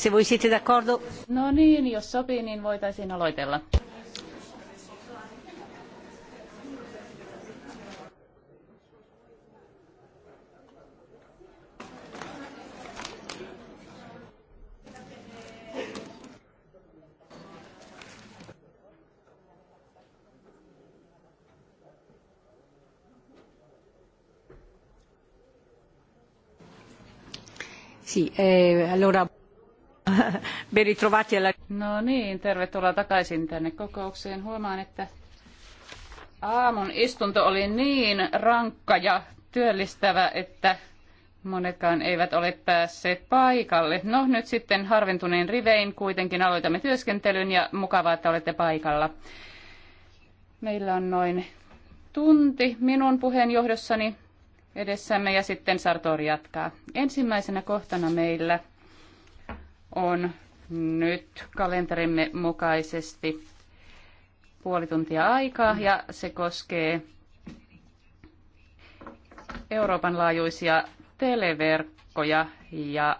Se voi sitten d'accordo. No niin, jos sopii, niin voitaisiin aloitella. Sì, eh, allora... ben ritrovati alla... No niin, tervetuloa takaisin tänne kokoukseen. Huomaan, että aamun istunto oli niin rankka ja työllistävä, että monetkaan eivät ole päässeet paikalle. No nyt sitten harventuneen rivein kuitenkin aloitamme työskentelyn ja mukavaa, että olette paikalla. Meillä on noin tunti minun puheenjohdossani edessämme ja sitten Sartori jatkaa. Ensimmäisenä kohtana meillä on nyt kalenterimme mukaisesti puoli tuntia aikaa ja se koskee Euroopan laajuisia televerkkoja ja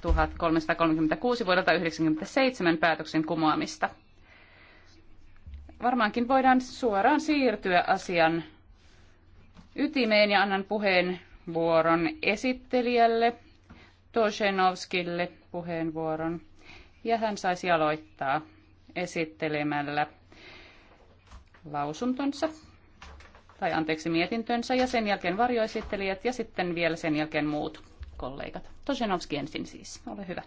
1336 vuodelta 1997 päätöksen kumoamista. Varmaankin voidaan suoraan siirtyä asian ytimeen ja annan puheenvuoron esittelijälle Toshenovskille puheenvuoron ja hän saisi aloittaa esittelemällä lausuntonsa tai anteeksi mietintönsä ja sen jälkeen varjoesittelijät ja sitten vielä sen jälkeen muut kollegat. Toshenovski ensin siis, ole hyvä.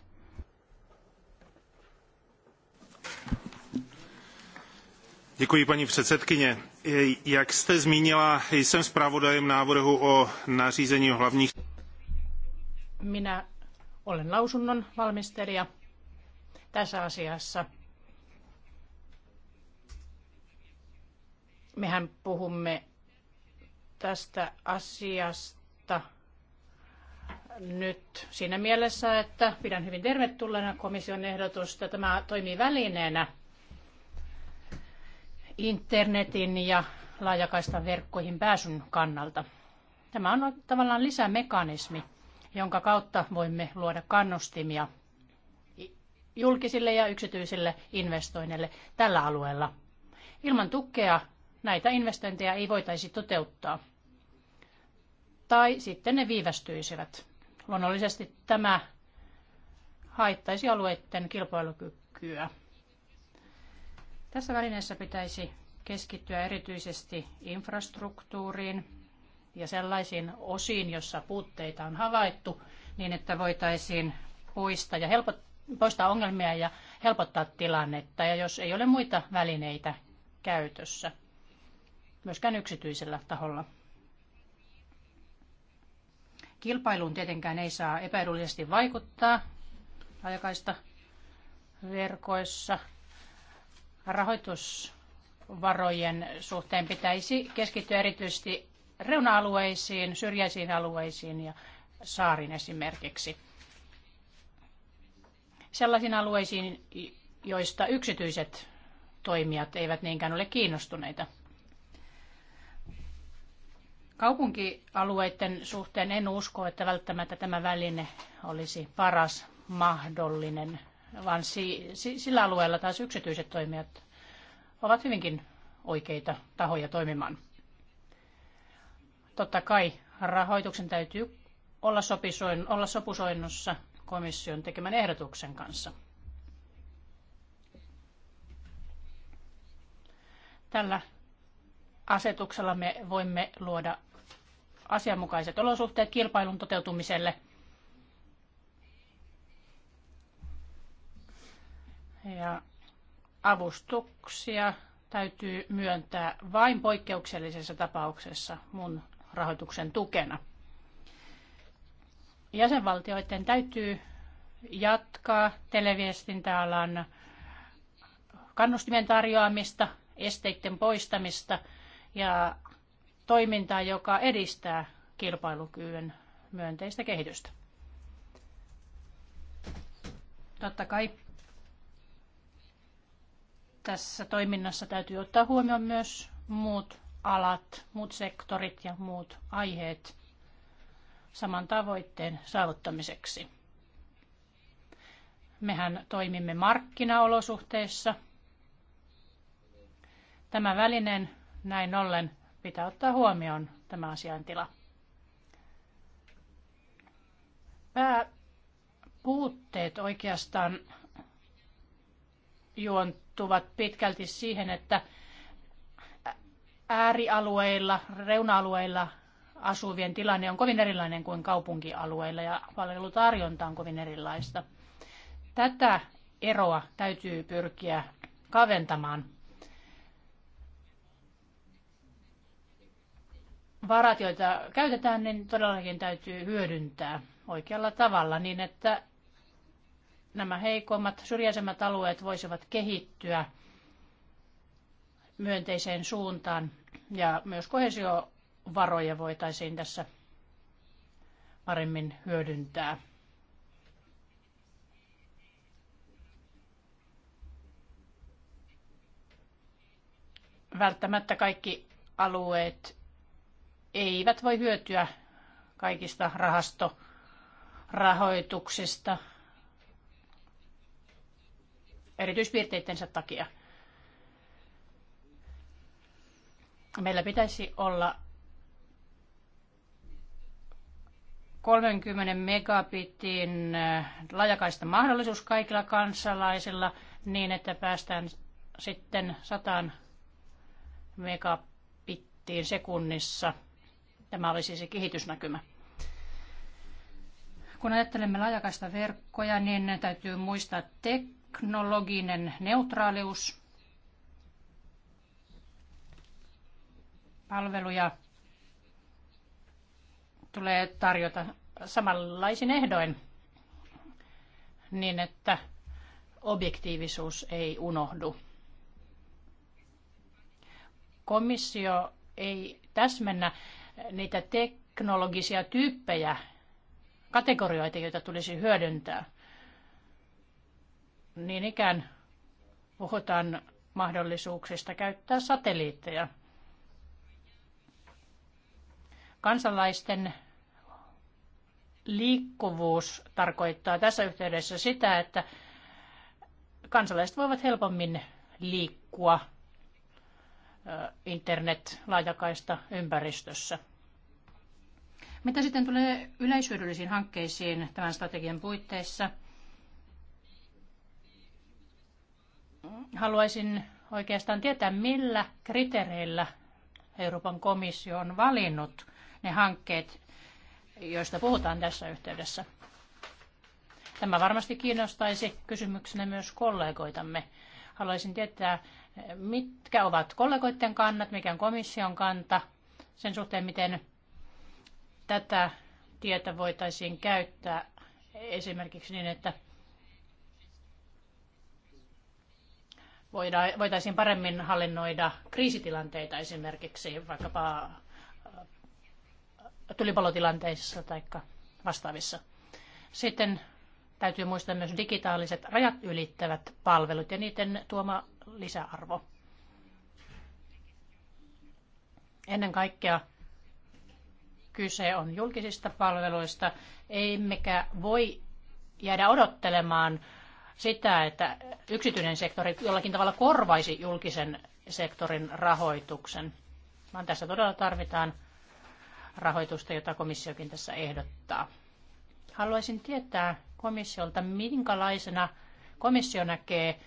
paní předsedkyně. jak jste zmínila jsem zpravodajem návrhu o nařízení o hlavních. minä olen lausunnon valmistelija tässä asiassa. Mehän puhumme tästä asiasta nyt siinä mielessä, että pidän hyvin tervetulleena komission ehdotusta. Tämä toimii välineenä internetin ja laajakaistan verkkoihin pääsyn kannalta. Tämä on tavallaan lisämekanismi jonka kautta voimme luoda kannustimia julkisille ja yksityisille investoinneille tällä alueella. Ilman tukea näitä investointeja ei voitaisi toteuttaa. Tai sitten ne viivästyisivät. Luonnollisesti tämä haittaisi alueiden kilpailukykyä. Tässä välineessä pitäisi keskittyä erityisesti infrastruktuuriin, ja sellaisiin osiin, jossa puutteita on havaittu, niin että voitaisiin poistaa, ja helpot, poistaa ongelmia ja helpottaa tilannetta, ja jos ei ole muita välineitä käytössä, myöskään yksityisellä taholla. Kilpailuun tietenkään ei saa epäedullisesti vaikuttaa laajakaista verkoissa. Rahoitusvarojen suhteen pitäisi keskittyä erityisesti reuna-alueisiin, syrjäisiin alueisiin ja saarin esimerkiksi. Sellaisiin alueisiin, joista yksityiset toimijat eivät niinkään ole kiinnostuneita. Kaupunkialueiden suhteen en usko, että välttämättä tämä väline olisi paras mahdollinen, vaan sillä alueella taas yksityiset toimijat ovat hyvinkin oikeita tahoja toimimaan. Totta kai rahoituksen täytyy olla, sopisoin, olla sopusoinnussa komission tekemän ehdotuksen kanssa. Tällä asetuksella me voimme luoda asianmukaiset olosuhteet kilpailun toteutumiselle. Ja avustuksia täytyy myöntää vain poikkeuksellisessa tapauksessa. Mun rahoituksen tukena. Jäsenvaltioiden täytyy jatkaa televiestintäalan kannustimien tarjoamista, esteiden poistamista ja toimintaa, joka edistää kilpailukyvyn myönteistä kehitystä. Totta kai tässä toiminnassa täytyy ottaa huomioon myös muut alat, muut sektorit ja muut aiheet saman tavoitteen saavuttamiseksi. Mehän toimimme markkinaolosuhteissa. Tämä välinen näin ollen pitää ottaa huomioon tämä asiantila. Pääpuutteet oikeastaan juontuvat pitkälti siihen, että äärialueilla, reuna-alueilla asuvien tilanne on kovin erilainen kuin kaupunkialueilla ja palvelutarjonta on kovin erilaista. Tätä eroa täytyy pyrkiä kaventamaan. Varat, joita käytetään, niin todellakin täytyy hyödyntää oikealla tavalla niin, että nämä heikommat, syrjäisemmät alueet voisivat kehittyä – myönteiseen suuntaan ja myös kohesiovaroja voitaisiin tässä paremmin hyödyntää. Välttämättä kaikki alueet eivät voi hyötyä kaikista rahastorahoituksista erityispiirteittensä takia. meillä pitäisi olla 30 megabitin äh, laajakaista mahdollisuus kaikilla kansalaisilla niin, että päästään sitten 100 megabittiin sekunnissa. Tämä olisi se kehitysnäkymä. Kun ajattelemme laajakaista verkkoja, niin täytyy muistaa teknologinen neutraalius. palveluja tulee tarjota samanlaisin ehdoin niin, että objektiivisuus ei unohdu. Komissio ei täsmennä niitä teknologisia tyyppejä, kategorioita, joita tulisi hyödyntää. Niin ikään puhutaan mahdollisuuksista käyttää satelliitteja – Kansalaisten liikkuvuus tarkoittaa tässä yhteydessä sitä, että kansalaiset voivat helpommin liikkua internet-laajakaista ympäristössä. Mitä sitten tulee yleisyydellisiin hankkeisiin tämän strategian puitteissa? Haluaisin oikeastaan tietää, millä kriteereillä Euroopan komissio on valinnut ne hankkeet, joista puhutaan tässä yhteydessä. Tämä varmasti kiinnostaisi kysymyksenä myös kollegoitamme. Haluaisin tietää, mitkä ovat kollegoiden kannat, mikä on komission kanta sen suhteen, miten tätä tietä voitaisiin käyttää esimerkiksi niin, että voitaisiin paremmin hallinnoida kriisitilanteita esimerkiksi, vaikkapa tulipalotilanteissa tai vastaavissa. Sitten täytyy muistaa myös digitaaliset rajat ylittävät palvelut ja niiden tuoma lisäarvo. Ennen kaikkea kyse on julkisista palveluista, emmekä voi jäädä odottelemaan sitä, että yksityinen sektori jollakin tavalla korvaisi julkisen sektorin rahoituksen, vaan tässä todella tarvitaan rahoitusta, jota komissiokin tässä ehdottaa. Haluaisin tietää komissiolta, minkälaisena komissio näkee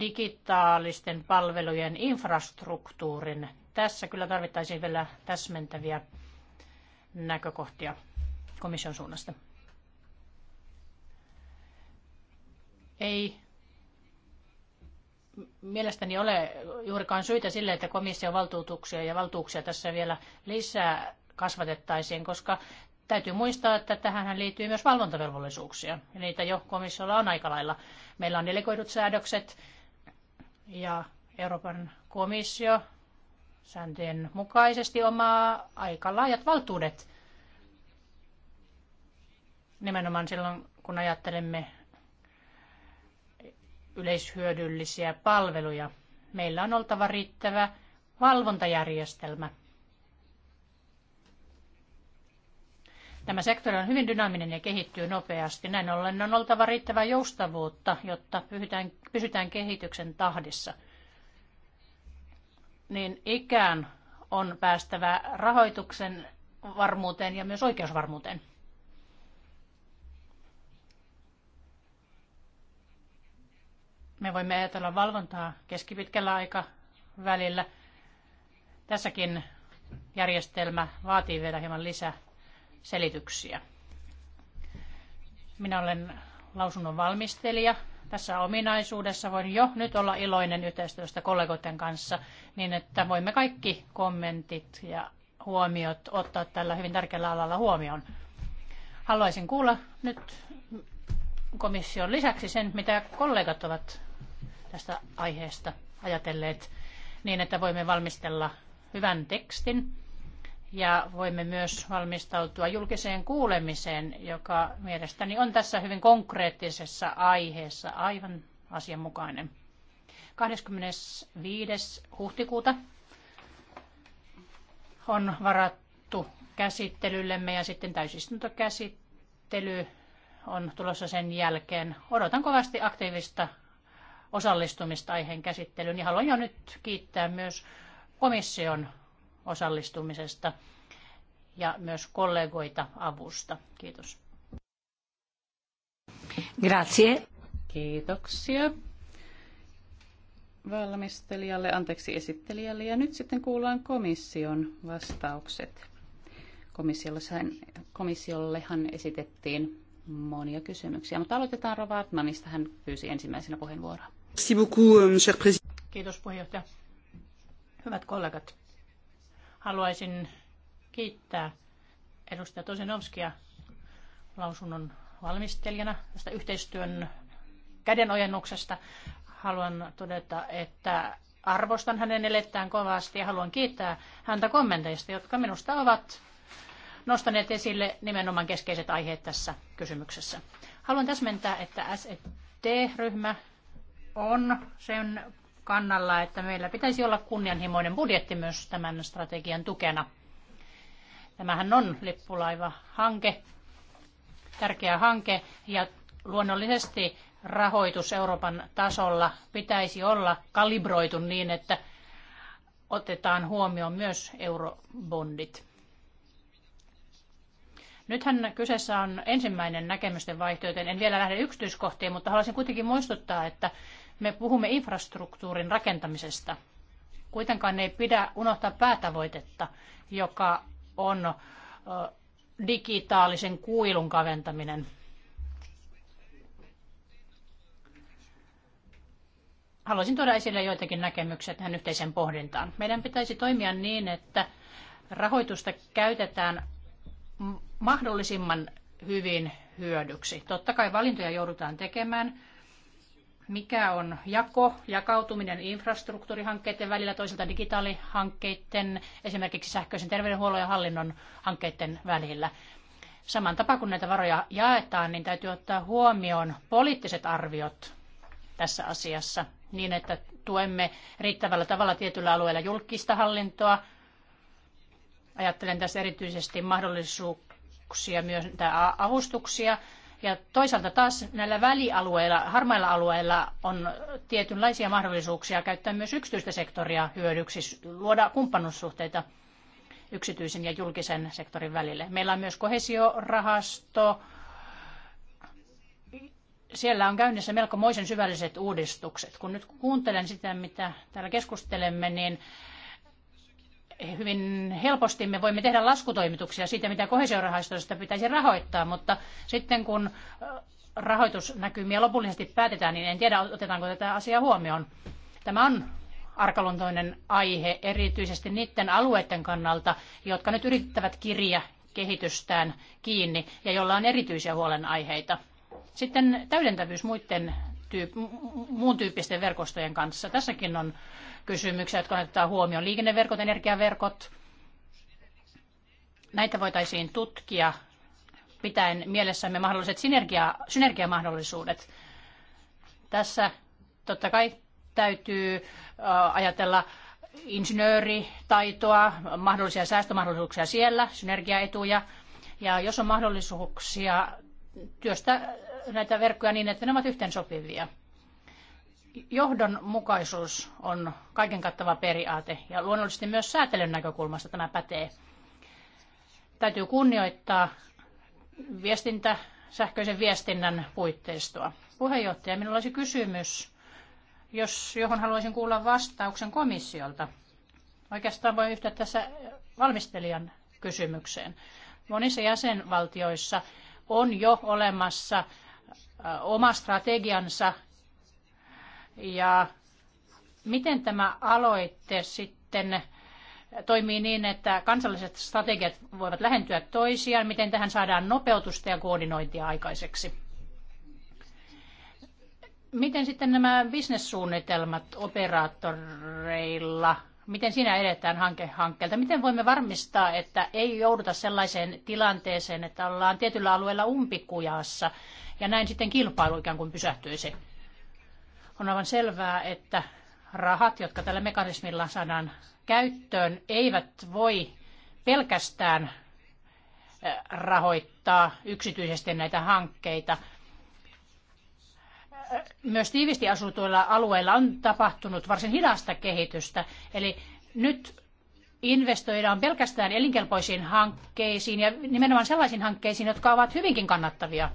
digitaalisten palvelujen infrastruktuurin. Tässä kyllä tarvittaisiin vielä täsmentäviä näkökohtia komission suunnasta. Ei mielestäni ole juurikaan syytä sille, että komission valtuutuksia ja valtuuksia tässä vielä lisää kasvatettaisiin, koska täytyy muistaa, että tähän liittyy myös valvontavelvollisuuksia. Ja niitä jo komissiolla on aika lailla. Meillä on delegoidut säädökset ja Euroopan komissio sääntöjen mukaisesti omaa aika laajat valtuudet. Nimenomaan silloin, kun ajattelemme yleishyödyllisiä palveluja. Meillä on oltava riittävä valvontajärjestelmä. Tämä sektori on hyvin dynaaminen ja kehittyy nopeasti. Näin ollen on oltava riittävää joustavuutta, jotta pysytään, pysytään kehityksen tahdissa. Niin ikään on päästävä rahoituksen varmuuteen ja myös oikeusvarmuuteen. Me voimme ajatella valvontaa keskipitkällä aikavälillä. Tässäkin järjestelmä vaatii vielä hieman lisää selityksiä. Minä olen lausunnon valmistelija. Tässä ominaisuudessa voin jo nyt olla iloinen yhteistyöstä kollegoiden kanssa, niin että voimme kaikki kommentit ja huomiot ottaa tällä hyvin tärkeällä alalla huomioon. Haluaisin kuulla nyt komission lisäksi sen, mitä kollegat ovat tästä aiheesta ajatelleet, niin että voimme valmistella hyvän tekstin ja voimme myös valmistautua julkiseen kuulemiseen, joka mielestäni on tässä hyvin konkreettisessa aiheessa aivan asianmukainen. 25. huhtikuuta on varattu käsittelyllemme ja sitten täysistuntokäsittely on tulossa sen jälkeen. Odotan kovasti aktiivista osallistumista aiheen käsittelyyn ja haluan jo nyt kiittää myös komission osallistumisesta ja myös kollegoita avusta. Kiitos. Grazie. Kiitoksia valmistelijalle, anteeksi esittelijälle. Ja nyt sitten kuullaan komission vastaukset. komissiollehan esitettiin monia kysymyksiä. Mutta aloitetaan Rova Hän pyysi ensimmäisenä puheenvuoroa. Euh, Kiitos puheenjohtaja. Hyvät kollegat, haluaisin kiittää edustaja Tosinovskia lausunnon valmistelijana tästä yhteistyön kädenojennuksesta. Haluan todeta, että arvostan hänen elettään kovasti ja haluan kiittää häntä kommenteista, jotka minusta ovat nostaneet esille nimenomaan keskeiset aiheet tässä kysymyksessä. Haluan täsmentää, että SD e ryhmä on sen kannalla, että meillä pitäisi olla kunnianhimoinen budjetti myös tämän strategian tukena. Tämähän on lippulaiva-hanke, tärkeä hanke ja luonnollisesti rahoitus Euroopan tasolla pitäisi olla kalibroitu niin, että otetaan huomioon myös eurobondit. Nythän kyseessä on ensimmäinen näkemysten vaihto, joten en vielä lähde yksityiskohtiin, mutta haluaisin kuitenkin muistuttaa, että me puhumme infrastruktuurin rakentamisesta. Kuitenkaan ei pidä unohtaa päätavoitetta, joka on digitaalisen kuilun kaventaminen. Haluaisin tuoda esille joitakin näkemyksiä tähän yhteiseen pohdintaan. Meidän pitäisi toimia niin, että rahoitusta käytetään mahdollisimman hyvin hyödyksi. Totta kai valintoja joudutaan tekemään. Mikä on jako, jakautuminen infrastruktuurihankkeiden välillä, toisaalta digitaalihankkeiden, esimerkiksi sähköisen terveydenhuollon ja hallinnon hankkeiden välillä. Saman tapaan kun näitä varoja jaetaan, niin täytyy ottaa huomioon poliittiset arviot tässä asiassa niin, että tuemme riittävällä tavalla tietyllä alueella julkista hallintoa. Ajattelen tässä erityisesti mahdollisuuksia avustuksia, myöntää avustuksia. Ja toisaalta taas näillä välialueilla, harmailla alueilla on tietynlaisia mahdollisuuksia käyttää myös yksityistä sektoria hyödyksi, luoda kumppanuussuhteita yksityisen ja julkisen sektorin välille. Meillä on myös kohesiorahasto. Siellä on käynnissä melko moisen syvälliset uudistukset. Kun nyt kuuntelen sitä, mitä täällä keskustelemme, niin hyvin helposti me voimme tehdä laskutoimituksia siitä, mitä kohesiorahastoista pitäisi rahoittaa, mutta sitten kun rahoitusnäkymiä lopullisesti päätetään, niin en tiedä, otetaanko tätä asiaa huomioon. Tämä on arkaluontoinen aihe erityisesti niiden alueiden kannalta, jotka nyt yrittävät kirja kehitystään kiinni ja jolla on erityisiä huolenaiheita. Sitten täydentävyys muiden muun tyyppisten verkostojen kanssa. Tässäkin on kysymyksiä, jotka otetaan huomioon. Liikenneverkot, energiaverkot, näitä voitaisiin tutkia pitäen mielessämme mahdolliset synergia, synergiamahdollisuudet. Tässä totta kai täytyy ajatella insinööritaitoa, mahdollisia säästömahdollisuuksia siellä, synergiaetuja. Ja jos on mahdollisuuksia työstä näitä verkkoja niin, että ne ovat yhteensopivia. Johdonmukaisuus on kaiken kattava periaate ja luonnollisesti myös säätelyn näkökulmasta tämä pätee. Täytyy kunnioittaa viestintä, sähköisen viestinnän puitteistoa. Puheenjohtaja, minulla olisi kysymys, jos, johon haluaisin kuulla vastauksen komissiolta. Oikeastaan voi yhtyä tässä valmistelijan kysymykseen. Monissa jäsenvaltioissa on jo olemassa oma strategiansa ja miten tämä aloitte sitten toimii niin, että kansalliset strategiat voivat lähentyä toisiaan, miten tähän saadaan nopeutusta ja koordinointia aikaiseksi. Miten sitten nämä bisnessuunnitelmat operaattoreilla, miten siinä edetään hankehankkeelta, hankkeelta? Miten voimme varmistaa, että ei jouduta sellaiseen tilanteeseen, että ollaan tietyllä alueella umpikujassa ja näin sitten kilpailu ikään kuin pysähtyisi. On aivan selvää, että rahat, jotka tällä mekanismilla saadaan käyttöön, eivät voi pelkästään rahoittaa yksityisesti näitä hankkeita. Myös tiivisti asutuilla alueilla on tapahtunut varsin hidasta kehitystä, eli nyt investoidaan pelkästään elinkelpoisiin hankkeisiin ja nimenomaan sellaisiin hankkeisiin, jotka ovat hyvinkin kannattavia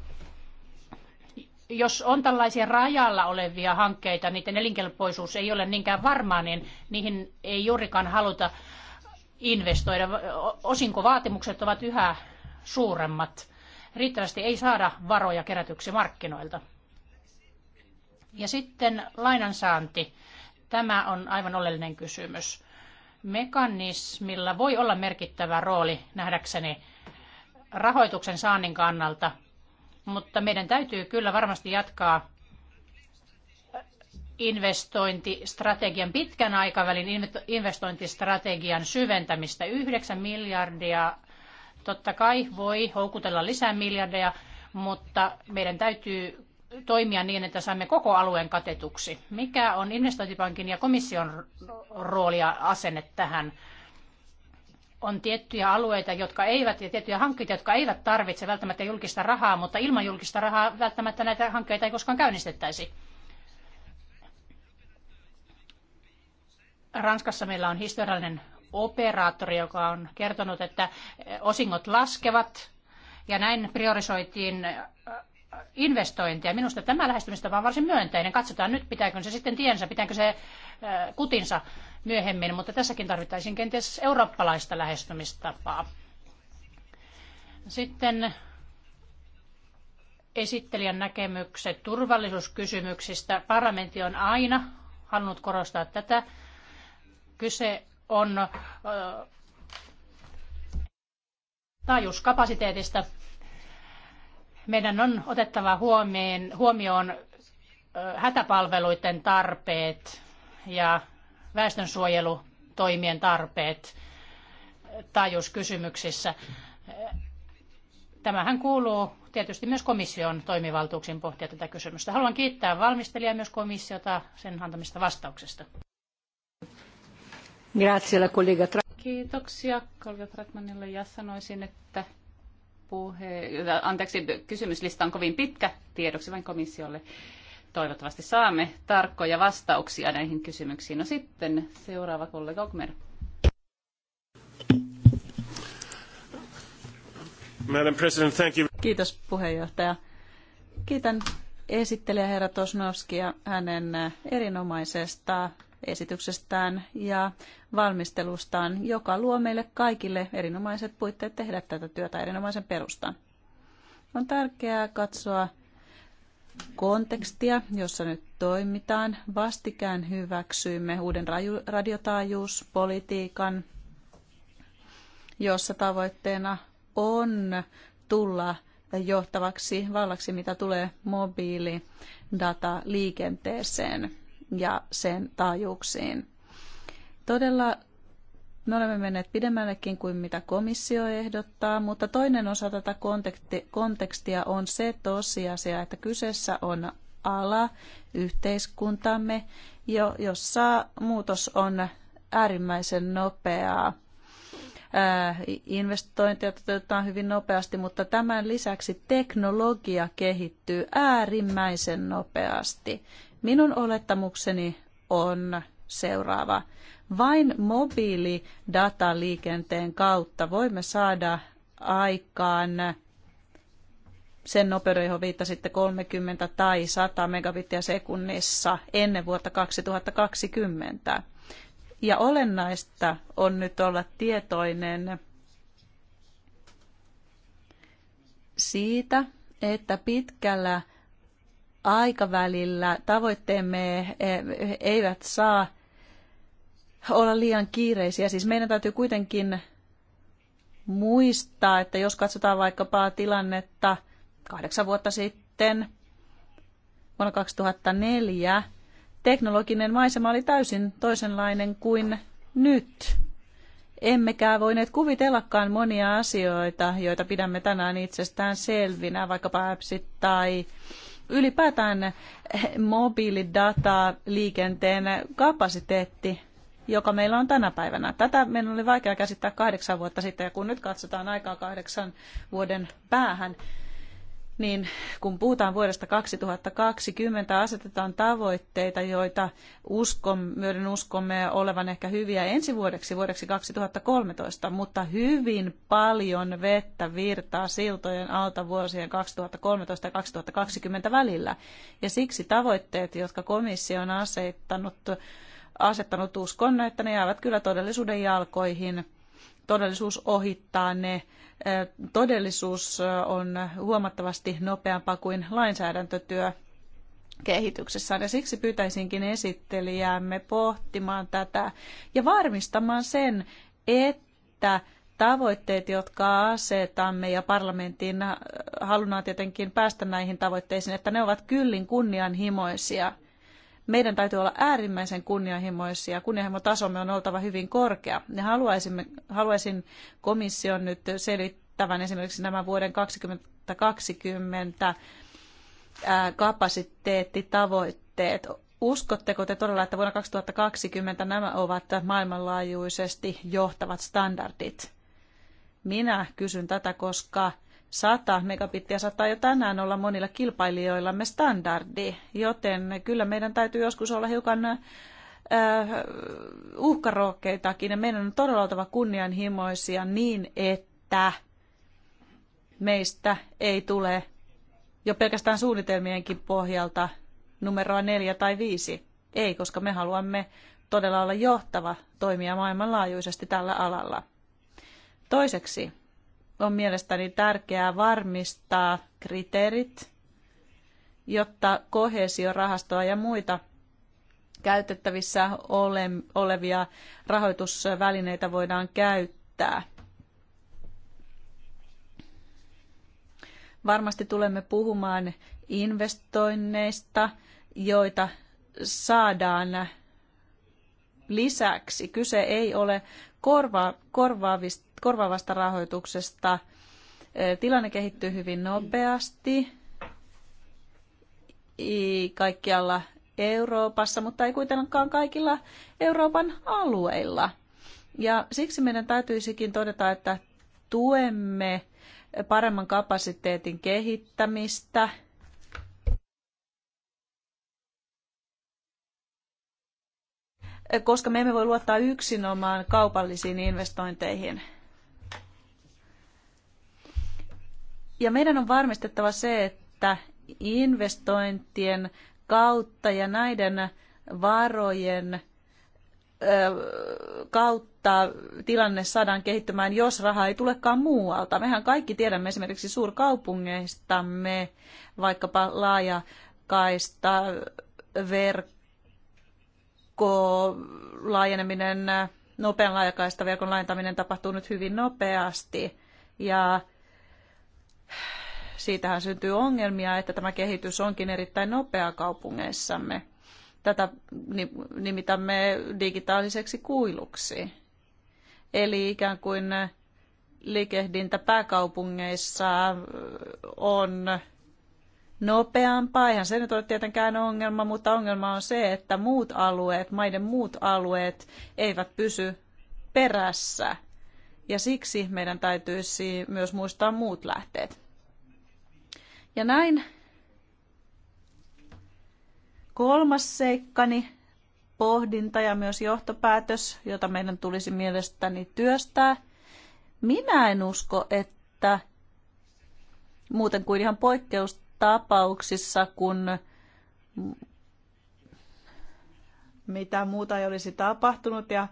jos on tällaisia rajalla olevia hankkeita, niiden elinkelpoisuus ei ole niinkään varmaa, niin niihin ei juurikaan haluta investoida. Osinkovaatimukset ovat yhä suuremmat. Riittävästi ei saada varoja kerätyksi markkinoilta. Ja sitten lainansaanti. Tämä on aivan oleellinen kysymys. Mekanismilla voi olla merkittävä rooli nähdäkseni rahoituksen saannin kannalta – mutta meidän täytyy kyllä varmasti jatkaa investointistrategian, pitkän aikavälin investointistrategian syventämistä. 9 miljardia totta kai voi houkutella lisää miljardeja, mutta meidän täytyy toimia niin, että saamme koko alueen katetuksi. Mikä on investointipankin ja komission rooli ja asenne tähän? on tiettyjä alueita, jotka eivät, ja tiettyjä hankkeita, jotka eivät tarvitse välttämättä julkista rahaa, mutta ilman julkista rahaa välttämättä näitä hankkeita ei koskaan käynnistettäisi. Ranskassa meillä on historiallinen operaattori, joka on kertonut, että osingot laskevat, ja näin priorisoitiin investointia Minusta tämä lähestymistapa on varsin myönteinen. Katsotaan nyt, pitääkö se sitten tiensä, pitääkö se äh, kutinsa myöhemmin, mutta tässäkin tarvittaisiin kenties eurooppalaista lähestymistapaa. Sitten esittelijän näkemykset turvallisuuskysymyksistä. Parlamentti on aina halunnut korostaa tätä. Kyse on äh, taajuuskapasiteetista meidän on otettava huomioon, huomioon hätäpalveluiden tarpeet ja väestönsuojelutoimien tarpeet taajuuskysymyksissä. Tämähän kuuluu tietysti myös komission toimivaltuuksiin pohtia tätä kysymystä. Haluan kiittää valmistelijaa myös komissiota sen antamista vastauksesta. Grazie, kollega Kiitoksia kollega Tratmanille ja sanoisin, että puhe, anteeksi, kysymyslista on kovin pitkä tiedoksi vain komissiolle. Toivottavasti saamme tarkkoja vastauksia näihin kysymyksiin. No sitten seuraava kollega Okmer. Madam President, thank you. Kiitos puheenjohtaja. Kiitän esittelijä herra Tosnovskia hänen erinomaisesta esityksestään ja valmistelustaan, joka luo meille kaikille erinomaiset puitteet tehdä tätä työtä erinomaisen perustan. On tärkeää katsoa kontekstia, jossa nyt toimitaan. Vastikään hyväksyimme uuden radiotaajuuspolitiikan, jossa tavoitteena on tulla johtavaksi vallaksi, mitä tulee mobiilidataliikenteeseen ja sen taajuuksiin. Todella me olemme menneet pidemmällekin kuin mitä komissio ehdottaa, mutta toinen osa tätä kontekstia on se tosiasia, että kyseessä on ala yhteiskuntamme, jo, jossa muutos on äärimmäisen nopeaa. Äh, investointeja toteutetaan hyvin nopeasti, mutta tämän lisäksi teknologia kehittyy äärimmäisen nopeasti. Minun olettamukseni on seuraava. Vain mobiilidataliikenteen kautta voimme saada aikaan sen nopeuden, johon viittasitte 30 tai 100 megabittiä sekunnissa ennen vuotta 2020. Ja olennaista on nyt olla tietoinen siitä, että pitkällä aikavälillä tavoitteemme eh, eivät saa olla liian kiireisiä. Siis meidän täytyy kuitenkin muistaa, että jos katsotaan vaikkapa tilannetta kahdeksan vuotta sitten, vuonna 2004, teknologinen maisema oli täysin toisenlainen kuin nyt. Emmekä voineet kuvitellakaan monia asioita, joita pidämme tänään itsestään selvinä, vaikkapa appsit tai ylipäätään mobiilidata liikenteen kapasiteetti joka meillä on tänä päivänä. Tätä meidän oli vaikea käsittää kahdeksan vuotta sitten, ja kun nyt katsotaan aikaa kahdeksan vuoden päähän, niin kun puhutaan vuodesta 2020, asetetaan tavoitteita, joita uskon, myöden uskomme olevan ehkä hyviä ensi vuodeksi, vuodeksi 2013, mutta hyvin paljon vettä virtaa siltojen alta vuosien 2013 ja 2020 välillä. Ja siksi tavoitteet, jotka komissio on asettanut, asettanut uskon, että ne jäävät kyllä todellisuuden jalkoihin. Todellisuus ohittaa ne todellisuus on huomattavasti nopeampaa kuin lainsäädäntötyö kehityksessään. Ja siksi pyytäisinkin esittelijäämme pohtimaan tätä ja varmistamaan sen, että tavoitteet, jotka asetamme ja parlamentin halunnaan tietenkin päästä näihin tavoitteisiin, että ne ovat kyllin kunnianhimoisia – meidän täytyy olla äärimmäisen kunnianhimoisia. Kunnianhimotasomme on oltava hyvin korkea. Ja haluaisin komission nyt selittävän esimerkiksi nämä vuoden 2020 kapasiteettitavoitteet. Uskotteko te todella, että vuonna 2020 nämä ovat maailmanlaajuisesti johtavat standardit? Minä kysyn tätä, koska 100 megabittiä saattaa jo tänään olla monilla kilpailijoillamme standardi, joten kyllä meidän täytyy joskus olla hiukan äh, uhkarohkeitakin ja meidän on todella oltava kunnianhimoisia niin, että meistä ei tule jo pelkästään suunnitelmienkin pohjalta numeroa neljä tai viisi. Ei, koska me haluamme todella olla johtava toimija maailmanlaajuisesti tällä alalla. Toiseksi, on mielestäni tärkeää varmistaa kriteerit, jotta kohesiorahastoa ja muita käytettävissä olevia rahoitusvälineitä voidaan käyttää. Varmasti tulemme puhumaan investoinneista, joita saadaan lisäksi. Kyse ei ole korva, korvaavasta rahoituksesta. Tilanne kehittyy hyvin nopeasti kaikkialla Euroopassa, mutta ei kuitenkaan kaikilla Euroopan alueilla. Ja siksi meidän täytyisikin todeta, että tuemme paremman kapasiteetin kehittämistä – koska me emme voi luottaa yksinomaan kaupallisiin investointeihin. Ja meidän on varmistettava se, että investointien kautta ja näiden varojen kautta tilanne saadaan kehittymään, jos raha ei tulekaan muualta. Mehän kaikki tiedämme esimerkiksi suurkaupungeistamme vaikkapa laajakaista verkko laajeneminen, nopean laajakaistaverkon laajentaminen tapahtuu nyt hyvin nopeasti. Ja siitähän syntyy ongelmia, että tämä kehitys onkin erittäin nopea kaupungeissamme. Tätä nimitämme digitaaliseksi kuiluksi. Eli ikään kuin liikehdintä pääkaupungeissa on nopeampaa. Eihän se nyt ole tietenkään ongelma, mutta ongelma on se, että muut alueet, maiden muut alueet eivät pysy perässä. Ja siksi meidän täytyisi myös muistaa muut lähteet. Ja näin kolmas seikkani, pohdinta ja myös johtopäätös, jota meidän tulisi mielestäni työstää. Minä en usko, että muuten kuin ihan poikkeusta, tapauksissa, kun mitä muuta ei olisi tapahtunut ja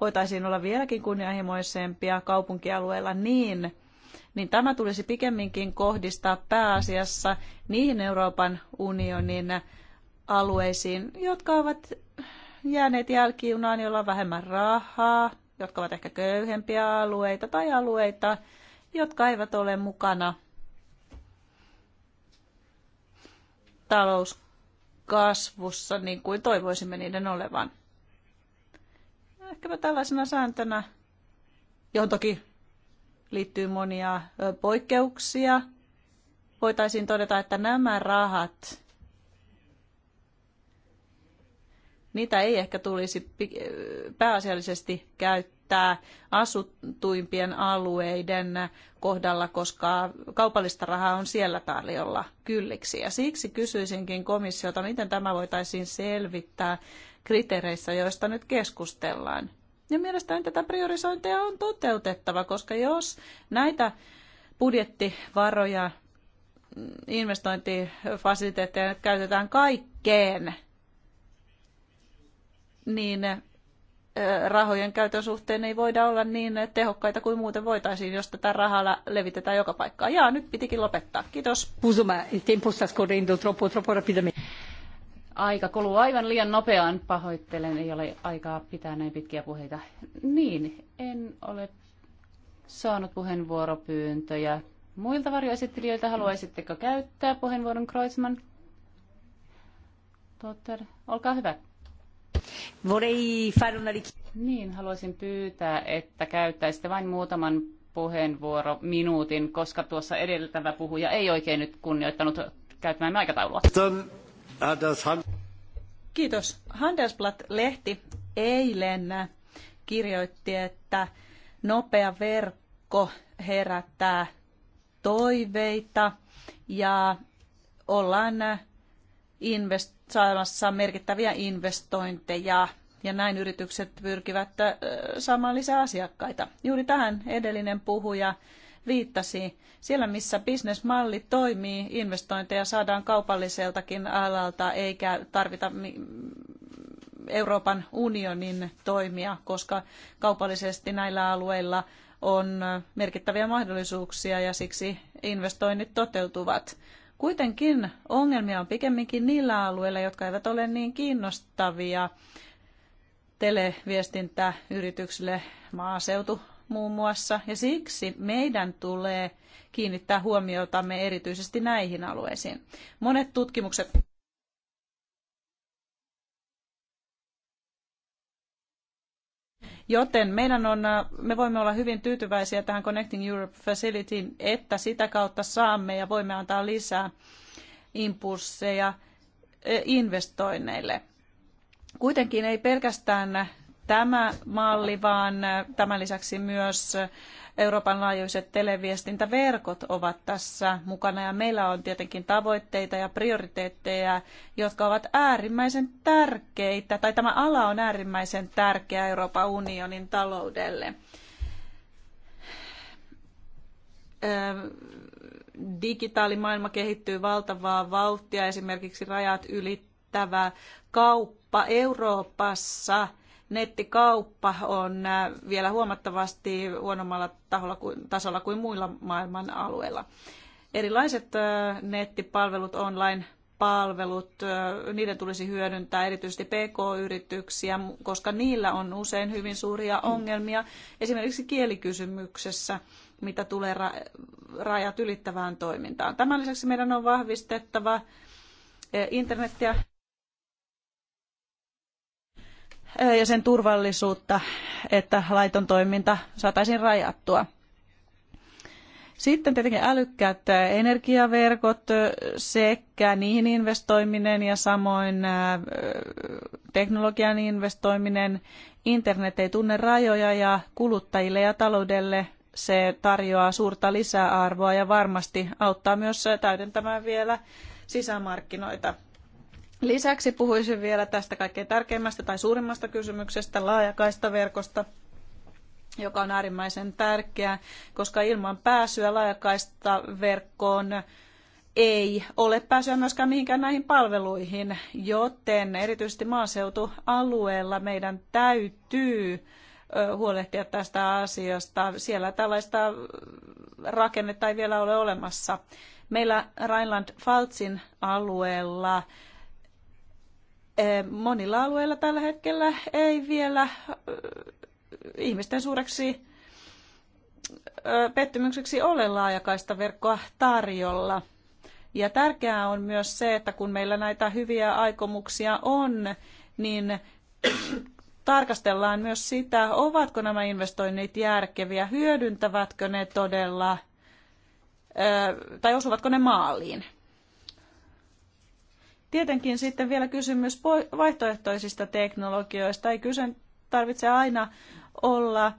voitaisiin olla vieläkin kunnianhimoisempia kaupunkialueilla niin, niin tämä tulisi pikemminkin kohdistaa pääasiassa niihin Euroopan unionin alueisiin, jotka ovat jääneet jälkijunaan, joilla on vähemmän rahaa, jotka ovat ehkä köyhempiä alueita tai alueita, jotka eivät ole mukana – talouskasvussa niin kuin toivoisimme niiden olevan. Ehkäpä tällaisena sääntönä, johon toki liittyy monia poikkeuksia, voitaisiin todeta, että nämä rahat, niitä ei ehkä tulisi pääasiallisesti käyttää käyttää asuttuimpien alueiden kohdalla, koska kaupallista rahaa on siellä tarjolla kylliksi. Ja siksi kysyisinkin komissiota, miten tämä voitaisiin selvittää kriteereissä, joista nyt keskustellaan. Ja mielestäni tätä priorisointia on toteutettava, koska jos näitä budjettivaroja, investointifasiliteetteja käytetään kaikkeen, niin rahojen käytön suhteen ei voida olla niin tehokkaita kuin muuten voitaisiin, jos tätä rahaa levitetään joka paikkaan. Jaa, nyt pitikin lopettaa. Kiitos. Pusuma, il tempo sta scorrendo troppo, troppo rapidamente. Aika kuluu aivan liian nopeaan. Pahoittelen, ei ole aikaa pitää näin pitkiä puheita. Niin, en ole saanut puheenvuoropyyntöjä. Muilta varjoesittelijöiltä haluaisitteko käyttää puheenvuoron Kreutzmann? Totter, olkaa hyvä. Vorrei fare una Niin, haluaisin pyytää, että käyttäisitte vain muutaman puheenvuoro minuutin, koska tuossa edeltävä puhuja ei oikein nyt kunnioittanut käyttämämme aikataulua. Kiitos. Handelsblatt-lehti eilen kirjoitti, että nopea verkko herättää toiveita ja ollaan invest, saamassa merkittäviä investointeja ja näin yritykset pyrkivät saamaan lisää asiakkaita. Juuri tähän edellinen puhuja viittasi. Siellä, missä bisnesmalli toimii, investointeja saadaan kaupalliseltakin alalta, eikä tarvita Euroopan unionin toimia, koska kaupallisesti näillä alueilla on merkittäviä mahdollisuuksia ja siksi investoinnit toteutuvat. Kuitenkin ongelmia on pikemminkin niillä alueilla, jotka eivät ole niin kiinnostavia televiestintäyrityksille, maaseutu muun muassa, ja siksi meidän tulee kiinnittää huomiotamme erityisesti näihin alueisiin. Monet tutkimukset Joten meidän on, äh, me voimme olla hyvin tyytyväisiä tähän Connecting Europe Facilityin, että sitä kautta saamme ja voimme antaa lisää impulsseja äh, investoinneille. Kuitenkin ei pelkästään tämä malli, vaan äh, tämän lisäksi myös Euroopan laajuiset televiestintäverkot ovat tässä mukana ja meillä on tietenkin tavoitteita ja prioriteetteja, jotka ovat äärimmäisen tärkeitä, tai tämä ala on äärimmäisen tärkeä Euroopan unionin taloudelle. Digitaalimaailma kehittyy valtavaa vauhtia, esimerkiksi rajat ylittävä kauppa Euroopassa nettikauppa on äh, vielä huomattavasti huonommalla taholla kuin, tasolla kuin muilla maailman alueilla. Erilaiset äh, nettipalvelut, online palvelut, äh, niiden tulisi hyödyntää erityisesti PK-yrityksiä, koska niillä on usein hyvin suuria ongelmia esimerkiksi kielikysymyksessä, mitä tulee rajat ylittävään toimintaan. Tämän lisäksi meidän on vahvistettava internetiä ja sen turvallisuutta, että laiton toiminta saataisiin rajattua. Sitten tietenkin älykkäät energiaverkot sekä niihin investoiminen ja samoin teknologian investoiminen. Internet ei tunne rajoja ja kuluttajille ja taloudelle se tarjoaa suurta lisäarvoa ja varmasti auttaa myös täydentämään vielä sisämarkkinoita. Lisäksi puhuisin vielä tästä kaikkein tärkeimmästä tai suurimmasta kysymyksestä, laajakaistaverkosta, joka on äärimmäisen tärkeä, koska ilman pääsyä laajakaistaverkkoon ei ole pääsyä myöskään mihinkään näihin palveluihin, joten erityisesti maaseutualueella meidän täytyy huolehtia tästä asiasta. Siellä tällaista rakennetta ei vielä ole olemassa. Meillä Rheinland-Pfalzin alueella Eh, monilla alueilla tällä hetkellä ei vielä eh, ihmisten suureksi eh, pettymykseksi ole laajakaista verkkoa tarjolla. Ja tärkeää on myös se, että kun meillä näitä hyviä aikomuksia on, niin tarkastellaan myös sitä, ovatko nämä investoinnit järkeviä, hyödyntävätkö ne todella tai osuvatko ne maaliin. Tietenkin sitten vielä kysymys vaihtoehtoisista teknologioista. Ei kyse tarvitse aina olla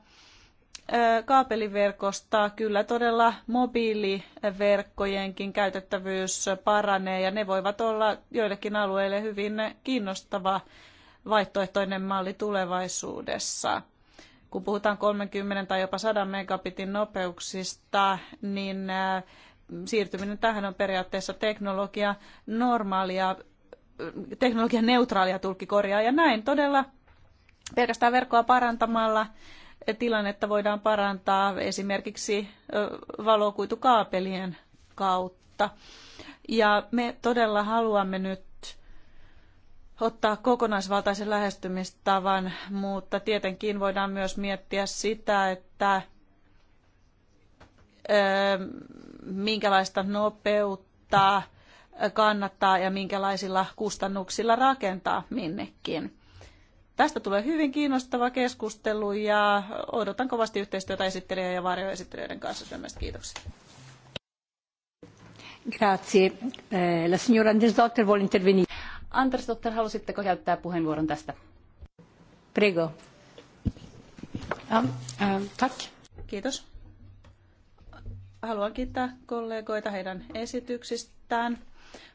kaapeliverkosta. Kyllä todella mobiiliverkkojenkin käytettävyys paranee ja ne voivat olla joillekin alueille hyvin kiinnostava vaihtoehtoinen malli tulevaisuudessa. Kun puhutaan 30 tai jopa 100 megabitin nopeuksista, niin siirtyminen tähän on periaatteessa teknologia normaalia, teknologian neutraalia tulkkikorjaa ja näin todella pelkästään verkkoa parantamalla tilannetta voidaan parantaa esimerkiksi valokuitukaapelien kautta. Ja me todella haluamme nyt ottaa kokonaisvaltaisen lähestymistavan, mutta tietenkin voidaan myös miettiä sitä, että minkälaista nopeutta kannattaa ja minkälaisilla kustannuksilla rakentaa minnekin. Tästä tulee hyvin kiinnostava keskustelu ja odotan kovasti yhteistyötä esittelijä ja varjoesittelijöiden kanssa syömästä. Kiitoksia. Grazie. Eh, la signora Andersdotter vuole intervenire. Andersdotter, halusitteko käyttää puheenvuoron tästä? Prego. Um, um, tack. Kiitos haluan kiittää kollegoita heidän esityksistään,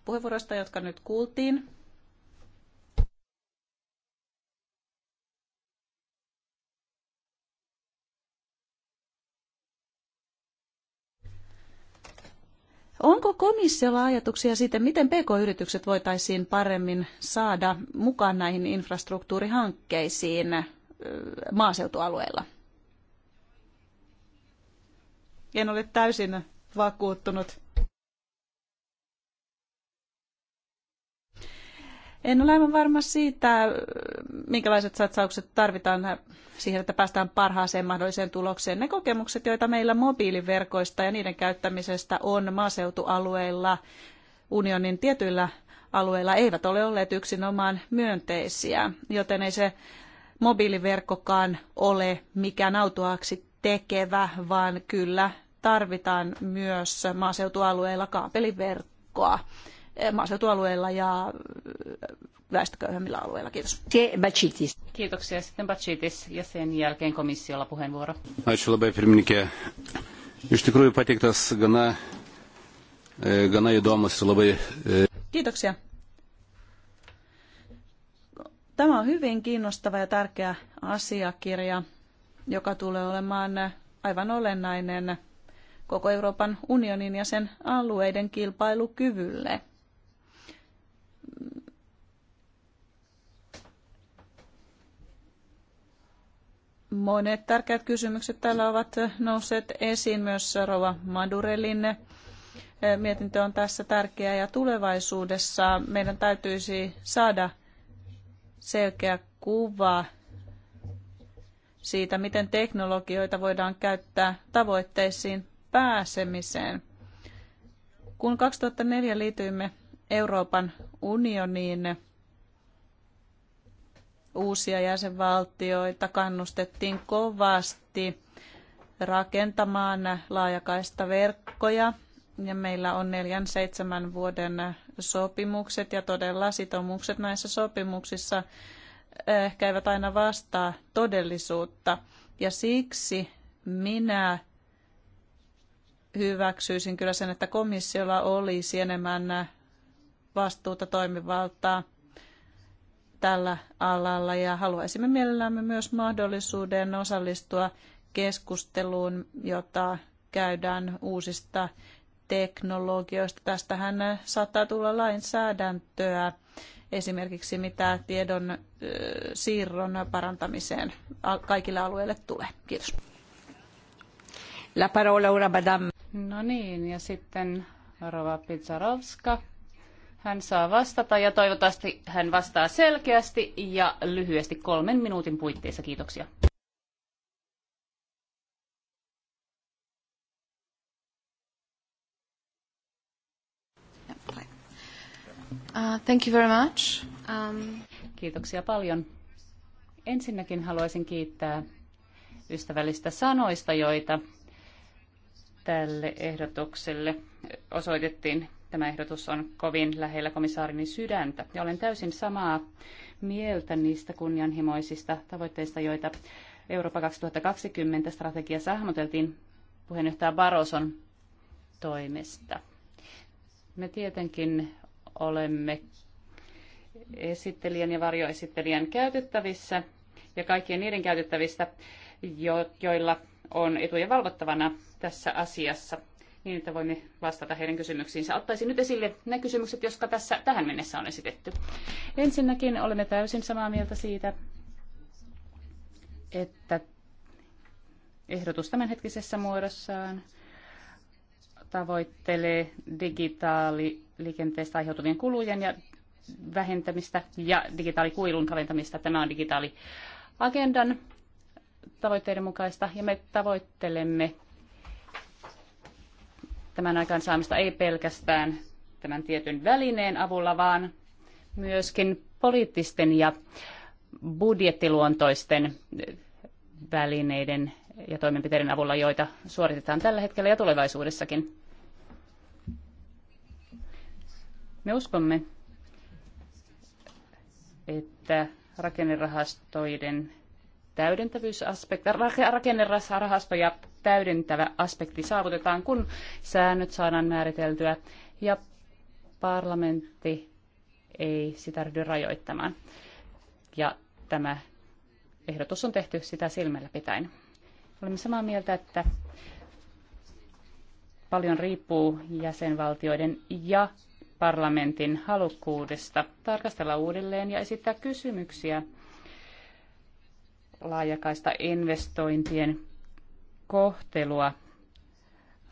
puheenvuoroista, jotka nyt kuultiin. Onko komissiolla ajatuksia siitä, miten pk-yritykset voitaisiin paremmin saada mukaan näihin infrastruktuurihankkeisiin maaseutualueilla? En ole täysin vakuuttunut. En ole aivan varma siitä, minkälaiset satsaukset tarvitaan siihen, että päästään parhaaseen mahdolliseen tulokseen. Ne kokemukset, joita meillä mobiiliverkoista ja niiden käyttämisestä on maaseutualueilla, unionin tietyillä alueilla, eivät ole olleet yksinomaan myönteisiä, joten ei se mobiiliverkkokaan ole mikään autoaksi tekevä, vaan kyllä tarvitaan myös maaseutualueilla kaapeliverkkoa eh, maaseutualueilla ja eh, väestököyhemmillä alueilla. Kiitos. Kiitoksia. Sitten Bacitis ja sen jälkeen komissiolla puheenvuoro. Ačiū labai pirmininkė. Iš tikrųjų pateiktas gana, e, gana įdomus labai... E, Kiitoksia. Tämä on hyvin kiinnostava ja tärkeä asiakirja, joka tulee olemaan aivan olennainen koko Euroopan unionin ja sen alueiden kilpailukyvylle. Monet tärkeät kysymykset täällä ovat nousseet esiin myös Rova Madurellinne. mietintö on tässä tärkeä ja tulevaisuudessa meidän täytyisi saada selkeä kuva siitä, miten teknologioita voidaan käyttää tavoitteisiin pääsemiseen. Kun 2004 liityimme Euroopan unioniin, uusia jäsenvaltioita kannustettiin kovasti rakentamaan laajakaista verkkoja ja meillä on neljän seitsemän vuoden sopimukset ja todella sitoumukset näissä sopimuksissa ehkä eivät aina vastaa todellisuutta. Ja siksi minä hyväksyisin kyllä sen, että komissiolla olisi enemmän vastuuta, toimivaltaa tällä alalla ja haluaisimme mielellämme myös mahdollisuuden osallistua keskusteluun, jota käydään uusista teknologioista. Tästähän saattaa tulla lainsäädäntöä esimerkiksi mitä tiedon siirron parantamiseen kaikille alueille tulee. Kiitos. La parola ora madame. No niin, ja sitten Rova Pizarovska. Hän saa vastata ja toivottavasti hän vastaa selkeästi ja lyhyesti kolmen minuutin puitteissa. Kiitoksia. Uh, thank you very much. Um... Kiitoksia paljon. Ensinnäkin haluaisin kiittää ystävällistä sanoista, joita tälle ehdotukselle osoitettiin. Tämä ehdotus on kovin lähellä komissaarini sydäntä ja olen täysin samaa mieltä niistä kunnianhimoisista tavoitteista, joita Eurooppa 2020 strategia sahmoteltiin puheenjohtaja Baroson toimesta. Me tietenkin olemme esittelijän ja varjoesittelijän käytettävissä ja kaikkien niiden käytettävissä, jo- joilla on etuja valvottavana tässä asiassa niin, että voimme vastata heidän kysymyksiinsä. Ottaisin nyt esille ne kysymykset, jotka tässä tähän mennessä on esitetty. Ensinnäkin olemme täysin samaa mieltä siitä, että ehdotus tämänhetkisessä muodossaan tavoittelee digitaaliliikenteestä aiheutuvien kulujen ja vähentämistä ja digitaalikuilun kaventamista. Tämä on digitaaliagendan tavoitteiden mukaista ja me tavoittelemme tämän aikaansaamista ei pelkästään tämän tietyn välineen avulla, vaan myöskin poliittisten ja budjettiluontoisten välineiden ja toimenpiteiden avulla, joita suoritetaan tällä hetkellä ja tulevaisuudessakin. Me uskomme, että rakennerahastoiden täydentävyysaspekti, rakennerahasto ja täydentävä aspekti saavutetaan, kun säännöt saadaan määriteltyä ja parlamentti ei sitä ryhdy rajoittamaan. Ja tämä ehdotus on tehty sitä silmällä pitäen. Olemme samaa mieltä, että paljon riippuu jäsenvaltioiden ja parlamentin halukkuudesta tarkastella uudelleen ja esittää kysymyksiä laajakaista investointien kohtelua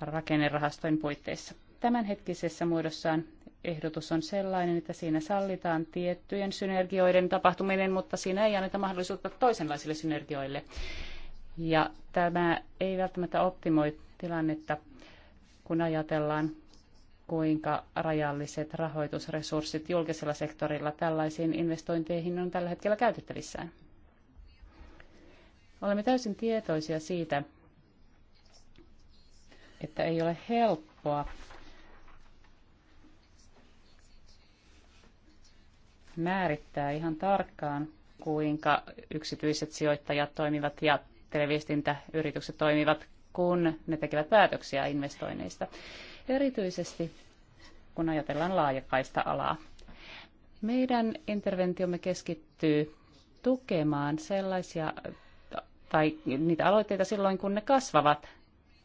rakennerahastojen puitteissa. Tämänhetkisessä muodossaan ehdotus on sellainen, että siinä sallitaan tiettyjen synergioiden tapahtuminen, mutta siinä ei anneta mahdollisuutta toisenlaisille synergioille. Ja tämä ei välttämättä optimoi tilannetta, kun ajatellaan, kuinka rajalliset rahoitusresurssit julkisella sektorilla tällaisiin investointeihin on tällä hetkellä käytettävissään. Olemme täysin tietoisia siitä, että ei ole helppoa määrittää ihan tarkkaan, kuinka yksityiset sijoittajat toimivat ja televiestintäyritykset toimivat, kun ne tekevät päätöksiä investoinneista. Erityisesti kun ajatellaan laajakaista alaa. Meidän interventiomme keskittyy tukemaan sellaisia tai niitä aloitteita silloin, kun ne kasvavat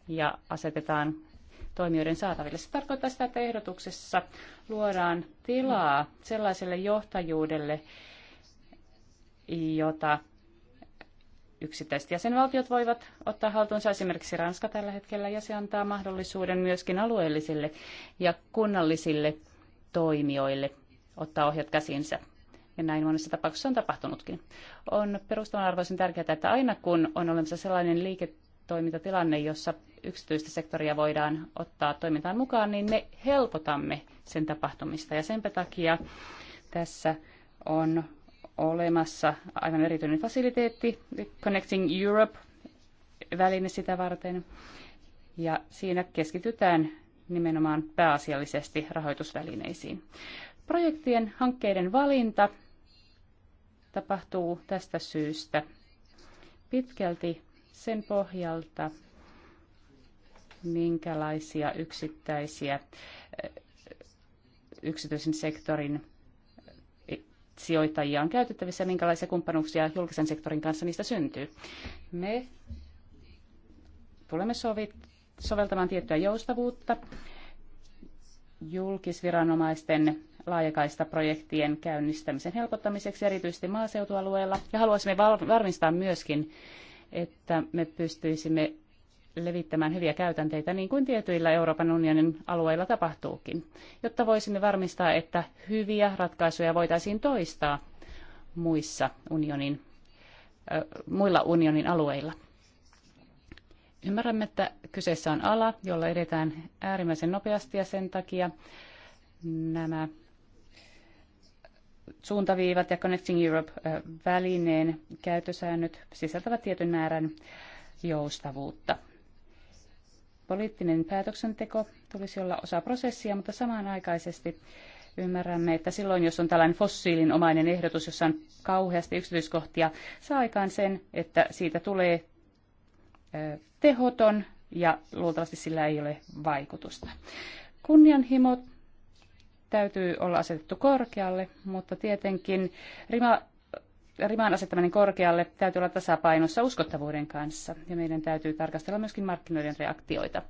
ja asetetaan toimijoiden saataville. Se tarkoittaa sitä, että ehdotuksessa luodaan tilaa sellaiselle johtajuudelle, jota yksittäiset jäsenvaltiot voivat ottaa haltuunsa, esimerkiksi Ranska tällä hetkellä, ja se antaa mahdollisuuden myöskin alueellisille ja kunnallisille toimijoille ottaa ohjat käsinsä. Ja näin monessa tapauksessa on tapahtunutkin. On perustavanarvoisen tärkeää, että aina kun on olemassa sellainen liiketoimintatilanne, jossa yksityistä sektoria voidaan ottaa toimintaan mukaan, niin me helpotamme sen tapahtumista. Ja senpä takia tässä on olemassa aivan erityinen fasiliteetti, Connecting Europe-väline sitä varten. Ja siinä keskitytään nimenomaan pääasiallisesti rahoitusvälineisiin. Projektien hankkeiden valinta tapahtuu tästä syystä. Pitkälti sen pohjalta, minkälaisia yksittäisiä eh, yksityisen sektorin eh, sijoittajia on käytettävissä ja minkälaisia kumppanuuksia julkisen sektorin kanssa niistä syntyy. Me tulemme sovit, soveltamaan tiettyä joustavuutta julkisviranomaisten laajakaista projektien käynnistämisen helpottamiseksi erityisesti maaseutualueella. Ja haluaisimme varmistaa myöskin, että me pystyisimme levittämään hyviä käytänteitä niin kuin tietyillä Euroopan unionin alueilla tapahtuukin, jotta voisimme varmistaa, että hyviä ratkaisuja voitaisiin toistaa muissa unionin, äh, muilla unionin alueilla. Ymmärrämme, että kyseessä on ala, jolla edetään äärimmäisen nopeasti ja sen takia nämä suuntaviivat ja Connecting Europe-välineen käytösäännöt sisältävät tietyn määrän joustavuutta. Poliittinen päätöksenteko tulisi olla osa prosessia, mutta samanaikaisesti ymmärrämme, että silloin jos on tällainen fossiilinomainen ehdotus, jossa on kauheasti yksityiskohtia, saa aikaan sen, että siitä tulee tehoton ja luultavasti sillä ei ole vaikutusta. Kunnianhimo täytyy olla asetettu korkealle, mutta tietenkin rima, riman asettaminen korkealle täytyy olla tasapainossa uskottavuuden kanssa ja meidän täytyy tarkastella myöskin markkinoiden reaktioita.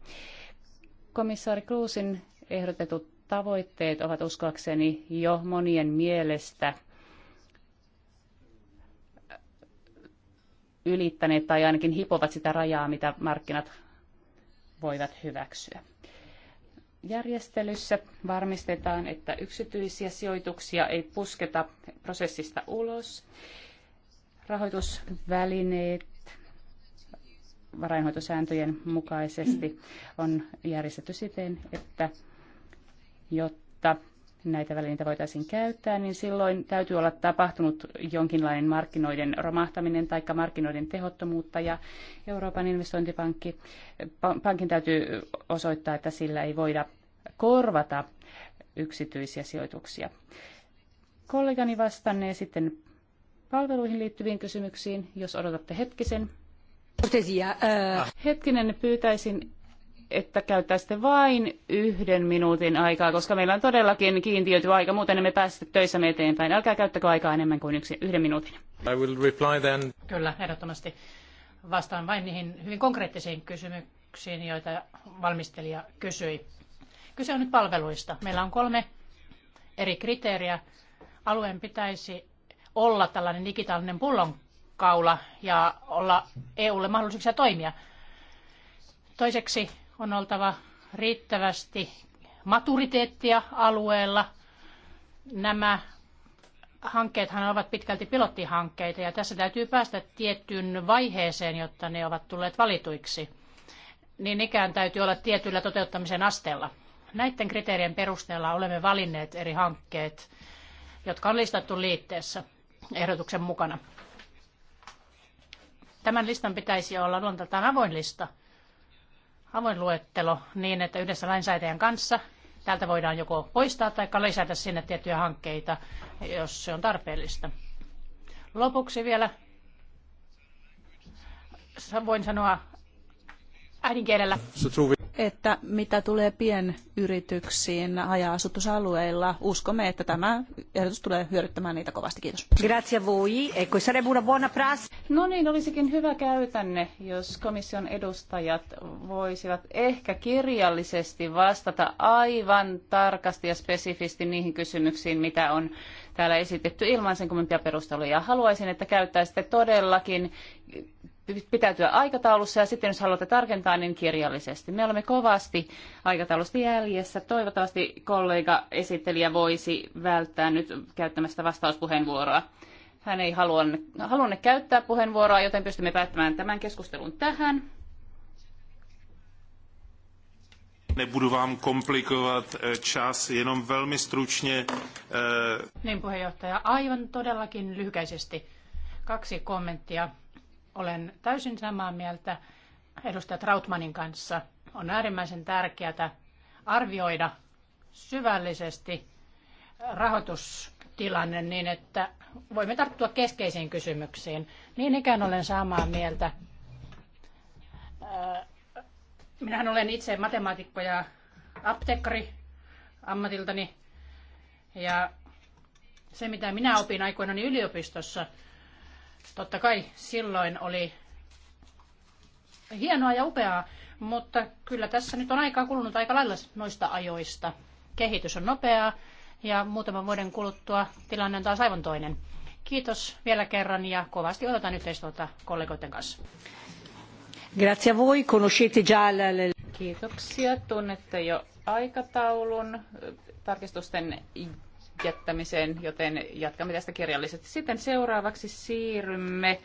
Komissaari Kruusin ehdotetut tavoitteet ovat uskoakseni jo monien mielestä ylittäneet tai ainakin hipovat sitä rajaa, mitä markkinat voivat hyväksyä järjestelyssä varmistetaan, että yksityisiä sijoituksia ei pusketa prosessista ulos. Rahoitusvälineet varainhoitosääntöjen mukaisesti on järjestetty siten, että jotta näitä välineitä voitaisiin käyttää, niin silloin täytyy olla tapahtunut jonkinlainen markkinoiden romahtaminen tai markkinoiden tehottomuutta. Ja Euroopan investointipankki pankin täytyy osoittaa, että sillä ei voida korvata yksityisiä sijoituksia. Kollegani vastannee sitten palveluihin liittyviin kysymyksiin, jos odotatte hetkisen. Äh. Hetkinen, pyytäisin että käyttäisitte vain yhden minuutin aikaa, koska meillä on todellakin kiintiöity aika, muuten emme päästä töissä eteenpäin. Älkää käyttäkö aikaa enemmän kuin yksi, yhden minuutin. I will reply then. Kyllä, ehdottomasti. Vastaan vain niihin hyvin konkreettisiin kysymyksiin, joita valmistelija kysyi. Kyse on nyt palveluista. Meillä on kolme eri kriteeriä. Alueen pitäisi olla tällainen digitaalinen pullonkaula ja olla EUlle mahdollisuuksia toimia. Toiseksi on oltava riittävästi maturiteettia alueella. Nämä hankkeethan ovat pitkälti pilottihankkeita ja tässä täytyy päästä tiettyyn vaiheeseen, jotta ne ovat tulleet valituiksi. Niin ikään täytyy olla tietyllä toteuttamisen asteella. Näiden kriteerien perusteella olemme valinneet eri hankkeet, jotka on listattu liitteessä ehdotuksen mukana. Tämän listan pitäisi olla luonteeltaan avoin lista – avoin luettelo niin, että yhdessä lainsäätäjän kanssa täältä voidaan joko poistaa tai lisätä sinne tiettyjä hankkeita, jos se on tarpeellista. Lopuksi vielä voin sanoa äidinkielellä että mitä tulee pienyrityksiin haja-asutusalueilla, uskomme, että tämä ehdotus tulee hyödyttämään niitä kovasti. Kiitos. Grazie voi. Ecco, sarebbe una buona prassi. No niin, olisikin hyvä käytänne, jos komission edustajat voisivat ehkä kirjallisesti vastata aivan tarkasti ja spesifisti niihin kysymyksiin, mitä on täällä esitetty ilman sen kummempia perusteluja. Haluaisin, että käyttäisitte todellakin pitäytyä aikataulussa ja sitten jos haluatte tarkentaa, niin kirjallisesti. Me olemme kovasti aikataulusta jäljessä. Toivottavasti kollega esittelijä voisi välttää nyt käyttämästä vastauspuheenvuoroa. Hän ei halunne, halunne käyttää puheenvuoroa, joten pystymme päättämään tämän keskustelun tähän. Nebudu vám komplikovat eh, čas, jenom velmi stručně. Eh, niin puheenjohtaja, aivan todellakin lyhykäisesti kaksi kommenttia olen täysin samaa mieltä edustaja Trautmanin kanssa. On äärimmäisen tärkeää arvioida syvällisesti rahoitustilanne niin, että voimme tarttua keskeisiin kysymyksiin. Niin ikään olen samaa mieltä. Äh, minähän olen itse matemaatikko ja apteekkari ammatiltani. Ja se, mitä minä opin aikoinani yliopistossa – Totta kai silloin oli hienoa ja upeaa, mutta kyllä tässä nyt on aikaa kulunut aika lailla noista ajoista. Kehitys on nopeaa ja muutaman vuoden kuluttua tilanne on taas aivan toinen. Kiitos vielä kerran ja kovasti odotan yhteistyötä kollegoiden kanssa. Grazie a voi, conoscete già le. Kiitoksia. Tunnette jo aikataulun. Tarkistusten jättämiseen, joten jatkamme tästä kirjallisesti. Sitten seuraavaksi siirrymme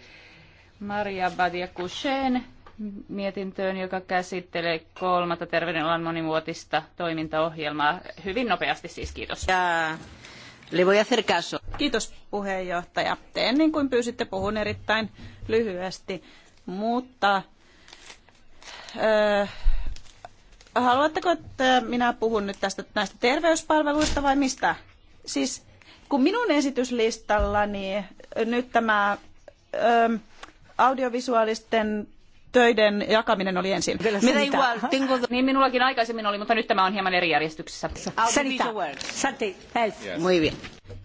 Maria Badia Kusheen mietintöön, joka käsittelee kolmatta terveydenalan monimuotista toimintaohjelmaa. Hyvin nopeasti siis, kiitos. Ja, le voy hacer caso. Kiitos puheenjohtaja. Teen niin kuin pyysitte, puhun erittäin lyhyesti, mutta öö, haluatteko, että minä puhun nyt tästä näistä terveyspalveluista vai mistä? Siis kun minun esityslistallani nyt tämä ö, audiovisuaalisten töiden jakaminen oli ensin. Niin minullakin aikaisemmin oli, mutta nyt tämä on hieman eri järjestyksessä.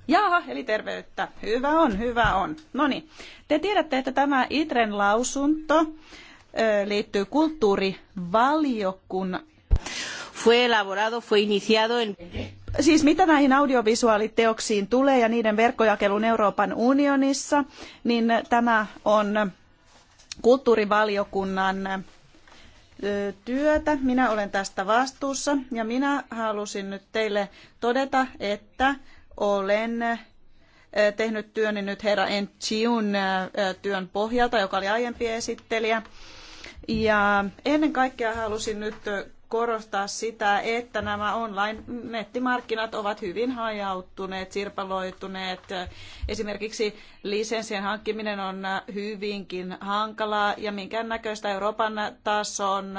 Jaha, eli terveyttä. Hyvä on, hyvä on. No niin, te tiedätte, että tämä ITREN lausunto liittyy kulttuurivaliokunnan. Fue elaborado, fue iniciado en... Siis mitä näihin audiovisuaaliteoksiin tulee ja niiden verkkojakelun Euroopan unionissa, niin tämä on kulttuurivaliokunnan työtä. Minä olen tästä vastuussa ja minä halusin nyt teille todeta, että olen tehnyt työni nyt herra Enchiun työn pohjalta, joka oli aiempi esittelijä. Ja ennen kaikkea halusin nyt korostaa sitä, että nämä online-nettimarkkinat ovat hyvin hajauttuneet, sirpaloituneet. Esimerkiksi lisenssien hankkiminen on hyvinkin hankalaa ja minkäännäköistä Euroopan tason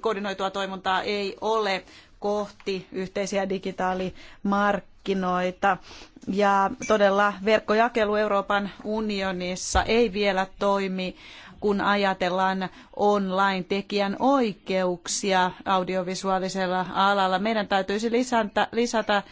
koordinoitua toimintaa ei ole kohti yhteisiä digitaalimarkkinoita. Ja todella verkkojakelu Euroopan unionissa ei vielä toimi kun ajatellaan online-tekijän oikeuksia audiovisuaalisella alalla. Meidän täytyisi lisätä, lisätä äh,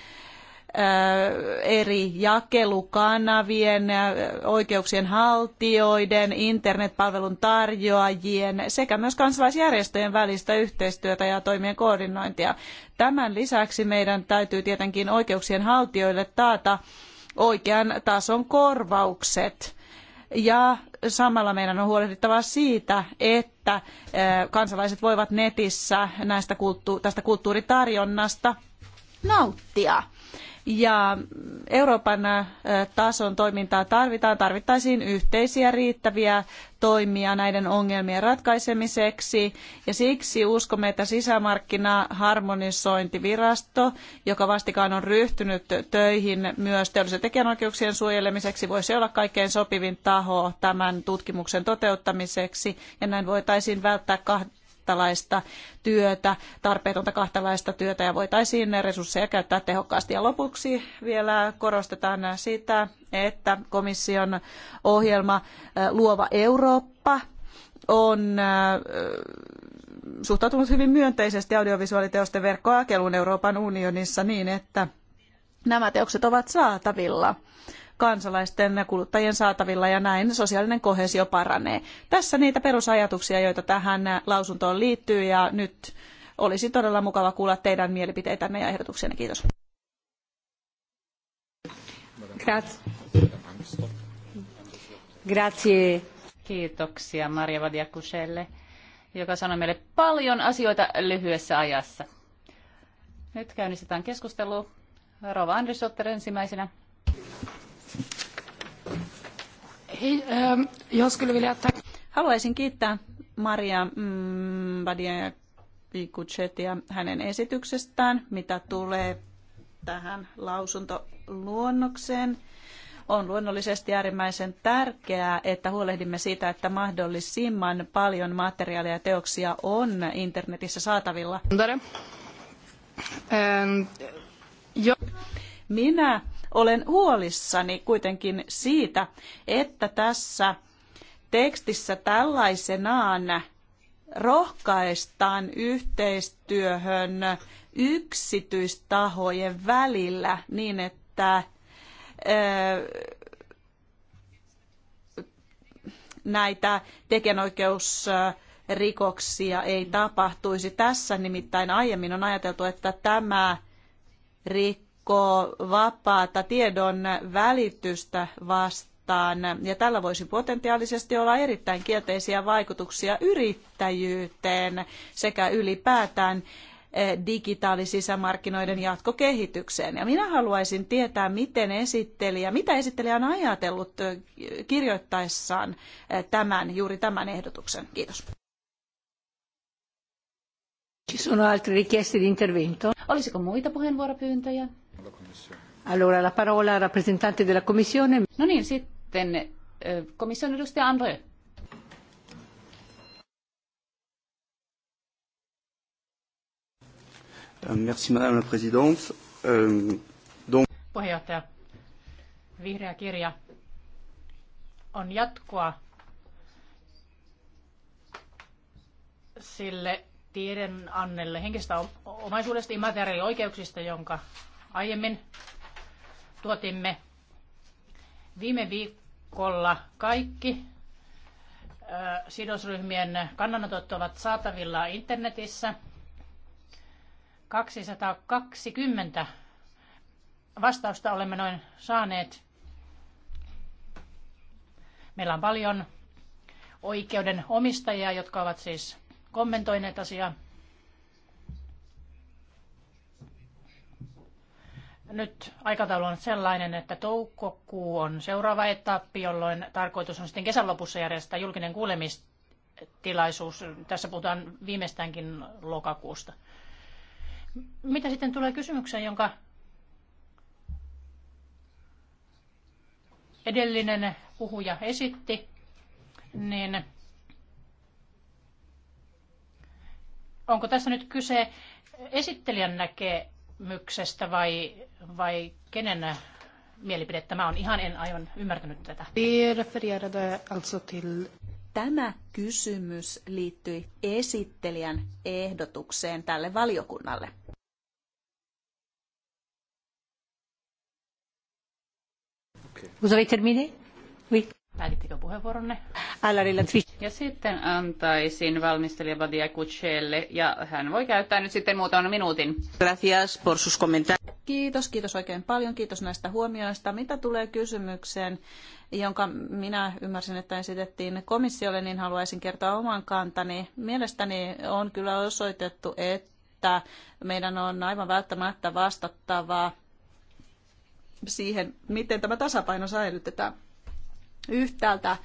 eri jakelukanavien, äh, oikeuksien haltijoiden, internetpalvelun tarjoajien sekä myös kansalaisjärjestöjen välistä yhteistyötä ja toimien koordinointia. Tämän lisäksi meidän täytyy tietenkin oikeuksien haltijoille taata oikean tason korvaukset ja samalla meidän on huolehdittava siitä, että eh, kansalaiset voivat netissä näistä kulttu- tästä kulttuuritarjonnasta nauttia ja Euroopan äh, tason toimintaa tarvitaan. Tarvittaisiin yhteisiä riittäviä toimia näiden ongelmien ratkaisemiseksi ja siksi uskomme, että sisämarkkinaharmonisointivirasto, joka vastikään on ryhtynyt töihin myös teollisen tekijänoikeuksien suojelemiseksi, voisi olla kaikkein sopivin taho tämän tutkimuksen toteuttamiseksi ja näin voitaisiin välttää kahtalaista työtä, tarpeetonta kahtalaista työtä ja voitaisiin resursseja käyttää tehokkaasti. Ja lopuksi vielä korostetaan sitä, että komission ohjelma Luova Eurooppa on suhtautunut hyvin myönteisesti audiovisuaaliteosten verkkoakeluun Euroopan unionissa niin, että nämä teokset ovat saatavilla kansalaisten ja kuluttajien saatavilla ja näin sosiaalinen kohesio paranee. Tässä niitä perusajatuksia, joita tähän lausuntoon liittyy ja nyt olisi todella mukava kuulla teidän mielipiteitänne ja ehdotuksenne. Kiitos. Grazie. Kiitoksia Maria Vadiakuselle, joka sanoi meille paljon asioita lyhyessä ajassa. Nyt käynnistetään keskustelu. Rova Andrisdotter ensimmäisenä. Hei, ähm, jos kyllä vilja Haluaisin kiittää Maria mm, Badia Pikuchetia hänen esityksestään, mitä tulee tähän lausuntoluonnokseen. On luonnollisesti äärimmäisen tärkeää, että huolehdimme siitä, että mahdollisimman paljon materiaalia ja teoksia on internetissä saatavilla. Ehm, Minä olen huolissani kuitenkin siitä, että tässä tekstissä tällaisenaan rohkaistaan yhteistyöhön yksityistahojen välillä niin, että näitä tekijänoikeusrikoksia ei tapahtuisi. Tässä nimittäin aiemmin on ajateltu, että tämä rikkoo rikkoo vapaata tiedon välitystä vastaan. Ja tällä voisi potentiaalisesti olla erittäin kielteisiä vaikutuksia yrittäjyyteen sekä ylipäätään eh, digitaalisisämarkkinoiden jatkokehitykseen. Ja minä haluaisin tietää, miten esittelijä, mitä esittelijä on ajatellut eh, kirjoittaessaan eh, tämän, juuri tämän ehdotuksen. Kiitos. Ci sono altri richieste di intervento? Olisiko muita puheenvuoropyyntöjä? Allora la parola rappresentante della Commissione. No niin, sitten edustaja euh, Merci madame la présidente. Euh, donc... Puheenjohtaja, vihreä kirja on jatkoa sille tiedonannelle henkistä omaisuudesta, immateriaalioikeuksista, jonka Aiemmin tuotimme viime viikolla kaikki sidosryhmien kannanotot ovat saatavilla internetissä. 220 vastausta olemme noin saaneet. Meillä on paljon oikeuden omistajia, jotka ovat siis kommentoineet asiaa. Nyt aikataulu on sellainen, että toukokuu on seuraava etappi, jolloin tarkoitus on sitten kesän lopussa järjestää julkinen kuulemistilaisuus. Tässä puhutaan viimeistäänkin lokakuusta. Mitä sitten tulee kysymykseen, jonka edellinen puhuja esitti, niin onko tässä nyt kyse esittelijän näkee kysymyksestä vai, vai kenen mielipide tämä on? Ihan en aivan ymmärtänyt tätä. Tämä kysymys liittyi esittelijän ehdotukseen tälle valiokunnalle. Vous avez terminé? Oui. Päätittekö puheenvuoronne? Ja sitten antaisin valmistelija Badia Kutselle, ja hän voi käyttää nyt sitten muutaman minuutin. Gracias por sus Kiitos, kiitos oikein paljon. Kiitos näistä huomioista. Mitä tulee kysymykseen, jonka minä ymmärsin, että esitettiin komissiolle, niin haluaisin kertoa oman kantani. Mielestäni on kyllä osoitettu, että meidän on aivan välttämättä vastattava siihen, miten tämä tasapaino säilytetään yhtäältä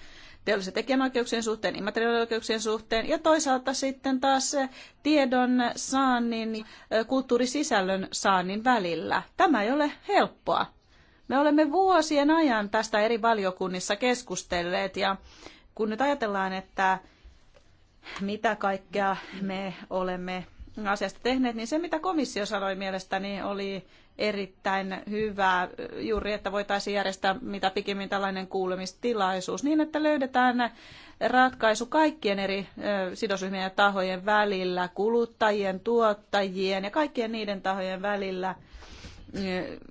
teollisen tekijänoikeuksien suhteen, immateriaalioikeuksien suhteen ja toisaalta sitten taas tiedon saannin, kulttuurisisällön saannin välillä. Tämä ei ole helppoa. Me olemme vuosien ajan tästä eri valiokunnissa keskustelleet ja kun nyt ajatellaan, että mitä kaikkea me olemme asiasta tehneet, niin se mitä komissio sanoi mielestäni oli erittäin hyvä juuri, että voitaisiin järjestää mitä pikimmin tällainen kuulemistilaisuus niin, että löydetään ratkaisu kaikkien eri sidosryhmien ja tahojen välillä, kuluttajien, tuottajien ja kaikkien niiden tahojen välillä,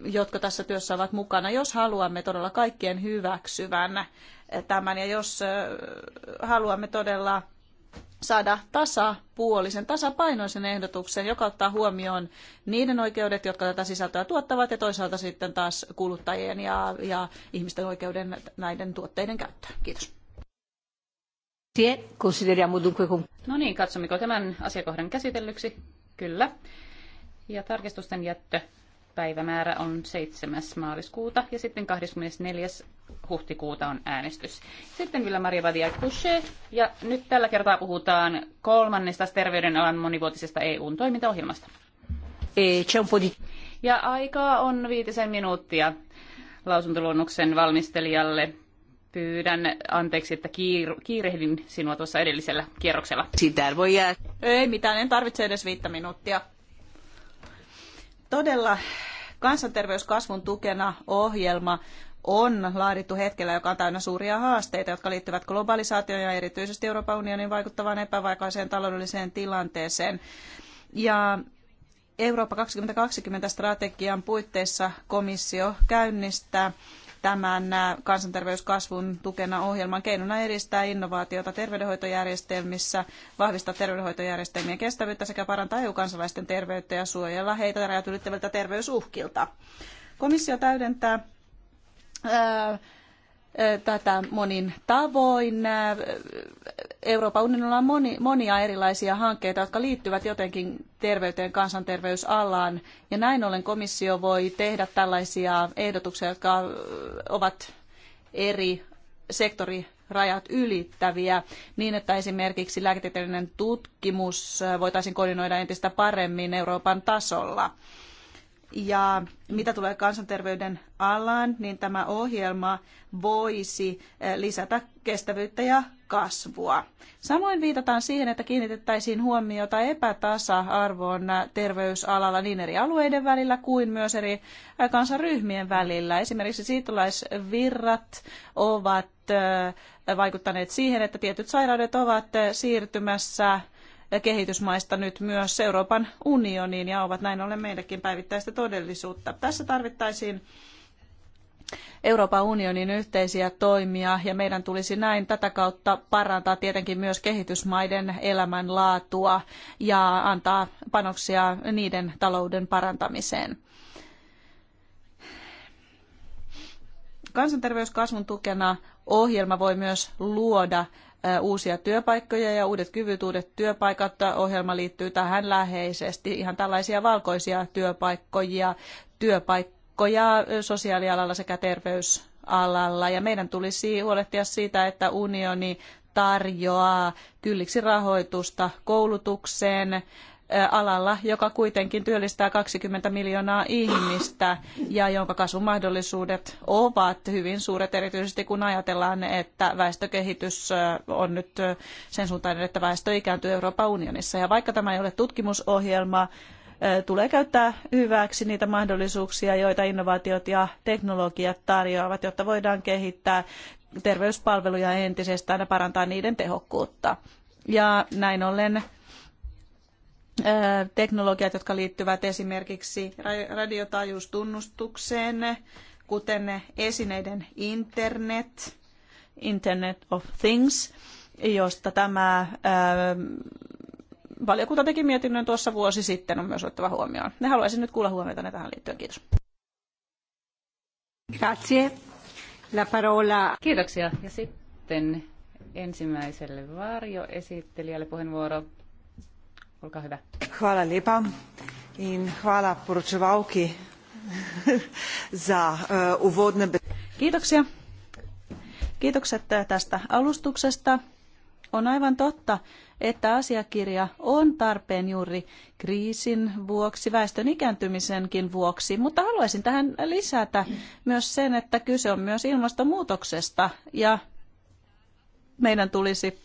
jotka tässä työssä ovat mukana, jos haluamme todella kaikkien hyväksyvän tämän ja jos haluamme todella saada tasapuolisen, tasapainoisen ehdotuksen, joka ottaa huomioon niiden oikeudet, jotka tätä sisältöä tuottavat, ja toisaalta sitten taas kuluttajien ja, ja ihmisten oikeuden näiden tuotteiden käyttöön. Kiitos. No niin, katsommeko tämän asiakohdan käsitellyksi? Kyllä. Ja tarkistusten jättö päivämäärä on 7. maaliskuuta ja sitten 24. huhtikuuta on äänestys. Sitten vielä Maria Vadia Kusche ja nyt tällä kertaa puhutaan kolmannesta terveydenalan monivuotisesta EUn toimintaohjelmasta. Eh, ja aikaa on viitisen minuuttia lausuntoluonnoksen valmistelijalle. Pyydän anteeksi, että kiir- kiirehdin sinua tuossa edellisellä kierroksella. Sitä voi jää. Ei mitään, en tarvitse edes viittä minuuttia todella kansanterveyskasvun tukena ohjelma on laadittu hetkellä, joka on täynnä suuria haasteita, jotka liittyvät globalisaatioon ja erityisesti Euroopan unionin vaikuttavaan epävaikaiseen taloudelliseen tilanteeseen. Ja Eurooppa 2020 strategian puitteissa komissio käynnistää tämän kansanterveyskasvun tukena ohjelman keinona edistää innovaatiota terveydenhoitojärjestelmissä, vahvistaa terveydenhoitojärjestelmien kestävyyttä sekä parantaa EU-kansalaisten terveyttä ja suojella heitä rajat ylittäviltä terveysuhkilta. Komissio täydentää tätä monin tavoin. Euroopan unionilla on moni, monia erilaisia hankkeita, jotka liittyvät jotenkin terveyteen, kansanterveysalaan. Ja näin ollen komissio voi tehdä tällaisia ehdotuksia, jotka ovat eri sektori rajat ylittäviä, niin että esimerkiksi lääketieteellinen tutkimus voitaisiin koordinoida entistä paremmin Euroopan tasolla. Ja mitä tulee kansanterveyden alaan, niin tämä ohjelma voisi eh, lisätä kestävyyttä ja kasvua. Samoin viitataan siihen, että kiinnitettäisiin huomiota epätasa-arvoon eh, terveysalalla niin eri alueiden välillä kuin myös eri eh, kansaryhmien välillä. Esimerkiksi siirtolaisvirrat ovat vaikuttaneet siihen, että tietyt sairaudet ovat siirtymässä kehitysmaista nyt myös Euroopan unioniin ja ovat näin ollen meillekin päivittäistä todellisuutta. Tässä tarvittaisiin Euroopan unionin yhteisiä toimia ja meidän tulisi näin tätä kautta parantaa tietenkin myös kehitysmaiden elämänlaatua ja antaa panoksia niiden talouden parantamiseen. Kansanterveyskasvun tukena ohjelma voi myös luoda uusia työpaikkoja ja uudet kyvyt, uudet työpaikat. Ohjelma liittyy tähän läheisesti. Ihan tällaisia valkoisia työpaikkoja, työpaikkoja sosiaalialalla sekä terveysalalla. Ja meidän tulisi huolehtia siitä, että unioni tarjoaa kylliksi rahoitusta koulutukseen, alalla, joka kuitenkin työllistää 20 miljoonaa ihmistä ja jonka kasvumahdollisuudet ovat hyvin suuret, erityisesti kun ajatellaan, että väestökehitys on nyt sen suuntainen, että väestö ikääntyy Euroopan unionissa. Ja vaikka tämä ei ole tutkimusohjelma, tulee käyttää hyväksi niitä mahdollisuuksia, joita innovaatiot ja teknologiat tarjoavat, jotta voidaan kehittää terveyspalveluja entisestään ja parantaa niiden tehokkuutta. Ja näin ollen teknologiat, jotka liittyvät esimerkiksi radiotaajuustunnustukseen, kuten esineiden internet, Internet of Things, josta tämä ää, valiokunta teki mietinnön tuossa vuosi sitten, on myös otettava huomioon. Ne haluaisin nyt kuulla huomiota tähän liittyen. Kiitos. Grazie. La parola. Kiitoksia. Ja sitten ensimmäiselle varjoesittelijälle puheenvuoro Olkaa hyvä. Hvala lepa in hvala poručevalki za eh, uvodne... Kiitoksia. Kiitokset eh, tästä alustuksesta. On aivan totta, että asiakirja on tarpeen juuri kriisin vuoksi, väestön ikääntymisenkin vuoksi, mutta haluaisin tähän lisätä myös sen, että kyse on myös ilmastonmuutoksesta ja meidän tulisi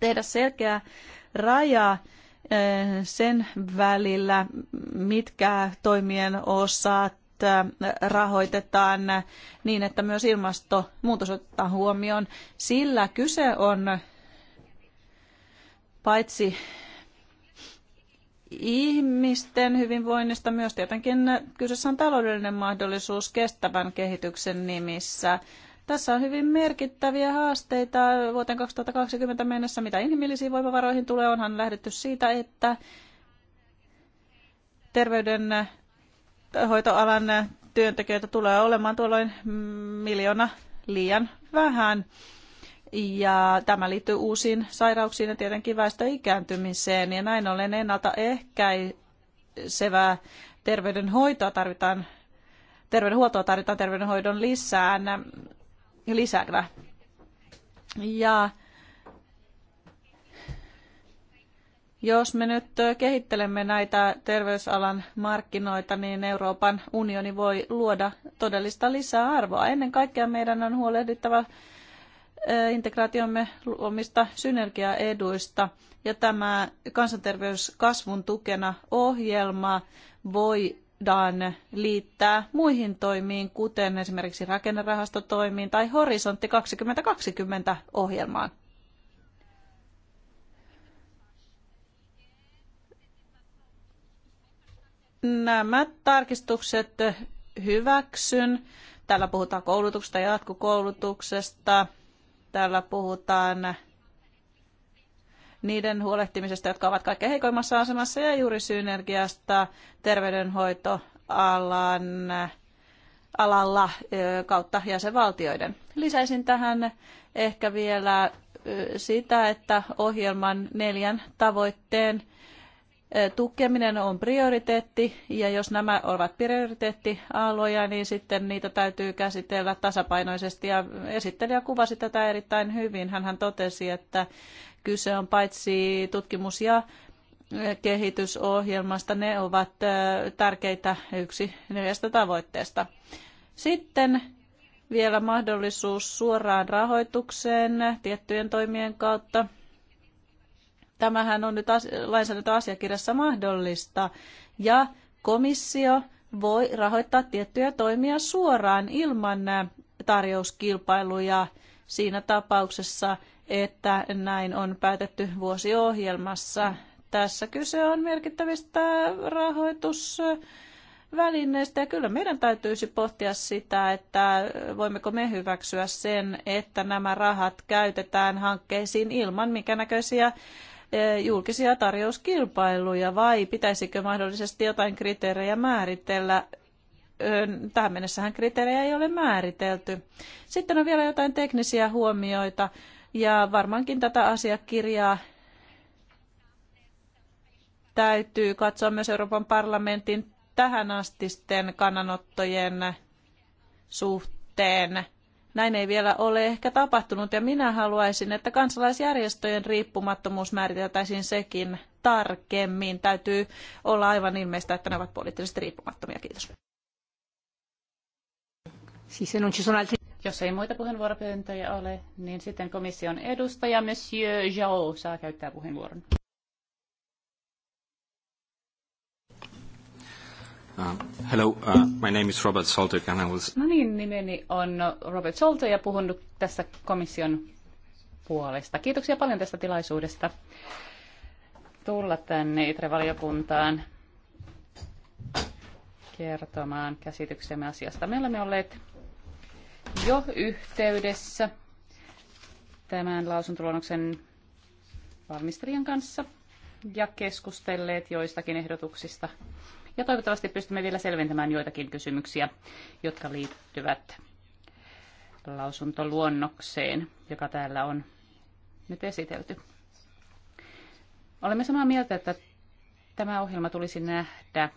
tehdä selkeää rajaa Eh, sen välillä, mitkä toimien osat eh, rahoitetaan niin, että myös ilmastonmuutos otetaan huomioon, sillä kyse on paitsi ihmisten hyvinvoinnista myös tietenkin kyseessä on taloudellinen mahdollisuus kestävän kehityksen nimissä tässä on hyvin merkittäviä haasteita vuoteen 2020 mennessä, mitä inhimillisiin voimavaroihin tulee. Onhan lähdetty siitä, että terveydenhoitoalan työntekijöitä tulee olemaan tuolloin miljoona liian vähän. Ja tämä liittyy uusiin sairauksiin ja tietenkin väestöikääntymiseen. Ja näin ollen ennaltaehkäisevää terveydenhoitoa tarvitaan, terveydenhuoltoa tarvitaan terveydenhoidon lisään lisätä. Ja jos me nyt kehittelemme näitä terveysalan markkinoita, niin Euroopan unioni voi luoda todellista lisäarvoa. Ennen kaikkea meidän on huolehdittava integraatiomme luomista synergiaeduista. Ja tämä kansanterveyskasvun tukena ohjelma voi voidaan liittää muihin toimiin, kuten esimerkiksi rakennerahastotoimiin tai Horisontti 2020 ohjelmaan. Nämä tarkistukset hyväksyn. Täällä puhutaan koulutuksesta, jatkokoulutuksesta. Täällä puhutaan niiden huolehtimisesta, jotka ovat kaikkein heikoimmassa asemassa ja juuri synergiasta terveydenhoitoalan alalla kautta jäsenvaltioiden. Lisäisin tähän ehkä vielä sitä, että ohjelman neljän tavoitteen tukeminen on prioriteetti ja jos nämä ovat prioriteettialoja, niin sitten niitä täytyy käsitellä tasapainoisesti ja esittelijä kuvasi tätä erittäin hyvin. Hän totesi, että Kyse on paitsi tutkimus- ja eh, kehitysohjelmasta. Ne ovat eh, tärkeitä yksi neljästä tavoitteesta. Sitten vielä mahdollisuus suoraan rahoitukseen tiettyjen toimien kautta. Tämähän on nyt lainsäädäntöasiakirjassa mahdollista. Ja komissio voi rahoittaa tiettyjä toimia suoraan ilman eh, tarjouskilpailuja siinä tapauksessa, että näin on päätetty vuosiohjelmassa. Tässä kyse on merkittävistä rahoitusvälineistä Ja kyllä meidän täytyisi pohtia sitä, että voimmeko me hyväksyä sen, että nämä rahat käytetään hankkeisiin ilman mikä näköisiä e, julkisia tarjouskilpailuja vai pitäisikö mahdollisesti jotain kriteerejä määritellä? Tähän mennessähän kriteerejä ei ole määritelty. Sitten on vielä jotain teknisiä huomioita. Ja varmaankin tätä asiakirjaa täytyy katsoa myös Euroopan parlamentin tähänastisten kannanottojen suhteen. Näin ei vielä ole ehkä tapahtunut ja minä haluaisin, että kansalaisjärjestöjen riippumattomuus määriteltäisiin sekin tarkemmin. Täytyy olla aivan ilmeistä, että ne ovat poliittisesti riippumattomia. Kiitos. Jos ei muita puheenvuoropyyntöjä ole, niin sitten komission edustaja Monsieur Jao saa käyttää puheenvuoron. Uh, hello, uh, my name is Robert Salter and I was... No niin, nimeni on Robert Solte ja puhun tässä komission puolesta. Kiitoksia paljon tästä tilaisuudesta tulla tänne ITRE-valiokuntaan kertomaan käsityksemme asiasta. Me olemme olleet jo yhteydessä tämän lausuntoluonnoksen valmistelijan kanssa ja keskustelleet joistakin ehdotuksista. Ja toivottavasti pystymme vielä selventämään joitakin kysymyksiä, jotka liittyvät lausuntoluonnokseen, joka täällä on nyt esitelty. Olemme samaa mieltä, että tämä ohjelma tulisi nähdä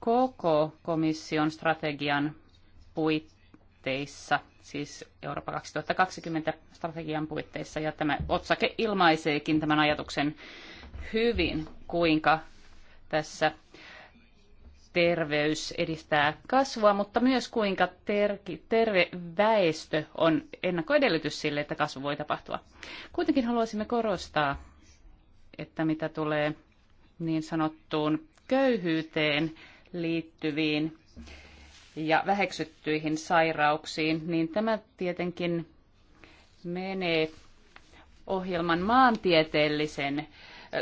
koko komission strategian puitteissa puitteissa, siis Eurooppa 2020 strategian puitteissa. Ja tämä otsake ilmaiseekin tämän ajatuksen hyvin, kuinka tässä terveys edistää kasvua, mutta myös kuinka ter- terve väestö on ennakkoedellytys sille, että kasvu voi tapahtua. Kuitenkin haluaisimme korostaa, että mitä tulee niin sanottuun köyhyyteen liittyviin ja väheksyttyihin sairauksiin, niin tämä tietenkin menee ohjelman maantieteellisen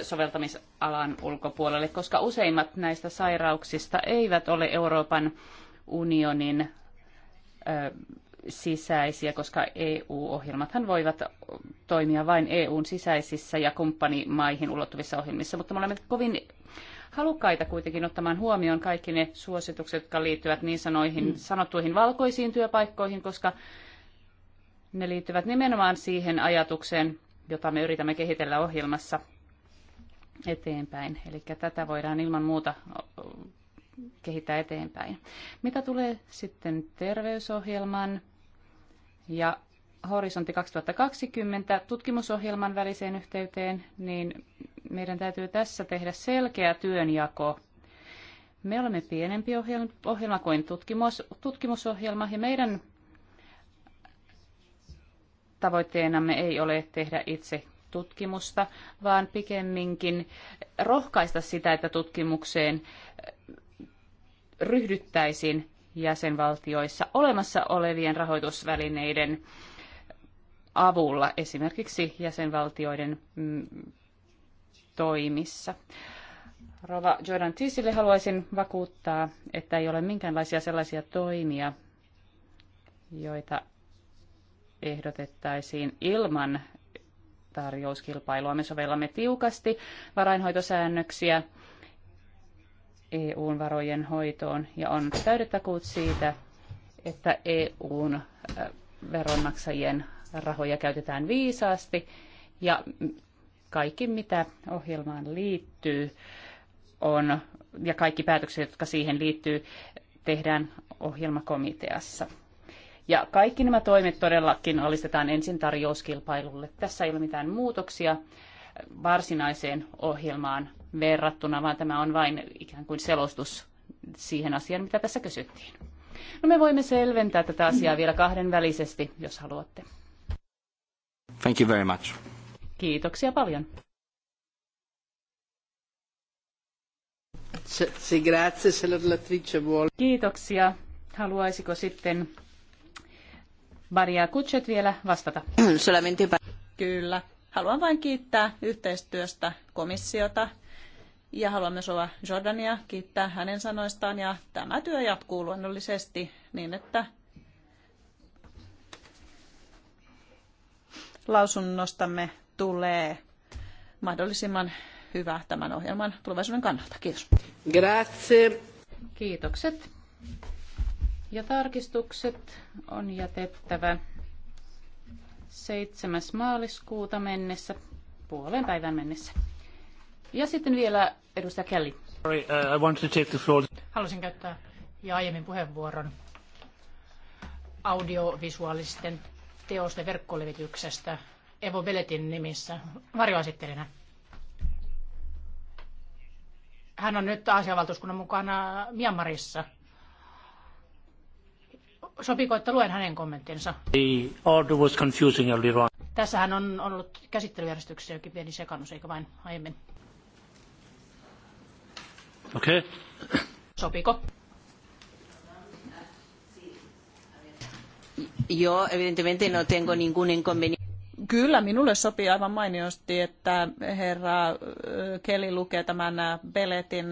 soveltamisalan ulkopuolelle, koska useimmat näistä sairauksista eivät ole Euroopan unionin sisäisiä, koska EU-ohjelmathan voivat toimia vain EUn sisäisissä ja kumppanimaihin ulottuvissa ohjelmissa, mutta me olemme kovin halukkaita kuitenkin ottamaan huomioon kaikki ne suositukset, jotka liittyvät niin sanoihin, sanottuihin valkoisiin työpaikkoihin, koska ne liittyvät nimenomaan siihen ajatukseen, jota me yritämme kehitellä ohjelmassa eteenpäin. Eli tätä voidaan ilman muuta kehittää eteenpäin. Mitä tulee sitten terveysohjelman ja horisontti 2020 tutkimusohjelman väliseen yhteyteen, niin meidän täytyy tässä tehdä selkeä työnjako. Me olemme pienempi ohjelma kuin tutkimus, tutkimusohjelma ja meidän tavoitteenamme ei ole tehdä itse tutkimusta, vaan pikemminkin rohkaista sitä, että tutkimukseen ryhdyttäisiin jäsenvaltioissa olemassa olevien rahoitusvälineiden avulla esimerkiksi jäsenvaltioiden mm, toimissa. Rova Jordan Tisille haluaisin vakuuttaa, että ei ole minkäänlaisia sellaisia toimia, joita ehdotettaisiin ilman tarjouskilpailua. Me sovellamme tiukasti varainhoitosäännöksiä EUn varojen hoitoon ja on täydet takuut siitä, että EUn äh, veronmaksajien rahoja käytetään viisaasti ja kaikki, mitä ohjelmaan liittyy, on, ja kaikki päätökset, jotka siihen liittyy, tehdään ohjelmakomiteassa. Ja kaikki nämä toimet todellakin alistetaan ensin tarjouskilpailulle. Tässä ei ole mitään muutoksia varsinaiseen ohjelmaan verrattuna, vaan tämä on vain ikään kuin selostus siihen asiaan, mitä tässä kysyttiin. No me voimme selventää tätä asiaa vielä kahdenvälisesti, jos haluatte. Thank you very much. Kiitoksia paljon. Kiitoksia. Haluaisiko sitten Maria Kutset vielä vastata? Kyllä. Haluan vain kiittää yhteistyöstä komissiota ja haluan myös olla Jordania kiittää hänen sanoistaan ja tämä työ jatkuu luonnollisesti niin, että lausunnostamme tulee mahdollisimman hyvä tämän ohjelman tulevaisuuden kannalta. Kiitos. Grazie. Kiitokset. Ja tarkistukset on jätettävä 7. maaliskuuta mennessä, puolen päivän mennessä. Ja sitten vielä edustaja Kelly. Sorry, uh, I wanted to take the floor. Halusin käyttää jo aiemmin puheenvuoron audiovisuaalisten teosten verkkolevityksestä Evo Beletin nimissä varjoesittelijänä. Hän on nyt asianvaltuuskunnan mukana Myanmarissa. Sopiko, että luen hänen kommenttinsa? The order was confusing Tässähän on ollut käsittelyjärjestyksessä jokin pieni sekannus, eikä vain aiemmin. Okei. Okay. Sopiko? Joo, evidentemente no tengo ningún inconveniente. Kyllä, minulle sopii aivan mainiosti, että herra Keli lukee tämän Beletin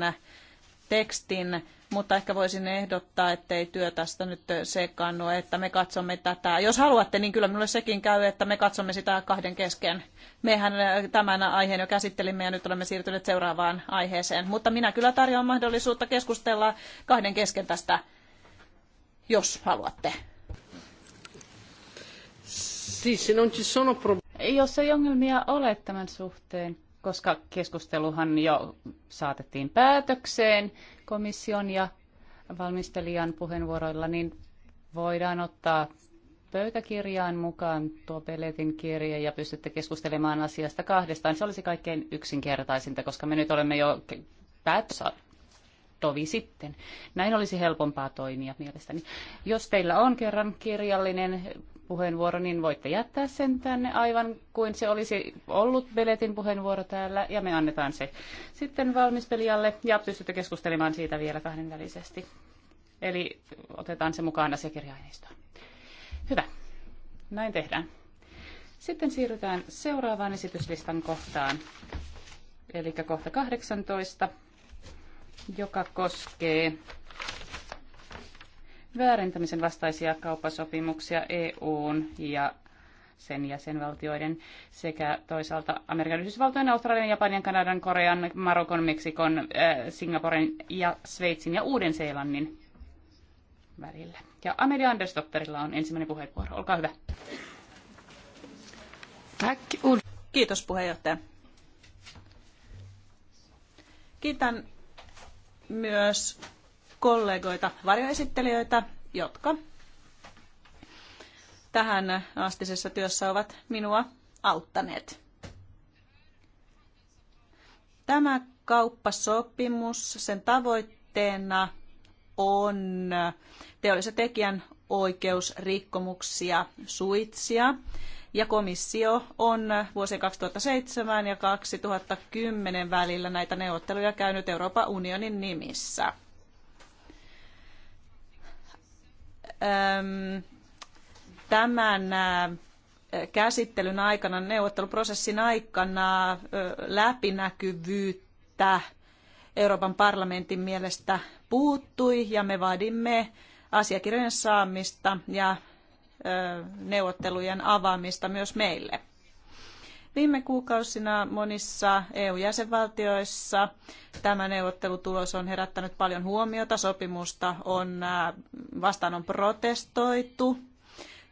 tekstin, mutta ehkä voisin ehdottaa, ettei työ tästä nyt sekaannu, että me katsomme tätä. Jos haluatte, niin kyllä minulle sekin käy, että me katsomme sitä kahden kesken. Mehän tämän aiheen jo käsittelimme ja nyt olemme siirtyneet seuraavaan aiheeseen. Mutta minä kyllä tarjoan mahdollisuutta keskustella kahden kesken tästä, jos haluatte. Jos ei ongelmia ole tämän suhteen, koska keskusteluhan jo saatettiin päätökseen komission ja valmistelijan puheenvuoroilla, niin voidaan ottaa pöytäkirjaan mukaan tuo Peletin kirje ja pystytte keskustelemaan asiasta kahdestaan. Se olisi kaikkein yksinkertaisinta, koska me nyt olemme jo päätössä tovi sitten. Näin olisi helpompaa toimia mielestäni. Jos teillä on kerran kirjallinen puheenvuoro, niin voitte jättää sen tänne aivan kuin se olisi ollut Beletin puheenvuoro täällä ja me annetaan se sitten valmistelijalle ja pystytte keskustelemaan siitä vielä kahdenvälisesti. Eli otetaan se mukaan asiakirjaineistaan. Hyvä. Näin tehdään. Sitten siirrytään seuraavaan esityslistan kohtaan, eli kohta 18, joka koskee väärentämisen vastaisia kauppasopimuksia EUn ja sen jäsenvaltioiden sekä toisaalta Amerikan Yhdysvaltojen, Australian, Japanin, Kanadan, Korean, Marokon, Meksikon, äh, Singaporen ja Sveitsin ja Uuden-Seelannin välillä. Ja Amelia Andersdotterilla on ensimmäinen puheenvuoro. Olkaa hyvä. Tack. Kiitos puheenjohtaja. Kiitän myös kollegoita, varjoesittelijöitä, jotka tähän astisessa työssä ovat minua auttaneet. Tämä kauppasopimus, sen tavoitteena on teollisen tekijän oikeusrikkomuksia suitsia. Ja komissio on vuosien 2007 ja 2010 välillä näitä neuvotteluja käynyt Euroopan unionin nimissä. tämän äh, käsittelyn aikana, neuvotteluprosessin aikana läpinäkyvyyttä Euroopan parlamentin mielestä puuttui ja me vaadimme asiakirjojen saamista ja neuvottelujen avaamista myös meille. Viime kuukausina monissa EU-jäsenvaltioissa tämä neuvottelutulos on herättänyt paljon huomiota. Sopimusta on, äh, vastaan on protestoitu.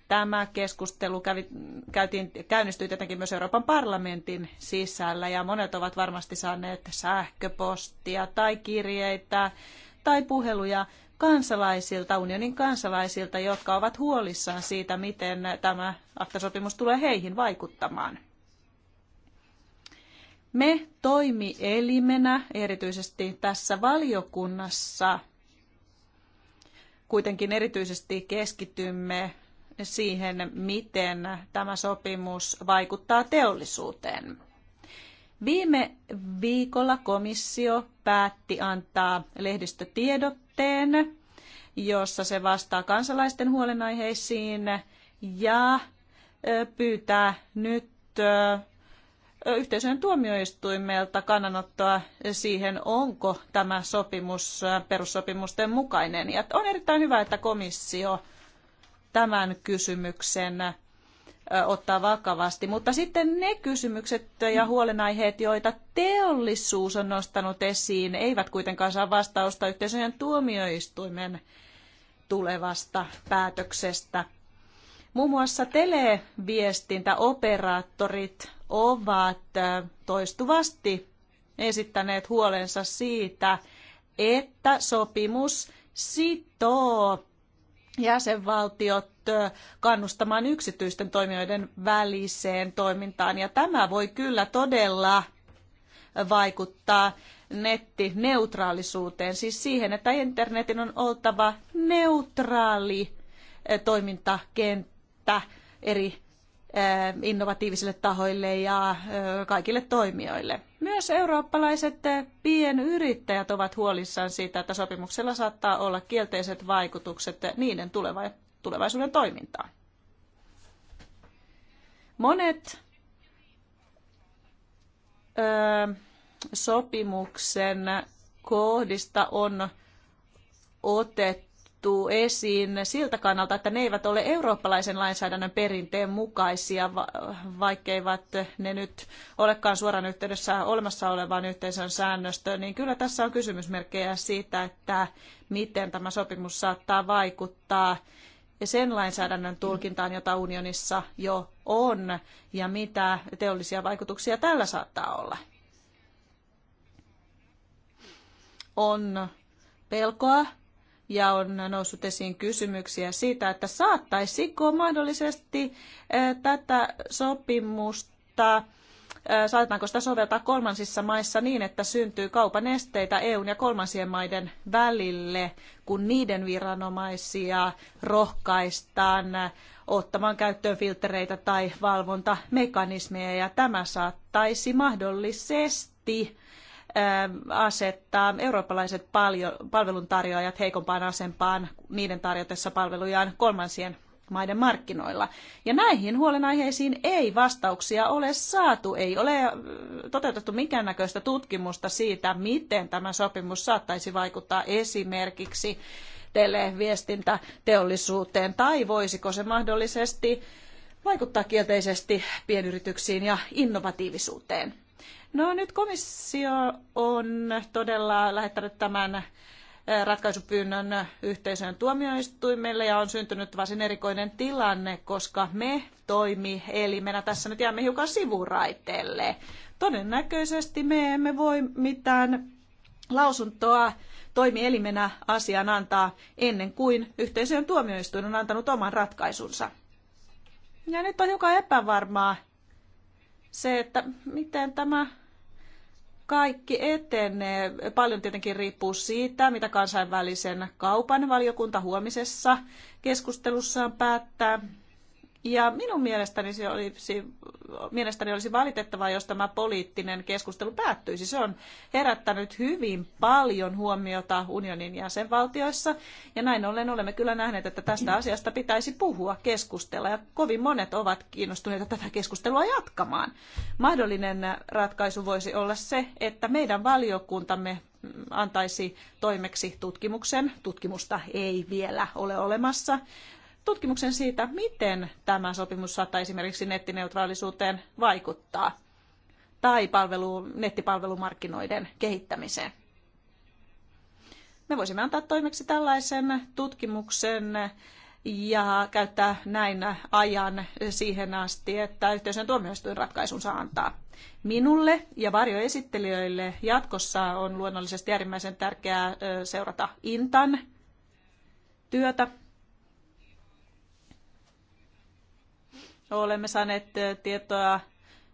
Tämä keskustelu kävi, käytiin, käynnistyi tietenkin myös Euroopan parlamentin sisällä ja monet ovat varmasti saaneet sähköpostia tai kirjeitä tai puheluja kansalaisilta, unionin kansalaisilta, jotka ovat huolissaan siitä, miten tämä aktasopimus tulee heihin vaikuttamaan. Me toimielimenä, erityisesti tässä valiokunnassa, kuitenkin erityisesti keskitymme siihen, miten tämä sopimus vaikuttaa teollisuuteen. Viime viikolla komissio päätti antaa lehdistötiedotteen, jossa se vastaa kansalaisten huolenaiheisiin ja pyytää nyt yhteisön tuomioistuimelta kannanottoa siihen, onko tämä sopimus perussopimusten mukainen. Ja on erittäin hyvä, että komissio tämän kysymyksen ottaa vakavasti. Mutta sitten ne kysymykset ja huolenaiheet, joita teollisuus on nostanut esiin, eivät kuitenkaan saa vastausta yhteisöjen tuomioistuimen tulevasta päätöksestä. Muun muassa televiestintäoperaattorit ovat toistuvasti esittäneet huolensa siitä, että sopimus sitoo jäsenvaltiot kannustamaan yksityisten toimijoiden väliseen toimintaan. Ja tämä voi kyllä todella vaikuttaa nettineutraalisuuteen, siis siihen, että internetin on oltava neutraali toimintakenttä työtä eri eh, innovatiivisille tahoille ja eh, kaikille toimijoille. Myös eurooppalaiset eh, pienyrittäjät ovat huolissaan siitä, että sopimuksella saattaa olla kielteiset vaikutukset niiden tulevaisuuden toimintaan. Monet sopimuksen kohdista on otettu nostettu esiin siltä kannalta, että ne eivät ole eurooppalaisen lainsäädännön perinteen mukaisia, vaikkeivat ne nyt olekaan suoraan yhteydessä olemassa olevaan yhteisön säännöstöön, niin kyllä tässä on kysymysmerkkejä siitä, että miten tämä sopimus saattaa vaikuttaa sen lainsäädännön tulkintaan, jota unionissa jo on, ja mitä teollisia vaikutuksia tällä saattaa olla. On pelkoa ja on noussut esiin kysymyksiä siitä, että saattaisiko mahdollisesti eh, tätä sopimusta eh, saatetaanko sitä soveltaa kolmansissa maissa niin, että syntyy kaupan esteitä EUn ja kolmansien maiden välille, kun niiden viranomaisia rohkaistaan ottamaan käyttöön filtreitä tai valvontamekanismeja, ja tämä saattaisi mahdollisesti Ähm, asettaa eurooppalaiset palveluntarjoajat heikompaan asempaan niiden tarjotessa palvelujaan kolmansien maiden markkinoilla. Ja näihin huolenaiheisiin ei vastauksia ole saatu. Ei ole äh, toteutettu minkäännäköistä tutkimusta siitä, miten tämä sopimus saattaisi vaikuttaa esimerkiksi televiestintäteollisuuteen tai voisiko se mahdollisesti vaikuttaa kielteisesti pienyrityksiin ja innovatiivisuuteen. No nyt komissio on todella lähettänyt tämän eh, ratkaisupyynnön yhteisön tuomioistuimelle ja on syntynyt varsin erikoinen tilanne, koska me toimi, eli me tässä nyt jäämme hiukan sivuraiteelle. Todennäköisesti me emme voi mitään lausuntoa toimielimenä asian antaa ennen kuin yhteisön tuomioistuin on antanut oman ratkaisunsa. Ja nyt on hiukan epävarmaa se, että miten tämä kaikki etenee. Paljon tietenkin riippuu siitä, mitä kansainvälisen kaupan valiokunta huomisessa keskustelussaan päättää. Ja minun mielestäni, se olisi, mielestäni olisi valitettavaa, jos tämä poliittinen keskustelu päättyisi. Se on herättänyt hyvin paljon huomiota unionin jäsenvaltioissa. Ja näin ollen olemme kyllä nähneet, että tästä asiasta pitäisi puhua, keskustella. Ja kovin monet ovat kiinnostuneita tätä keskustelua jatkamaan. Mahdollinen ratkaisu voisi olla se, että meidän valiokuntamme antaisi toimeksi tutkimuksen. Tutkimusta ei vielä ole olemassa tutkimuksen siitä, miten tämä sopimus saattaa esimerkiksi nettineutraalisuuteen vaikuttaa tai palvelu, nettipalvelumarkkinoiden kehittämiseen. Me voisimme antaa toimeksi tällaisen tutkimuksen ja käyttää näin ajan siihen asti, että yhteisön tuomioistuin ratkaisunsa antaa. Minulle ja varjoesittelijöille jatkossa on luonnollisesti äärimmäisen tärkeää seurata Intan työtä olemme saaneet tietoa,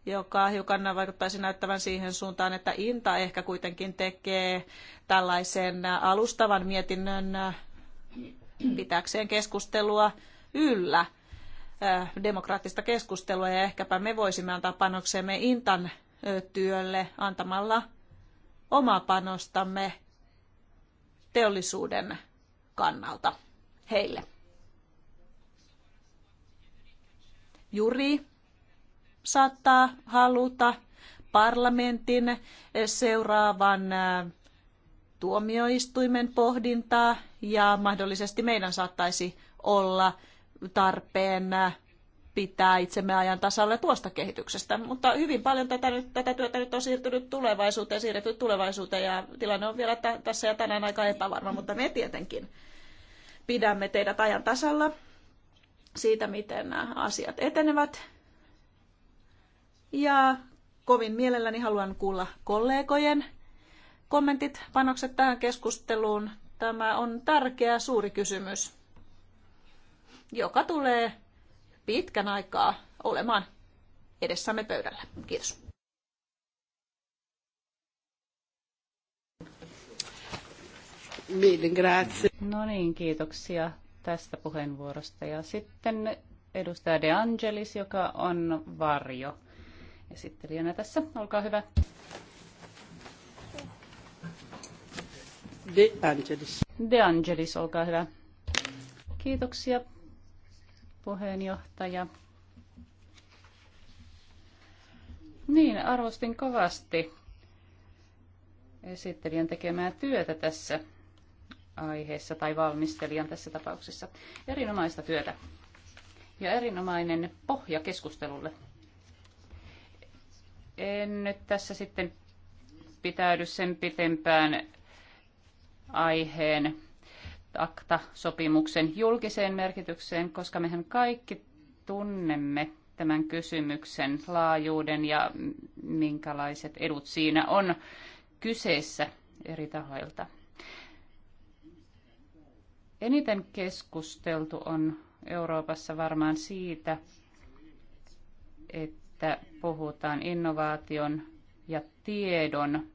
joka hiukan vaikuttaisi näyttävän siihen suuntaan, että Inta ehkä kuitenkin tekee tällaisen alustavan mietinnön pitääkseen keskustelua yllä, demokraattista keskustelua, ja ehkäpä me voisimme antaa panoksemme Intan työlle antamalla omaa panostamme teollisuuden kannalta heille. juri saattaa haluta parlamentin seuraavan äh, tuomioistuimen pohdintaa ja mahdollisesti meidän saattaisi olla tarpeen äh, pitää itsemme ajan tasalla tuosta kehityksestä. Mutta hyvin paljon tätä, tätä työtä nyt on siirtynyt tulevaisuuteen, siirretty tulevaisuuteen ja tilanne on vielä tässä ja tänään aika epävarma, mutta me tietenkin pidämme teidät ajan tasalla siitä, miten nämä asiat etenevät. Ja kovin mielelläni haluan kuulla kollegojen kommentit, panokset tähän keskusteluun. Tämä on tärkeä suuri kysymys, joka tulee pitkän aikaa olemaan edessämme pöydällä. Kiitos. No niin, kiitoksia tästä puheenvuorosta. Ja sitten edustaja De Angelis, joka on varjo esittelijänä tässä. Olkaa hyvä. De Angelis. De Angelis, olkaa hyvä. Kiitoksia puheenjohtaja. Niin, arvostin kovasti esittelijän tekemää työtä tässä aiheessa tai valmistelijan tässä tapauksessa. Erinomaista työtä ja erinomainen pohja keskustelulle. En nyt tässä sitten pitäydy sen pitempään aiheen akta-sopimuksen julkiseen merkitykseen, koska mehän kaikki tunnemme tämän kysymyksen laajuuden ja minkälaiset edut siinä on kyseessä eri tahoilta. Eniten keskusteltu on Euroopassa varmaan siitä, että puhutaan innovaation ja tiedon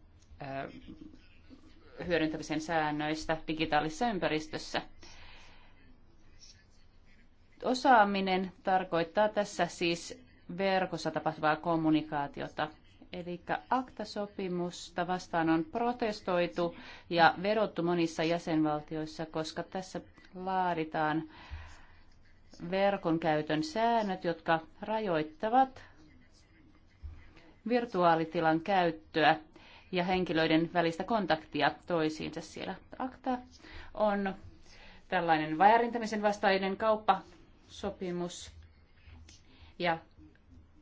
hyödyntämisen säännöistä digitaalisessa ympäristössä. Osaaminen tarkoittaa tässä siis verkossa tapahtuvaa kommunikaatiota – Eli aktasopimusta vastaan on protestoitu ja verottu monissa jäsenvaltioissa, koska tässä laaditaan verkon käytön säännöt, jotka rajoittavat virtuaalitilan käyttöä ja henkilöiden välistä kontaktia toisiinsa siellä. Akta on tällainen väärintämisen vastainen kauppasopimus ja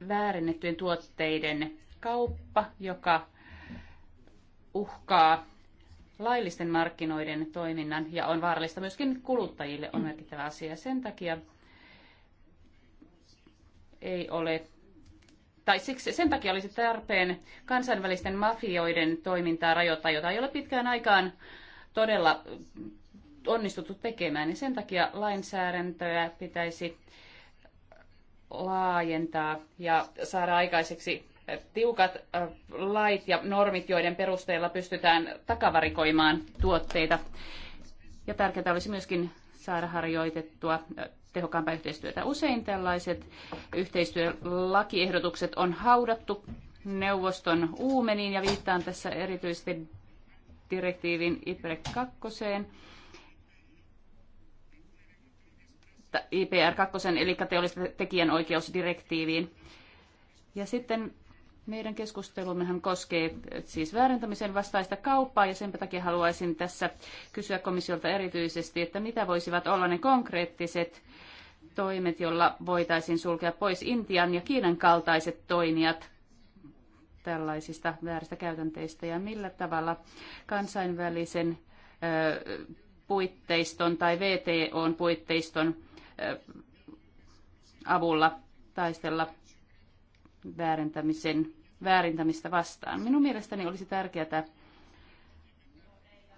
väärennettyjen tuotteiden kauppa, joka uhkaa laillisten markkinoiden toiminnan ja on vaarallista myöskin kuluttajille, on merkittävä asia. Sen takia ei ole tai siksi, sen takia olisi tarpeen kansainvälisten mafioiden toimintaa rajoittaa, jota ei ole pitkään aikaan todella onnistuttu tekemään. niin sen takia lainsäädäntöä pitäisi laajentaa ja saada aikaiseksi tiukat lait ja normit, joiden perusteella pystytään takavarikoimaan tuotteita. Ja tärkeää olisi myöskin saada harjoitettua tehokkaampaa yhteistyötä. Usein tällaiset yhteistyölakiehdotukset on haudattu neuvoston uumeniin ja viittaan tässä erityisesti direktiivin IPR 2. IPR 2, eli teollisten tekijänoikeusdirektiiviin. Ja sitten meidän keskustelummehan koskee siis väärentämisen vastaista kauppaa ja sen takia haluaisin tässä kysyä komissiolta erityisesti, että mitä voisivat olla ne konkreettiset toimet, joilla voitaisiin sulkea pois Intian ja Kiinan kaltaiset toimijat tällaisista vääristä käytänteistä ja millä tavalla kansainvälisen puitteiston tai vto puitteiston avulla taistella väärentämisen, väärintämistä vastaan. Minun mielestäni olisi tärkeää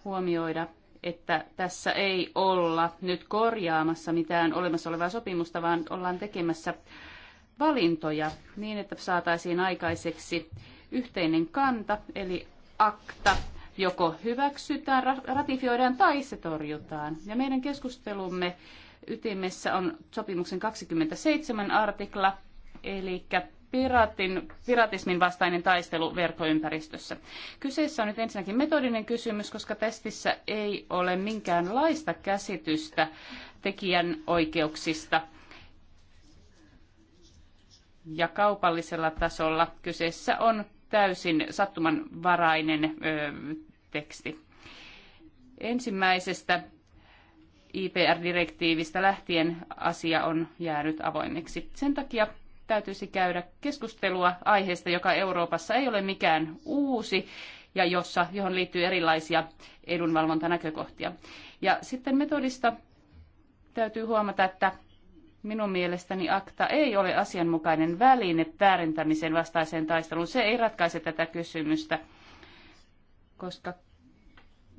huomioida, että tässä ei olla nyt korjaamassa mitään olemassa olevaa sopimusta, vaan ollaan tekemässä valintoja niin, että saataisiin aikaiseksi yhteinen kanta, eli akta, joko hyväksytään, ratifioidaan tai se torjutaan. Ja meidän keskustelumme ytimessä on sopimuksen 27 artikla, eli piratin, piratismin vastainen taistelu verkkoympäristössä. Kyseessä on nyt ensinnäkin metodinen kysymys, koska testissä ei ole minkäänlaista käsitystä tekijän oikeuksista. Ja kaupallisella tasolla kyseessä on täysin sattumanvarainen ö, teksti. Ensimmäisestä IPR-direktiivistä lähtien asia on jäänyt avoimeksi. Sen takia täytyisi käydä keskustelua aiheesta, joka Euroopassa ei ole mikään uusi ja jossa, johon liittyy erilaisia edunvalvontanäkökohtia. Ja sitten metodista täytyy huomata, että minun mielestäni akta ei ole asianmukainen väline väärentämisen vastaiseen taisteluun. Se ei ratkaise tätä kysymystä, koska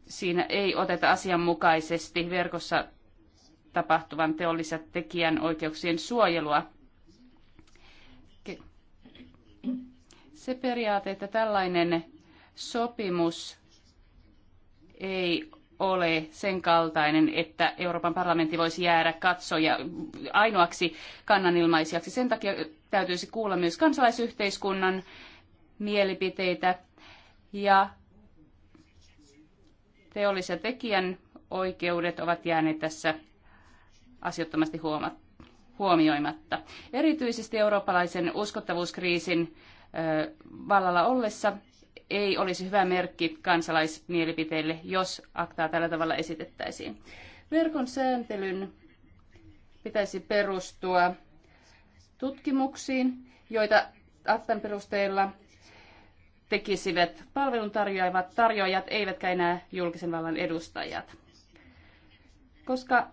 siinä ei oteta asianmukaisesti verkossa tapahtuvan teollisen tekijän oikeuksien suojelua Se periaate, että tällainen sopimus ei ole sen kaltainen, että Euroopan parlamentti voisi jäädä katsoja ainoaksi kannanilmaisijaksi. Sen takia täytyisi kuulla myös kansalaisyhteiskunnan mielipiteitä ja teollis- ja tekijän oikeudet ovat jääneet tässä asiattomasti huomioimatta. Erityisesti eurooppalaisen uskottavuuskriisin vallalla ollessa ei olisi hyvä merkki kansalaismielipiteille, jos aktaa tällä tavalla esitettäisiin. Verkon sääntelyn pitäisi perustua tutkimuksiin, joita aktan perusteella tekisivät palveluntarjoajat, tarjoajat eivätkä enää julkisen vallan edustajat. Koska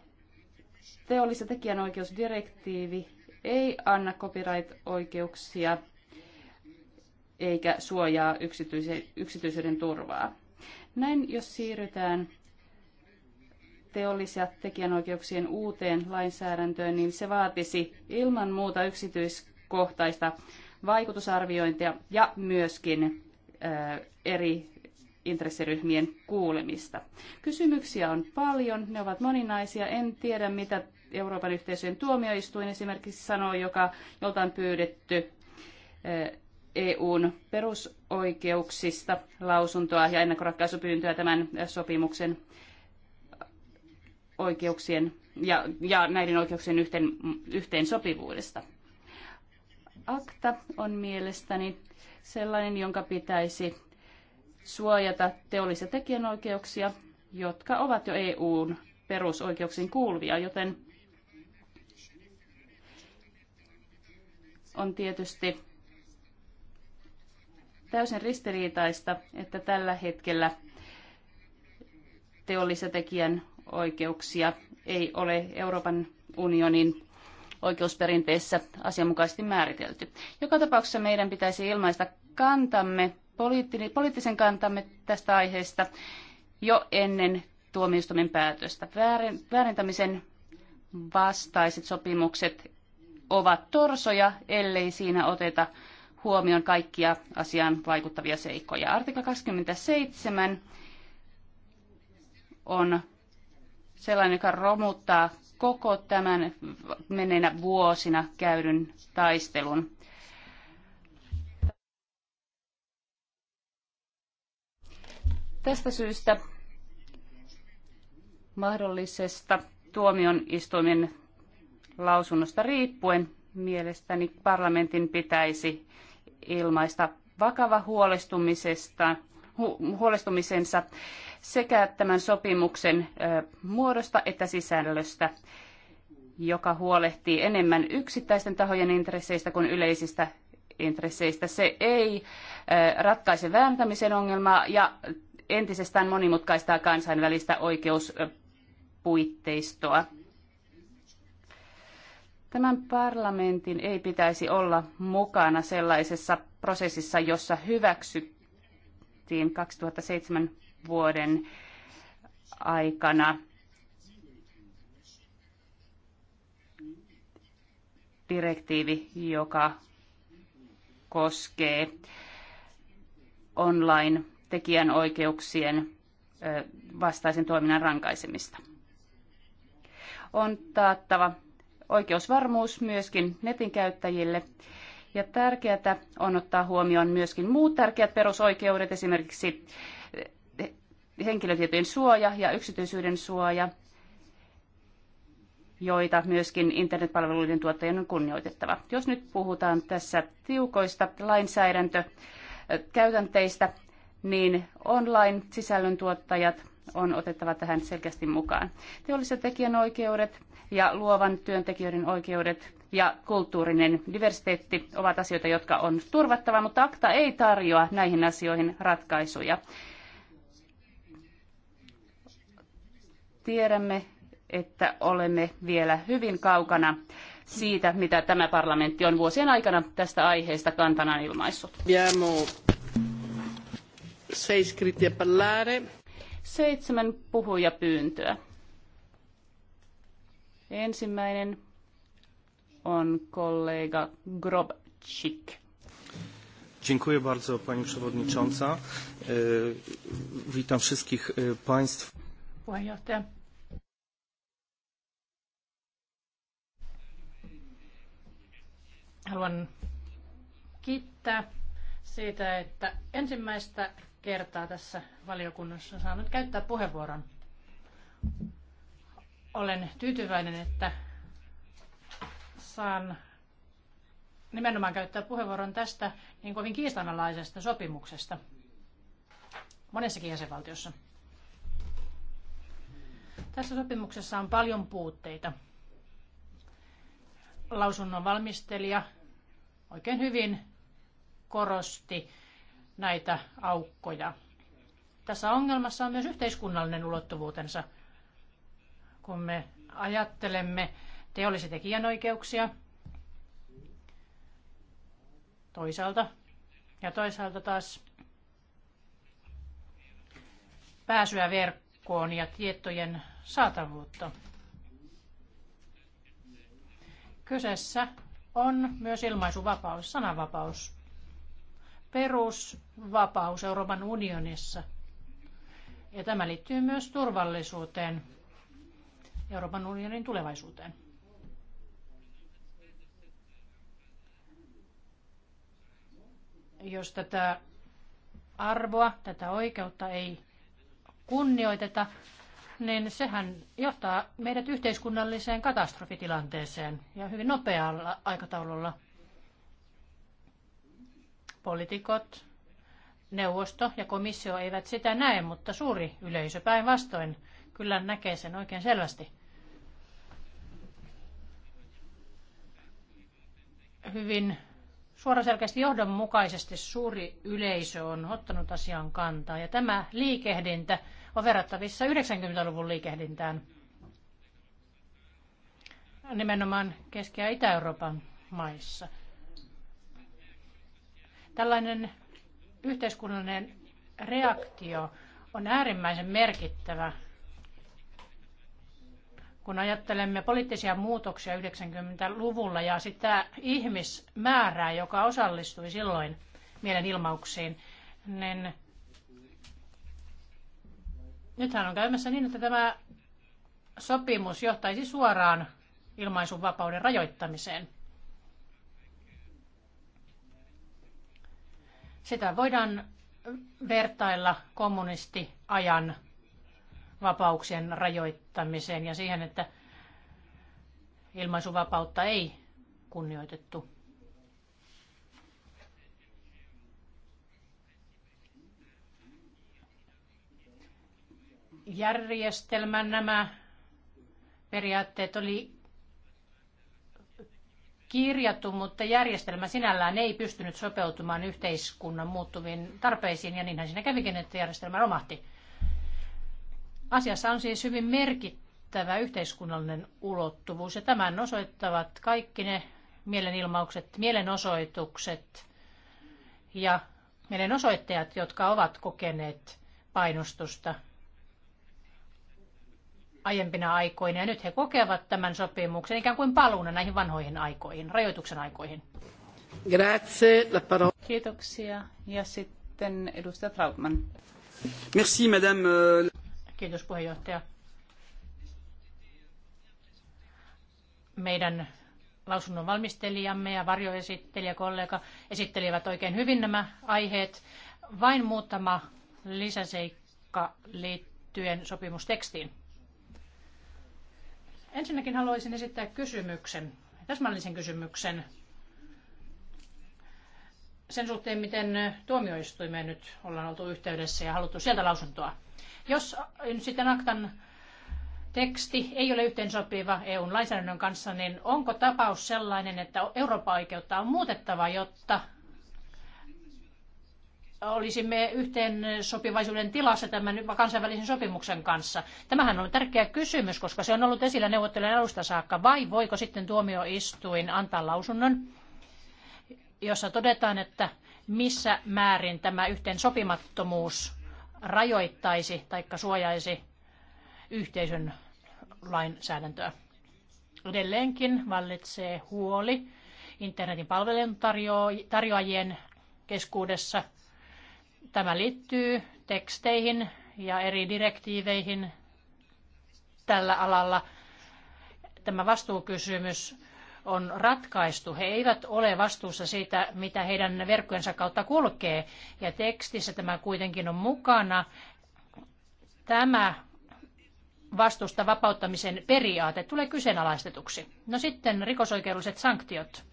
teollis- ja tekijänoikeusdirektiivi ei anna copyright-oikeuksia eikä suojaa yksityisyyden turvaa. Näin, jos siirrytään teollis- ja tekijänoikeuksien uuteen lainsäädäntöön, niin se vaatisi ilman muuta yksityiskohtaista vaikutusarviointia ja myöskin eri intressiryhmien kuulemista. Kysymyksiä on paljon, ne ovat moninaisia. En tiedä, mitä Euroopan yhteisöjen tuomioistuin esimerkiksi sanoo, joka, jolta on pyydetty EUn perusoikeuksista lausuntoa ja ennakkoratkaisupyyntöä tämän sopimuksen oikeuksien ja, ja näiden oikeuksien yhteen, yhteensopivuudesta. Akta on mielestäni sellainen, jonka pitäisi suojata teollisia tekijänoikeuksia, jotka ovat jo EUn perusoikeuksiin kuuluvia, joten on tietysti täysin ristiriitaista, että tällä hetkellä teollisetekijän oikeuksia ei ole Euroopan unionin oikeusperinteessä asianmukaisesti määritelty. Joka tapauksessa meidän pitäisi ilmaista kantamme, poliittisen kantamme tästä aiheesta jo ennen tuomioistuimen päätöstä. Väärentämisen vastaiset sopimukset ovat torsoja, ellei siinä oteta huomioon kaikkia asiaan vaikuttavia seikkoja. Artikla 27 on sellainen, joka romuttaa koko tämän menenä vuosina käydyn taistelun. Tästä syystä mahdollisesta tuomioistuimen lausunnosta riippuen mielestäni parlamentin pitäisi ilmaista vakava huolestumisesta, hu- huolestumisensa sekä tämän sopimuksen ö, muodosta että sisällöstä, joka huolehtii enemmän yksittäisten tahojen intresseistä kuin yleisistä intresseistä. Se ei ö, ratkaise vääntämisen ongelmaa ja entisestään monimutkaistaa kansainvälistä oikeuspuitteistoa. Tämän parlamentin ei pitäisi olla mukana sellaisessa prosessissa, jossa hyväksyttiin 2007 vuoden aikana direktiivi, joka koskee online tekijänoikeuksien vastaisen toiminnan rankaisemista. On taattava oikeusvarmuus myöskin netin käyttäjille. Ja tärkeää on ottaa huomioon myöskin muut tärkeät perusoikeudet, esimerkiksi henkilötietojen suoja ja yksityisyyden suoja, joita myöskin internetpalveluiden tuottajien on kunnioitettava. Jos nyt puhutaan tässä tiukoista lainsäädäntökäytänteistä, niin online-sisällön tuottajat on otettava tähän selkeästi mukaan. Teolliset tekijänoikeudet ja luovan työntekijöiden oikeudet ja kulttuurinen diversiteetti ovat asioita, jotka on turvattava, mutta akta ei tarjoa näihin asioihin ratkaisuja. Tiedämme, että olemme vielä hyvin kaukana siitä, mitä tämä parlamentti on vuosien aikana tästä aiheesta kantanaan ilmaissut seitsemän puhujapyyntöä. Ensimmäinen on kollega Grobczyk. Dziękuję bardzo Pani Przewodnicząca. E, witam wszystkich e, Państw. Puheenjohtaja. Haluan kiittää siitä, että ensimmäistä kertaa tässä valiokunnassa saanut käyttää puheenvuoron. Olen tyytyväinen, että saan nimenomaan käyttää puheenvuoron tästä niin kovin kiistanalaisesta sopimuksesta monessakin jäsenvaltiossa. Tässä sopimuksessa on paljon puutteita. Lausunnon valmistelija oikein hyvin korosti näitä aukkoja. Tässä ongelmassa on myös yhteiskunnallinen ulottuvuutensa. Kun me ajattelemme teollisia tekijänoikeuksia toisaalta ja toisaalta taas pääsyä verkkoon ja tietojen saatavuutta. Kyseessä on myös ilmaisuvapaus, sananvapaus perusvapaus Euroopan unionissa. Ja tämä liittyy myös turvallisuuteen, Euroopan unionin tulevaisuuteen. Jos tätä arvoa, tätä oikeutta ei kunnioiteta, niin sehän johtaa meidät yhteiskunnalliseen katastrofitilanteeseen ja hyvin nopealla aikataululla – Poliitikot, neuvosto ja komissio eivät sitä näe, mutta suuri yleisö päinvastoin kyllä näkee sen oikein selvästi. Hyvin suoraselkäisesti johdonmukaisesti suuri yleisö on ottanut asian kantaa. Ja tämä liikehdintä on verrattavissa 90-luvun liikehdintään nimenomaan Keski- ja Itä-Euroopan maissa – Tällainen yhteiskunnallinen reaktio on äärimmäisen merkittävä. Kun ajattelemme poliittisia muutoksia 90-luvulla ja sitä ihmismäärää, joka osallistui silloin mielenilmauksiin, niin nythän on käymässä niin, että tämä sopimus johtaisi suoraan ilmaisunvapauden rajoittamiseen. Sitä voidaan vertailla kommunistiajan vapauksien rajoittamiseen ja siihen, että ilmaisuvapautta ei kunnioitettu. Järjestelmän nämä periaatteet oli kirjattu, mutta järjestelmä sinällään ei pystynyt sopeutumaan yhteiskunnan muuttuviin tarpeisiin, ja niinhän siinä kävikin, että järjestelmä romahti. Asiassa on siis hyvin merkittävä yhteiskunnallinen ulottuvuus, ja tämän osoittavat kaikki ne mielenilmaukset, mielenosoitukset ja mielenosoittajat, jotka ovat kokeneet painostusta aiempina aikoina ja nyt he kokevat tämän sopimuksen ikään kuin paluuna näihin vanhoihin aikoihin, rajoituksen aikoihin. Grazie, la parola. Kiitoksia. Ja sitten edustaja Trautman. Merci, madame. Euh, Kiitos puheenjohtaja. Meidän lausunnon valmistelijamme ja kollega esittelivät oikein hyvin nämä aiheet. Vain muutama lisäseikka liittyen sopimustekstiin. Ensinnäkin haluaisin esittää kysymyksen, täsmällisen kysymyksen sen suhteen, miten tuomioistuimeen nyt ollaan oltu yhteydessä ja haluttu sieltä lausuntoa. Jos nyt sitten aktan teksti ei ole yhteensopiva EUn lainsäädännön kanssa, niin onko tapaus sellainen, että Euroopan oikeutta on muutettava, jotta olisimme yhteen sopivaisuuden tilassa tämän kansainvälisen sopimuksen kanssa? Tämähän on tärkeä kysymys, koska se on ollut esillä neuvottelujen alusta saakka. Vai voiko sitten tuomioistuin antaa lausunnon, jossa todetaan, että missä määrin tämä yhteen sopimattomuus rajoittaisi tai suojaisi yhteisön lainsäädäntöä. Edelleenkin vallitsee huoli internetin palvelun tarjoajien keskuudessa Tämä liittyy teksteihin ja eri direktiiveihin tällä alalla. Tämä vastuukysymys on ratkaistu. He eivät ole vastuussa siitä, mitä heidän verkkojensa kautta kulkee. Ja tekstissä tämä kuitenkin on mukana. Tämä vastuusta vapauttamisen periaate tulee kyseenalaistetuksi. No sitten rikosoikeudelliset sanktiot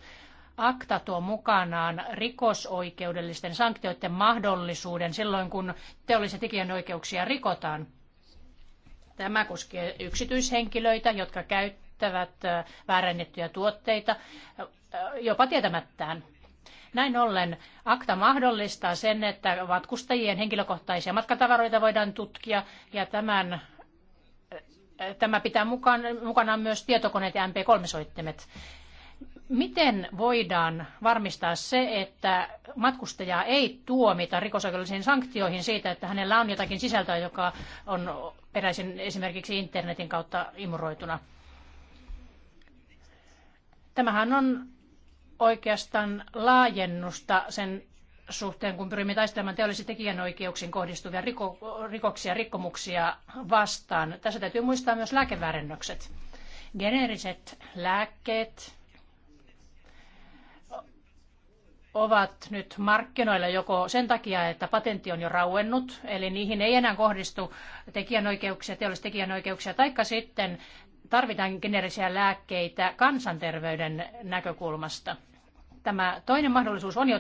akta tuo mukanaan rikosoikeudellisten sanktioiden mahdollisuuden silloin, kun teollisia tekijänoikeuksia rikotaan. Tämä koskee yksityishenkilöitä, jotka käyttävät väärennettyjä tuotteita jopa tietämättään. Näin ollen akta mahdollistaa sen, että matkustajien henkilökohtaisia matkatavaroita voidaan tutkia ja tämän Tämä pitää mukaan, mukanaan myös tietokoneet ja MP3-soittimet. Miten voidaan varmistaa se, että matkustajaa ei tuomita rikosoikeudellisiin sanktioihin siitä, että hänellä on jotakin sisältöä, joka on peräisin esimerkiksi internetin kautta imuroituna? Tämähän on oikeastaan laajennusta sen suhteen, kun pyrimme taistelemaan teollisen tekijänoikeuksiin kohdistuvia riko, rikoksia ja rikkomuksia vastaan. Tässä täytyy muistaa myös lääkeväärennökset. Geneeriset lääkkeet ovat nyt markkinoilla joko sen takia, että patentti on jo rauennut, eli niihin ei enää kohdistu tekijänoikeuksia, teollistekijänoikeuksia, taikka sitten tarvitaan geneerisiä lääkkeitä kansanterveyden näkökulmasta. Tämä toinen mahdollisuus on jo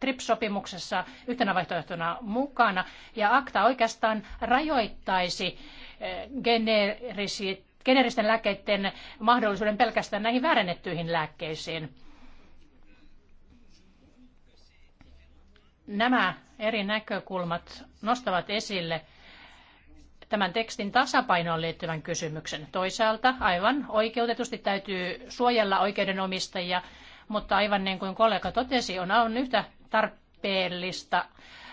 TRIPS-sopimuksessa yhtenä vaihtoehtona mukana, ja akta oikeastaan rajoittaisi eh, geneerisit geneeristen lääkkeiden mahdollisuuden pelkästään näihin väärennettyihin lääkkeisiin. Nämä eri näkökulmat nostavat esille tämän tekstin tasapainoon liittyvän kysymyksen. Toisaalta aivan oikeutetusti täytyy suojella oikeudenomistajia, mutta aivan niin kuin kollega totesi, on aivan yhtä tarpeellista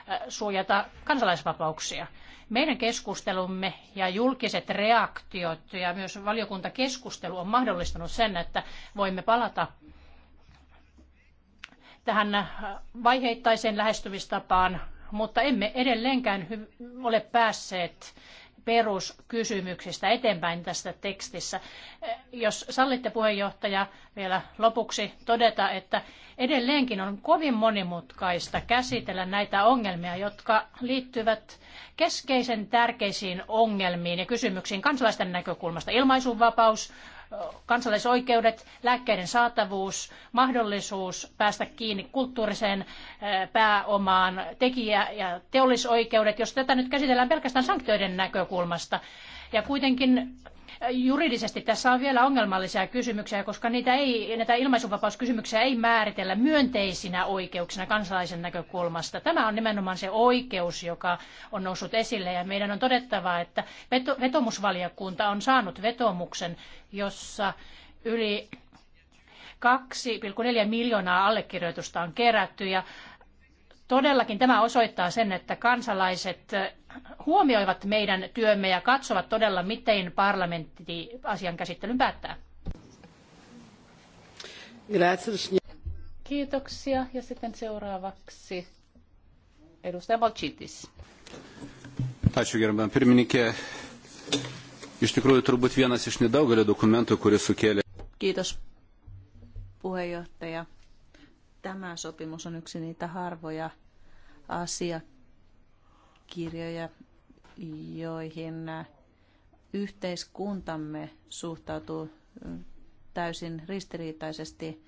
äh, suojata kansalaisvapauksia. Meidän keskustelumme ja julkiset reaktiot ja myös valiokuntakeskustelu on mahdollistanut sen, että voimme palata tähän vaiheittaiseen lähestymistapaan, mutta emme edelleenkään ole päässeet peruskysymyksistä eteenpäin tästä tekstissä. Jos sallitte puheenjohtaja vielä lopuksi todeta, että edelleenkin on kovin monimutkaista käsitellä näitä ongelmia, jotka liittyvät keskeisen tärkeisiin ongelmiin ja kysymyksiin kansalaisten näkökulmasta. Ilmaisunvapaus, kansalaisoikeudet, lääkkeiden saatavuus, mahdollisuus päästä kiinni kulttuuriseen pääomaan, tekijä- ja teollisoikeudet, jos tätä nyt käsitellään pelkästään sanktioiden näkökulmasta. Ja kuitenkin Juridisesti tässä on vielä ongelmallisia kysymyksiä, koska niitä, ei, näitä ilmaisuvapauskysymyksiä ei määritellä myönteisinä oikeuksina kansalaisen näkökulmasta. Tämä on nimenomaan se oikeus, joka on noussut esille ja meidän on todettava, että vetomusvaliokunta on saanut vetomuksen, jossa yli 2,4 miljoonaa allekirjoitusta on kerätty ja Todellakin tämä osoittaa sen, että kansalaiset huomioivat meidän työmme ja katsovat todella, miten parlamentti asian käsittelyn päättää. Kiitoksia. Ja sitten seuraavaksi edustaja Valčitis. Ačiū gerbiam pirmininkė. Iš tikrųjų turbūt vienas iš nedaugelio dokumentų, kuris sukėlė. Kiitos puheenjohtaja tämä sopimus on yksi niitä harvoja asiakirjoja, joihin yhteiskuntamme suhtautuu täysin ristiriitaisesti.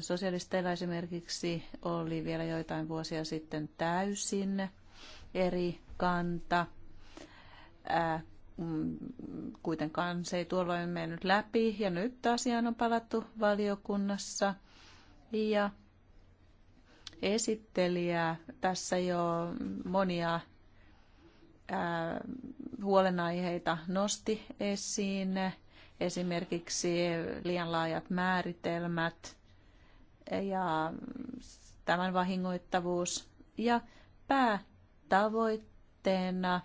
Sosialisteilla esimerkiksi oli vielä joitain vuosia sitten täysin eri kanta. Kuitenkaan se ei tuolloin mennyt läpi ja nyt asiaan on palattu valiokunnassa – ja esittelijää. Tässä jo monia huolenaiheita nosti esiin, esimerkiksi liian laajat määritelmät ja tämän vahingoittavuus. Ja päätavoitteena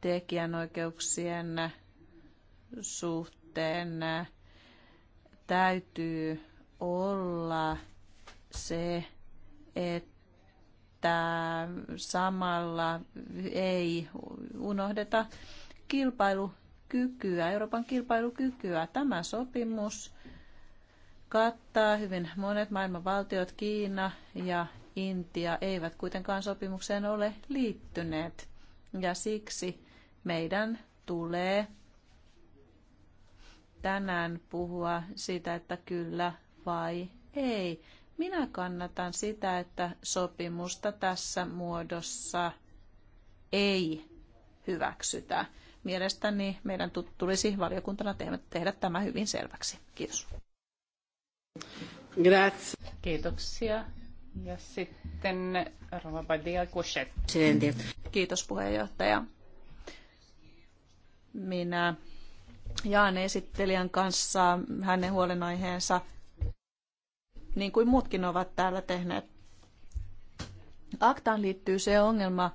tekijänoikeuksien suhteen täytyy olla se, että samalla ei unohdeta kilpailukykyä, Euroopan kilpailukykyä. Tämä sopimus kattaa hyvin monet maailman valtiot, Kiina ja Intia, eivät kuitenkaan sopimukseen ole liittyneet. Ja siksi meidän tulee tänään puhua siitä, että kyllä vai ei. Minä kannatan sitä, että sopimusta tässä muodossa ei hyväksytä. Mielestäni meidän tulisi valiokuntana tehdä tämä hyvin selväksi. Kiitos. Grazie. Kiitoksia. Ja sitten Rova Badia Kiitos puheenjohtaja. Minä jaan esittelijän kanssa hänen huolenaiheensa niin kuin muutkin ovat täällä tehneet. Aktaan liittyy se ongelma,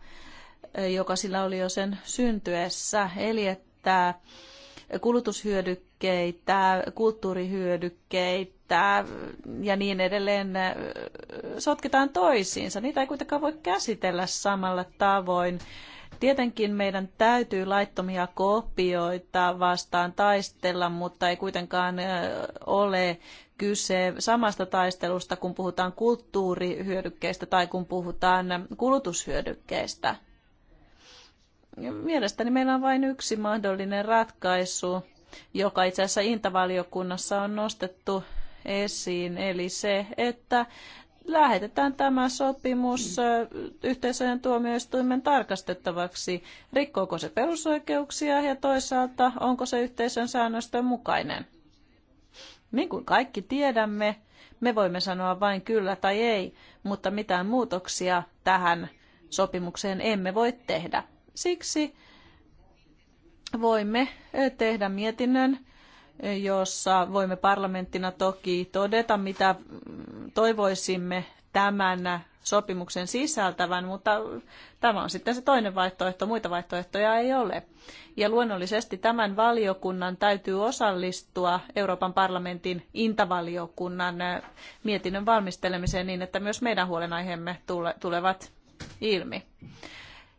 joka sillä oli jo sen syntyessä, eli että kulutushyödykkeitä, kulttuurihyödykkeitä ja niin edelleen sotketaan toisiinsa. Niitä ei kuitenkaan voi käsitellä samalla tavoin. Tietenkin meidän täytyy laittomia kopioita vastaan taistella, mutta ei kuitenkaan ole kyse samasta taistelusta, kun puhutaan kulttuurihyödykkeistä tai kun puhutaan kulutushyödykkeistä. Mielestäni meillä on vain yksi mahdollinen ratkaisu, joka itse asiassa Intavaliokunnassa on nostettu esiin, eli se, että lähetetään tämä sopimus yhteisöjen tuomioistuimen tarkastettavaksi. Rikkooko se perusoikeuksia ja toisaalta onko se yhteisön säännösten mukainen? Niin kuin kaikki tiedämme, me voimme sanoa vain kyllä tai ei, mutta mitään muutoksia tähän sopimukseen emme voi tehdä. Siksi voimme tehdä mietinnön jossa voimme parlamenttina toki todeta, mitä toivoisimme tämän sopimuksen sisältävän, mutta tämä on sitten se toinen vaihtoehto, muita vaihtoehtoja ei ole. Ja luonnollisesti tämän valiokunnan täytyy osallistua Euroopan parlamentin intavaliokunnan mietinnön valmistelemiseen niin, että myös meidän huolenaiheemme tulevat ilmi.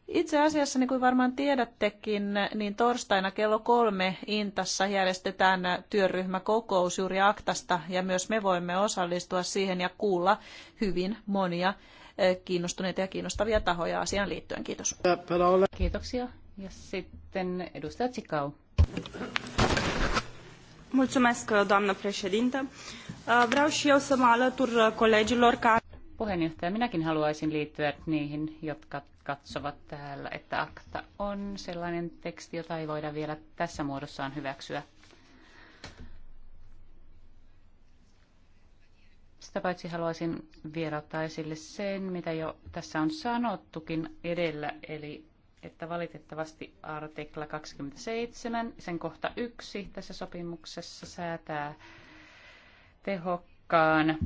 Itse asiassa, niin kuin varmaan tiedättekin, niin torstaina kello kolme Intassa järjestetään työryhmäkokous juuri Aktasta, ja myös me voimme osallistua siihen ja kuulla hyvin monia eh, kiinnostuneita ja kiinnostavia tahoja asiaan liittyen. Kiitos. Kiitoksia. Ja sitten edustaja Tsikau. Mulțumesc, doamnă președintă. Eh, vreau și eu să mă alătur eh, colegilor care puheenjohtaja, minäkin haluaisin liittyä niihin, jotka katsovat täällä, että akta on sellainen teksti, jota ei voida vielä tässä muodossaan hyväksyä. Sitä paitsi haluaisin vielä ottaa esille sen, mitä jo tässä on sanottukin edellä, eli että valitettavasti artikla 27, sen kohta 1 tässä sopimuksessa säätää tehokkaan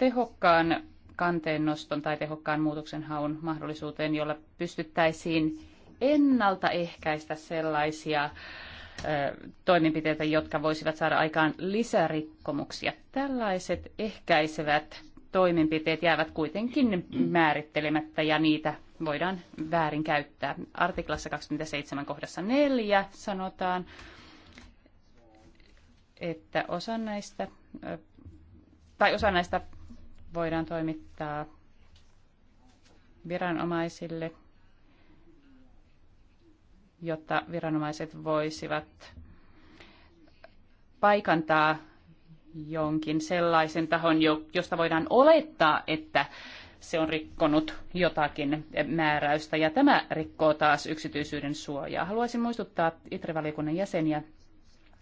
tehokkaan kanteennoston tai tehokkaan muutoksen haun mahdollisuuteen, jolla pystyttäisiin ennaltaehkäistä sellaisia toimenpiteitä, jotka voisivat saada aikaan lisärikkomuksia. Tällaiset ehkäisevät toimenpiteet jäävät kuitenkin määrittelemättä ja niitä voidaan väärin käyttää. Artiklassa 27 kohdassa 4 sanotaan, että osa näistä, tai osa näistä voidaan toimittaa viranomaisille, jotta viranomaiset voisivat paikantaa jonkin sellaisen tahon, josta voidaan olettaa, että se on rikkonut jotakin määräystä. Ja tämä rikkoo taas yksityisyyden suojaa. Haluaisin muistuttaa ITRE-valiokunnan jäseniä,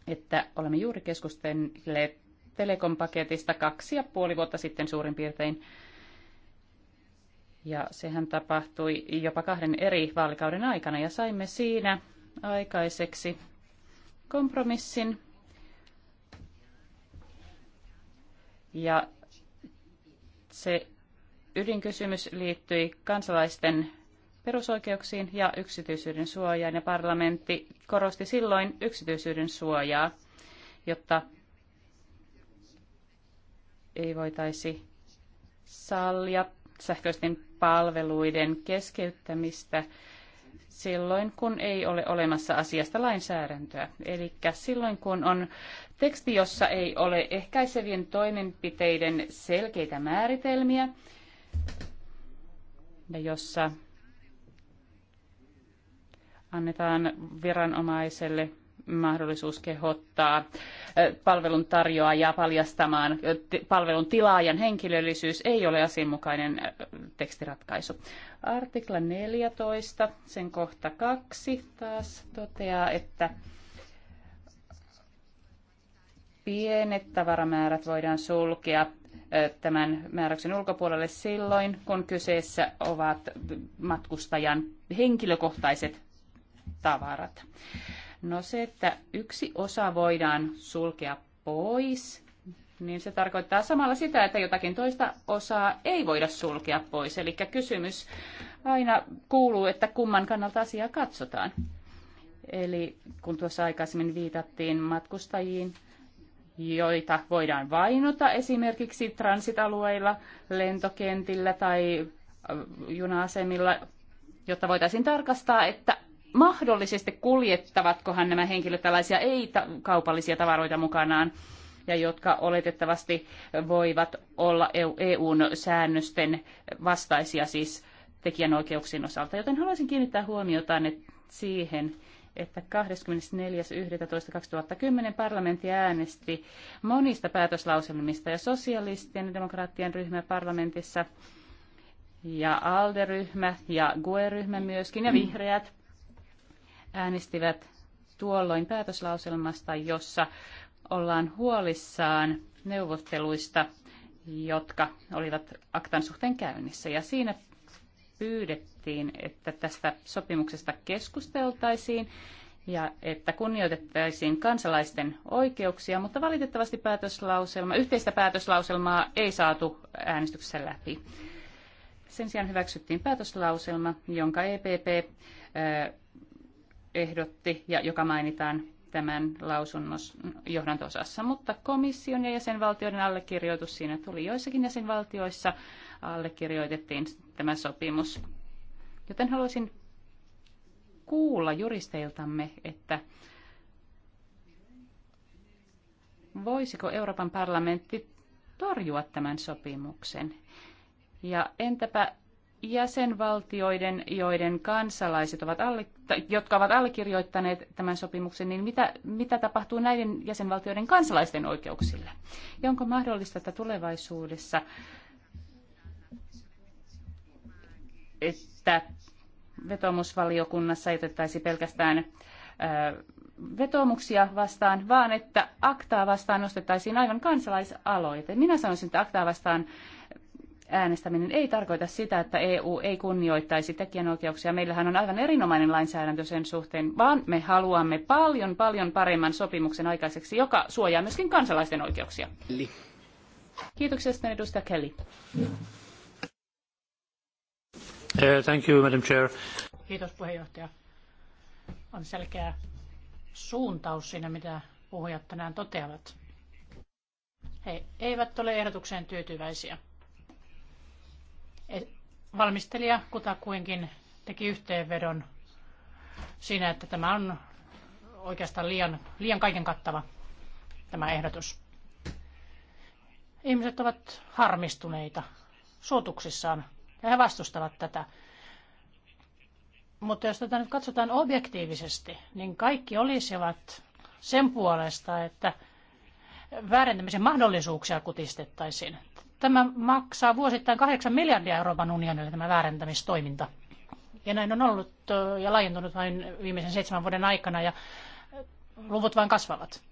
että olemme juuri keskustelleet telekompaketista kaksi ja puoli vuotta sitten suurin piirtein. Ja sehän tapahtui jopa kahden eri vaalikauden aikana ja saimme siinä aikaiseksi kompromissin. Ja se ydinkysymys liittyi kansalaisten perusoikeuksiin ja yksityisyyden suojaan ja parlamentti korosti silloin yksityisyyden suojaa, jotta ei voitaisi sallia sähköisten palveluiden keskeyttämistä silloin, kun ei ole olemassa asiasta lainsäädäntöä. Eli silloin, kun on teksti, jossa ei ole ehkäisevien toimenpiteiden selkeitä määritelmiä, ja jossa annetaan viranomaiselle mahdollisuus kehottaa palvelun tarjoajaa paljastamaan palvelun tilaajan henkilöllisyys ei ole asianmukainen tekstiratkaisu. Artikla 14, sen kohta 2 taas toteaa, että pienet tavaramäärät voidaan sulkea tämän määräyksen ulkopuolelle silloin, kun kyseessä ovat matkustajan henkilökohtaiset tavarat. No se, että yksi osa voidaan sulkea pois, niin se tarkoittaa samalla sitä, että jotakin toista osaa ei voida sulkea pois. Eli kysymys aina kuuluu, että kumman kannalta asiaa katsotaan. Eli kun tuossa aikaisemmin viitattiin matkustajiin, joita voidaan vainota esimerkiksi transitalueilla, lentokentillä tai juna jotta voitaisiin tarkastaa, että mahdollisesti kuljettavatkohan nämä henkilöt tällaisia ei-kaupallisia tavaroita mukanaan ja jotka oletettavasti voivat olla EUn e säännösten vastaisia siis tekijänoikeuksien osalta. Joten haluaisin kiinnittää huomiota siihen, että 24.11.2010 parlamentti äänesti monista päätöslauselmista ja sosialistien ja demokraattien ryhmä parlamentissa ja ALDE-ryhmä ja GUE-ryhmä myöskin ja vihreät äänestivät tuolloin päätöslauselmasta, jossa ollaan huolissaan neuvotteluista, jotka olivat aktan suhteen käynnissä. Ja siinä pyydettiin, että tästä sopimuksesta keskusteltaisiin ja että kunnioitettaisiin kansalaisten oikeuksia, mutta valitettavasti päätöslauselma, yhteistä päätöslauselmaa ei saatu äänestyksessä läpi. Sen sijaan hyväksyttiin päätöslauselma, jonka EPP ehdotti ja joka mainitaan tämän lausunnon johdanto-osassa, mutta komission ja jäsenvaltioiden allekirjoitus siinä tuli joissakin jäsenvaltioissa, allekirjoitettiin tämä sopimus. Joten haluaisin kuulla juristeiltamme, että voisiko Euroopan parlamentti torjua tämän sopimuksen? Ja entäpä jäsenvaltioiden, joiden kansalaiset ovat alle, jotka ovat allekirjoittaneet tämän sopimuksen, niin mitä, mitä tapahtuu näiden jäsenvaltioiden kansalaisten oikeuksille? Ja onko mahdollista, että tulevaisuudessa, että vetomusvaliokunnassa ei otettaisi pelkästään vetomuksia vastaan, vaan että aktaa vastaan nostettaisiin aivan kansalaisaloite. Minä sanoisin, että aktaa vastaan äänestäminen ei tarkoita sitä, että EU ei kunnioittaisi tekijänoikeuksia. Meillähän on aivan erinomainen lainsäädäntö sen suhteen, vaan me haluamme paljon, paljon paremman sopimuksen aikaiseksi, joka suojaa myöskin kansalaisten oikeuksia. Eli. Kiitoksia sitten edustaja Kelly. Uh, thank you, Madam Chair. Kiitos puheenjohtaja. On selkeä suuntaus siinä, mitä puhujat tänään toteavat. He eivät ole ehdotukseen tyytyväisiä. Valmistelija kutakuinkin teki yhteenvedon siinä, että tämä on oikeastaan liian, liian kaiken kattava tämä ehdotus. Ihmiset ovat harmistuneita suotuksissaan ja he vastustavat tätä. Mutta jos tätä nyt katsotaan objektiivisesti, niin kaikki olisivat sen puolesta, että väärentämisen mahdollisuuksia kutistettaisiin. Tämä maksaa vuosittain 8 miljardia Euroopan unionille tämä väärentämistoiminta. Ja näin on ollut ja laajentunut vain viimeisen seitsemän vuoden aikana ja luvut vain kasvavat.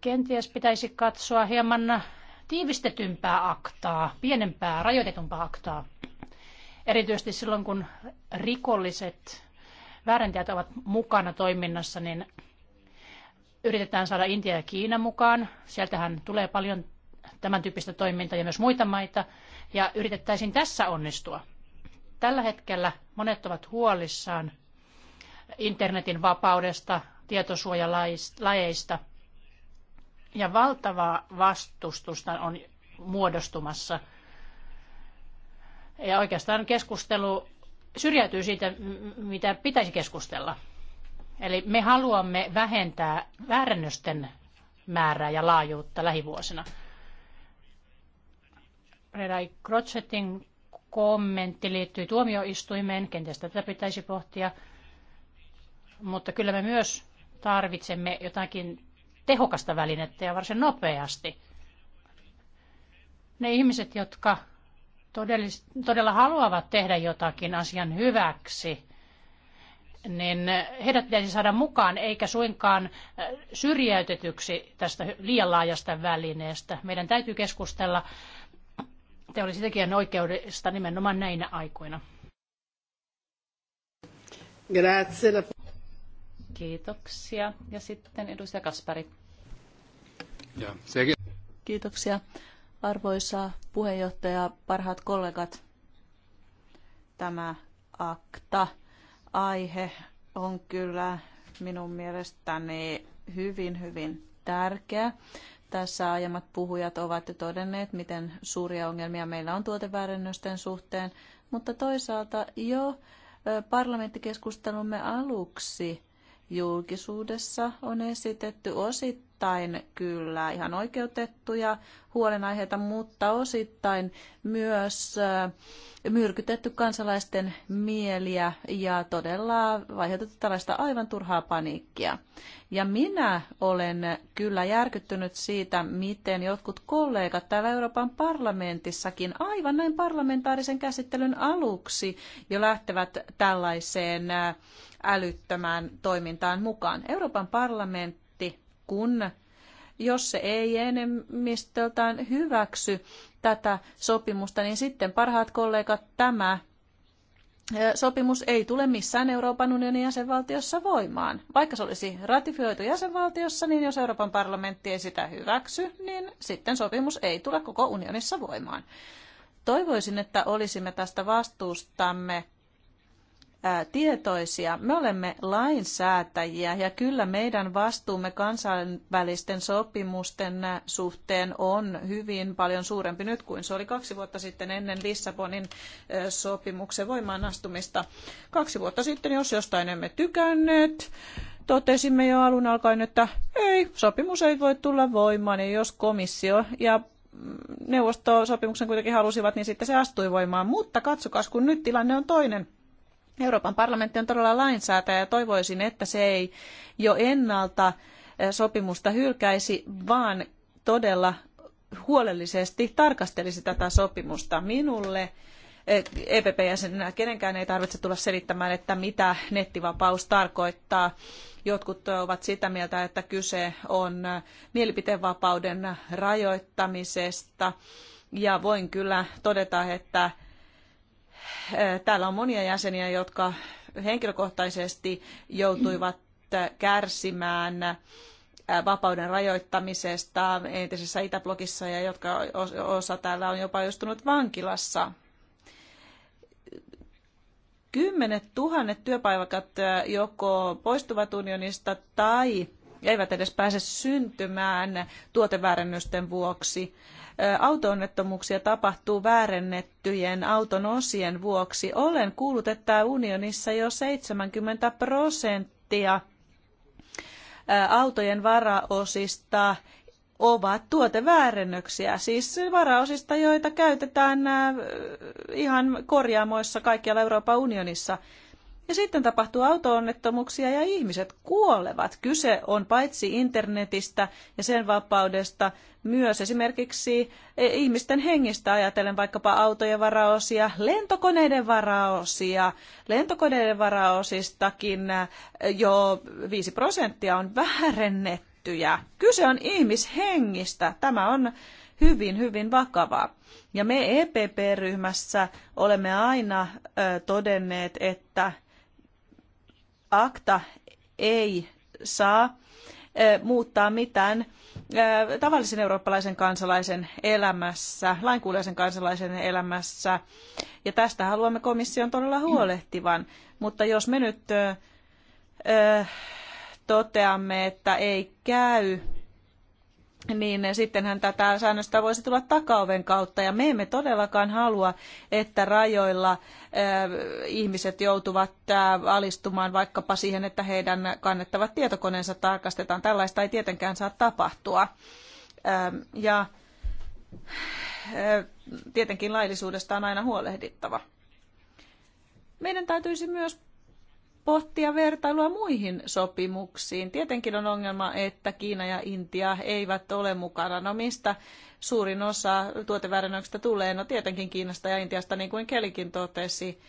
Kenties pitäisi katsoa hieman tiivistetympää aktaa, pienempää, rajoitetumpaa aktaa. Erityisesti silloin, kun rikolliset väärentäjät ovat mukana toiminnassa, niin yritetään saada Intia ja Kiina mukaan. Sieltähän tulee paljon tämän tyyppistä toimintaa ja myös muita maita, ja yritettäisiin tässä onnistua. Tällä hetkellä monet ovat huolissaan internetin vapaudesta, tietosuojalajeista, ja valtavaa vastustusta on muodostumassa. Ja oikeastaan keskustelu syrjäytyy siitä, mitä pitäisi keskustella. Eli me haluamme vähentää väärennösten määrää ja laajuutta lähivuosina. Redai Crotchetin kommentti liittyy tuomioistuimeen, kenties tätä pitäisi pohtia, mutta kyllä me myös tarvitsemme jotakin tehokasta välinettä ja varsin nopeasti. Ne ihmiset, jotka todellis- todella haluavat tehdä jotakin asian hyväksi, niin heidät pitäisi saada mukaan eikä suinkaan äh, syrjäytetyksi tästä liian laajasta välineestä. Meidän täytyy keskustella teollisen tekijän oikeudesta nimenomaan näinä aikoina. Grazie. Kiitoksia. Ja sitten edustaja Kaspari. Ja, sekin. Kiitoksia. Arvoisa puheenjohtaja, parhaat kollegat, tämä akta-aihe on kyllä minun mielestäni hyvin, hyvin tärkeä. Tässä aiemmat puhujat ovat jo todenneet, miten suuria ongelmia meillä on tuoteväärennösten suhteen, mutta toisaalta jo parlamenttikeskustelumme aluksi julkisuudessa on esitetty osittain, osittain kyllä ihan oikeutettuja huolenaiheita, mutta osittain myös äh, myrkytetty kansalaisten mieliä ja todella vaiheutettu tällaista aivan turhaa paniikkia. Ja minä olen kyllä järkyttynyt siitä, miten jotkut kollegat täällä Euroopan parlamentissakin aivan näin parlamentaarisen käsittelyn aluksi jo lähtevät tällaiseen äh, älyttömään toimintaan mukaan. Euroopan parlamentti kun jos se ei enemmistöltään hyväksy tätä sopimusta, niin sitten parhaat kollegat tämä sopimus ei tule missään Euroopan unionin jäsenvaltiossa voimaan. Vaikka se olisi ratifioitu jäsenvaltiossa, niin jos Euroopan parlamentti ei sitä hyväksy, niin sitten sopimus ei tule koko unionissa voimaan. Toivoisin, että olisimme tästä vastuustamme tietoisia. Me olemme lainsäätäjiä ja kyllä meidän vastuumme kansainvälisten sopimusten suhteen on hyvin paljon suurempi nyt kuin se oli kaksi vuotta sitten ennen Lissabonin sopimuksen voimaanastumista. Kaksi vuotta sitten, jos jostain emme tykänneet, totesimme jo alun alkaen, että ei, sopimus ei voi tulla voimaan, ja jos komissio ja mm, neuvosto sopimuksen kuitenkin halusivat, niin sitten se astui voimaan. Mutta katsokaa, kun nyt tilanne on toinen Euroopan parlamentti on todella lainsäätäjä ja toivoisin, että se ei jo ennalta eh, sopimusta hylkäisi, vaan todella huolellisesti tarkastelisi tätä sopimusta. Minulle EPP-jäsenenä eh, e kenenkään ei tarvitse tulla selittämään, että mitä nettivapaus tarkoittaa. Jotkut ovat sitä mieltä, että kyse on eh, mielipiteenvapauden rajoittamisesta. Ja voin kyllä todeta, että Täällä on monia jäseniä, jotka henkilökohtaisesti joutuivat kärsimään vapauden rajoittamisesta entisessä Itäblogissa ja jotka osa täällä on jopa istunut vankilassa. Kymmenet tuhannet työpaikat joko poistuvat unionista tai eivät edes pääse syntymään tuoteväärennösten vuoksi. Autoonnettomuuksia tapahtuu väärennettyjen auton osien vuoksi. Olen kuullut, että unionissa jo 70 prosenttia autojen varaosista ovat tuoteväärennöksiä, siis varaosista, joita käytetään ihan korjaamoissa kaikkialla Euroopan unionissa – ja sitten tapahtuu autoonnettomuuksia ja ihmiset kuolevat. Kyse on paitsi internetistä ja sen vapaudesta, myös esimerkiksi eh, ihmisten hengistä ajatellen vaikkapa autojen varaosia, lentokoneiden varaosia. Lentokoneiden varaosistakin eh, jo 5 prosenttia on väärennettyjä. Kyse on ihmishengistä. Tämä on hyvin, hyvin vakavaa. Ja me EPP-ryhmässä olemme aina ö, eh, todenneet, että akta ei saa muuttaa mitään tavallisen eurooppalaisen kansalaisen elämässä, lainkuuliaisen kansalaisen elämässä. Ja tästä haluamme komission todella huolehtivan. Mutta jos me nyt toteamme, että ei käy niin sittenhän tätä säännöstä voisi tulla takaoven kautta. Ja me emme todellakaan halua, että rajoilla eh, ihmiset joutuvat eh, alistumaan vaikkapa siihen, että heidän kannettavat tietokoneensa tarkastetaan. Tällaista ei tietenkään saa tapahtua. Eh, ja tietenkin laillisuudesta on aina huolehdittava. Meidän täytyisi myös pohtia vertailua muihin sopimuksiin. Tietenkin on ongelma, että Kiina ja Intia eivät ole mukana. No mistä suurin osa tuoteväärennöksistä tulee? No tietenkin Kiinasta ja Intiasta, niin kuin Kelikin totesi.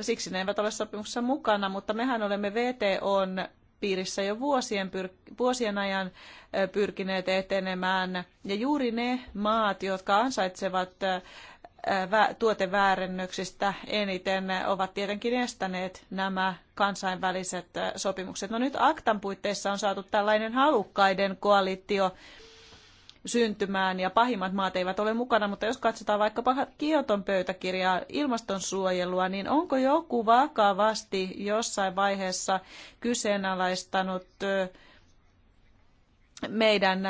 Siksi ne eivät ole sopimuksessa mukana, mutta mehän olemme VTOn piirissä jo vuosien, pyr- vuosien ajan pyrkineet etenemään. Ja juuri ne maat, jotka ansaitsevat tuoteväärennöksistä eniten ovat tietenkin estäneet nämä kansainväliset sopimukset. No nyt aktan puitteissa on saatu tällainen halukkaiden koalitio syntymään ja pahimmat maat eivät ole mukana, mutta jos katsotaan vaikkapa Kioton pöytäkirjaa ilmastonsuojelua, niin onko joku vakavasti jossain vaiheessa kyseenalaistanut meidän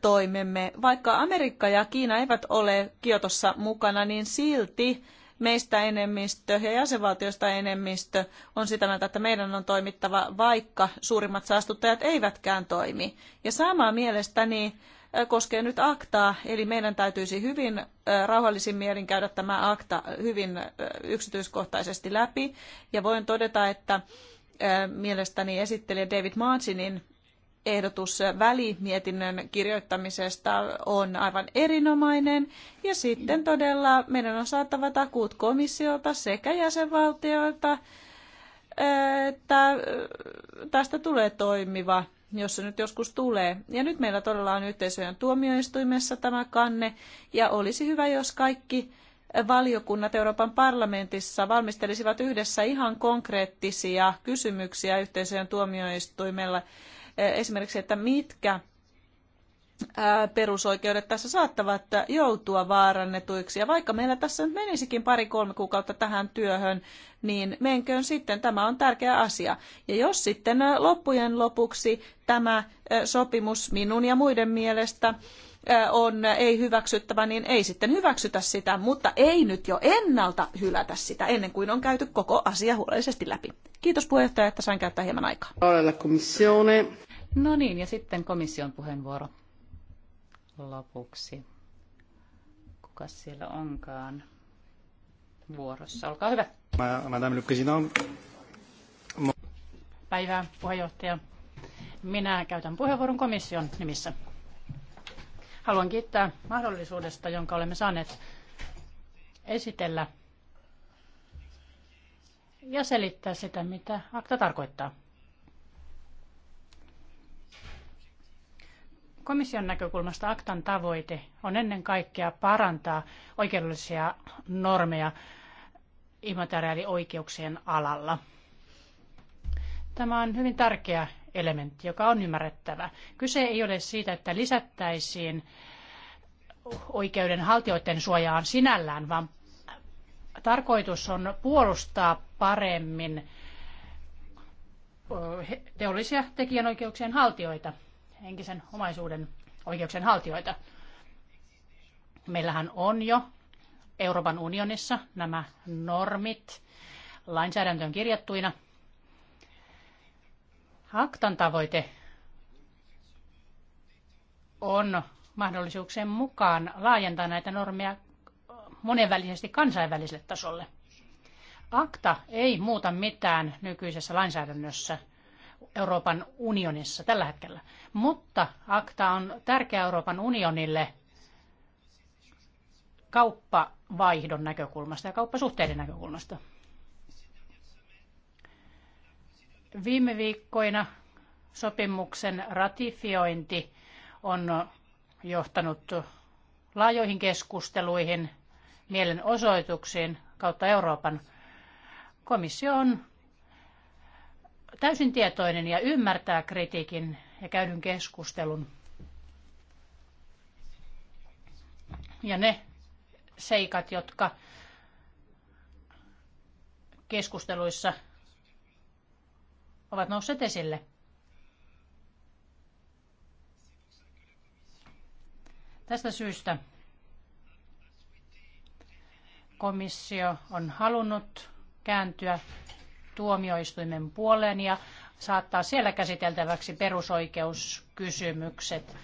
toimemme. Vaikka Amerikka ja Kiina eivät ole Kiotossa mukana, niin silti meistä enemmistö ja jäsenvaltioista enemmistö on sitä mieltä, että meidän on toimittava, vaikka suurimmat saastuttajat eivätkään toimi. Ja sama mielestäni koskee nyt aktaa, eli meidän täytyisi hyvin rauhallisin mielin käydä tämä akta hyvin yksityiskohtaisesti läpi. Ja voin todeta, että mielestäni esittelijä David Martinin ehdotus välimietinnön kirjoittamisesta on aivan erinomainen. Ja sitten todella meidän on saatava takuut komissiolta sekä jäsenvaltioilta, että tästä tulee toimiva, jos se nyt joskus tulee. Ja nyt meillä todella on yhteisöjen tuomioistuimessa tämä kanne, ja olisi hyvä, jos kaikki valiokunnat Euroopan parlamentissa valmistelisivat yhdessä ihan konkreettisia kysymyksiä yhteisöjen tuomioistuimella esimerkiksi, että mitkä perusoikeudet tässä saattavat joutua vaarannetuiksi. Ja vaikka meillä tässä nyt menisikin pari-kolme kuukautta tähän työhön, niin menköön sitten. Tämä on tärkeä asia. Ja jos sitten loppujen lopuksi tämä sopimus minun ja muiden mielestä on ei hyväksyttävä, niin ei sitten hyväksytä sitä, mutta ei nyt jo ennalta hylätä sitä ennen kuin on käyty koko asia huolellisesti läpi. Kiitos puheenjohtaja, että sain käyttää hieman aikaa. No niin, ja sitten komission puheenvuoro lopuksi. Kuka siellä onkaan vuorossa? Olkaa hyvä. Madame le Président. Päivää, puheenjohtaja. Minä käytän puheenvuoron komission nimissä. Haluan kiittää mahdollisuudesta, jonka olemme saaneet esitellä ja selittää sitä, mitä akta tarkoittaa. Komission näkökulmasta aktan tavoite on ennen kaikkea parantaa oikeudellisia normeja immateriaalioikeuksien alalla. Tämä on hyvin tärkeä elementti, joka on ymmärrettävä. Kyse ei ole siitä, että lisättäisiin oikeudenhaltijoiden suojaan sinällään, vaan tarkoitus on puolustaa paremmin teollisia tekijänoikeuksien haltijoita henkisen omaisuuden oikeuksien haltijoita. Meillähän on jo Euroopan unionissa nämä normit lainsäädäntöön kirjattuina. Haktan tavoite on mahdollisuuksien mukaan laajentaa näitä normeja monenvälisesti kansainväliselle tasolle. Akta ei muuta mitään nykyisessä lainsäädännössä – Euroopan unionissa tällä hetkellä. Mutta akta on tärkeä Euroopan unionille kauppavaihdon näkökulmasta ja kauppasuhteiden näkökulmasta. Viime viikkoina sopimuksen ratifiointi on johtanut laajoihin keskusteluihin, mielenosoituksiin kautta Euroopan. Komissio on täysin tietoinen ja ymmärtää kritiikin ja käydyn keskustelun. Ja ne seikat, jotka keskusteluissa ovat nousseet esille. Tästä syystä komissio on halunnut kääntyä tuomioistuimen puoleen ja saattaa siellä käsiteltäväksi perusoikeuskysymykset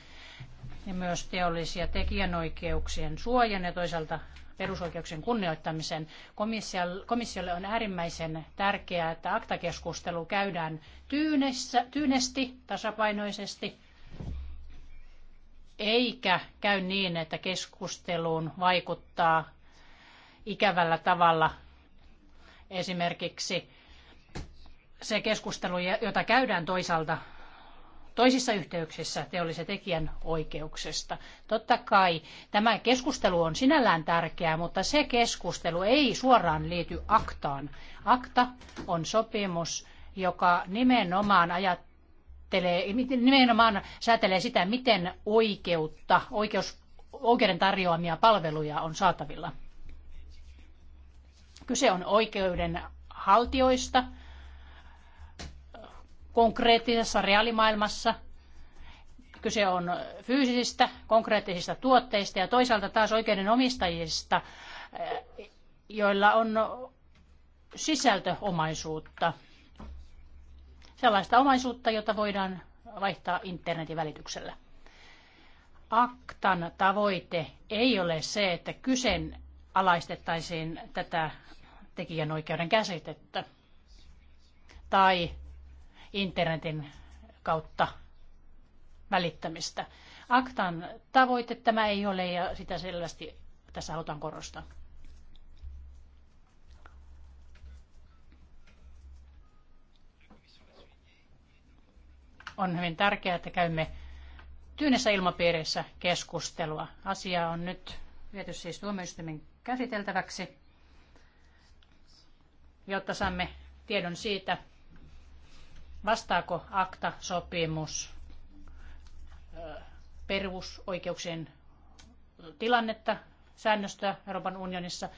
ja myös teollisia tekijänoikeuksien suojan ja toisaalta perusoikeuksien kunnioittamisen. Komissiolle on äärimmäisen tärkeää, että aktakeskustelu käydään tyynessä, tyynesti, tasapainoisesti, eikä käy niin, että keskusteluun vaikuttaa ikävällä tavalla esimerkiksi se keskustelu, jota käydään toisaalta toisissa yhteyksissä teollisen tekijän oikeuksesta. Totta kai tämä keskustelu on sinällään tärkeää, mutta se keskustelu ei suoraan liity aktaan. Akta on sopimus, joka nimenomaan ajattelee, nimenomaan säätelee sitä, miten oikeutta, oikeus, oikeuden tarjoamia palveluja on saatavilla. Kyse on oikeuden konkreettisessa reaalimaailmassa. Kyse on fyysisistä, konkreettisista tuotteista ja toisaalta taas oikeudenomistajista, eh, joilla on sisältöomaisuutta. Sellaista omaisuutta, jota voidaan vaihtaa internetin välityksellä. Aktan tavoite ei ole se, että kyseenalaistettaisiin tätä tekijänoikeuden käsitettä tai internetin kautta välittämistä. Aktan tavoite tämä ei ole ja sitä selvästi tässä halutaan korostaa. On hyvin tärkeää, että käymme tyynessä ilmapiirissä keskustelua. Asia on nyt viety siis tuomioistuimen käsiteltäväksi, jotta saamme tiedon siitä, Vastaako akta-sopimus perusoikeuksien tilannetta, säännöstöä Euroopan unionissa?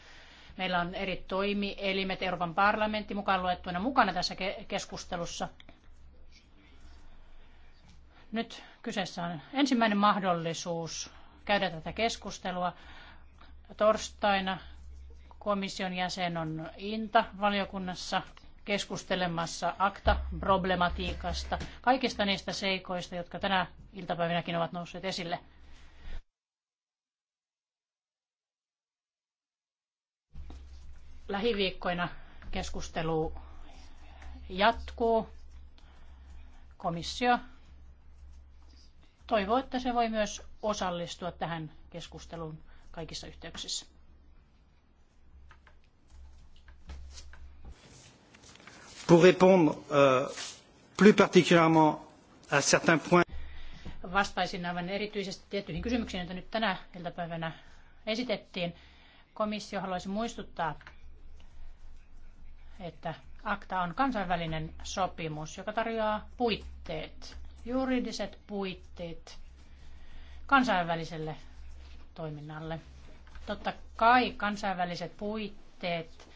Meillä on eri toimielimet, Euroopan parlamentti mukaan luettuina mukana tässä keskustelussa. Nyt kyseessä on ensimmäinen mahdollisuus käydä tätä keskustelua. Torstaina komission jäsen on Inta valiokunnassa keskustelemassa akta-problematiikasta, kaikista niistä seikoista, jotka tänä iltapäivinäkin ovat nousseet esille. Lähiviikkoina keskustelu jatkuu. Komissio toivoo, että se voi myös osallistua tähän keskusteluun kaikissa yhteyksissä. Pour répondre euh, plus particulièrement à certains points. Vastaisin aivan erityisesti tiettyihin kysymyksiin, joita nyt tänä iltapäivänä esitettiin. Komissio haluaisi muistuttaa, että ACTA on kansainvälinen sopimus, joka tarjoaa puitteet, juridiset puitteet kansainväliselle toiminnalle. Totta kai kansainväliset puitteet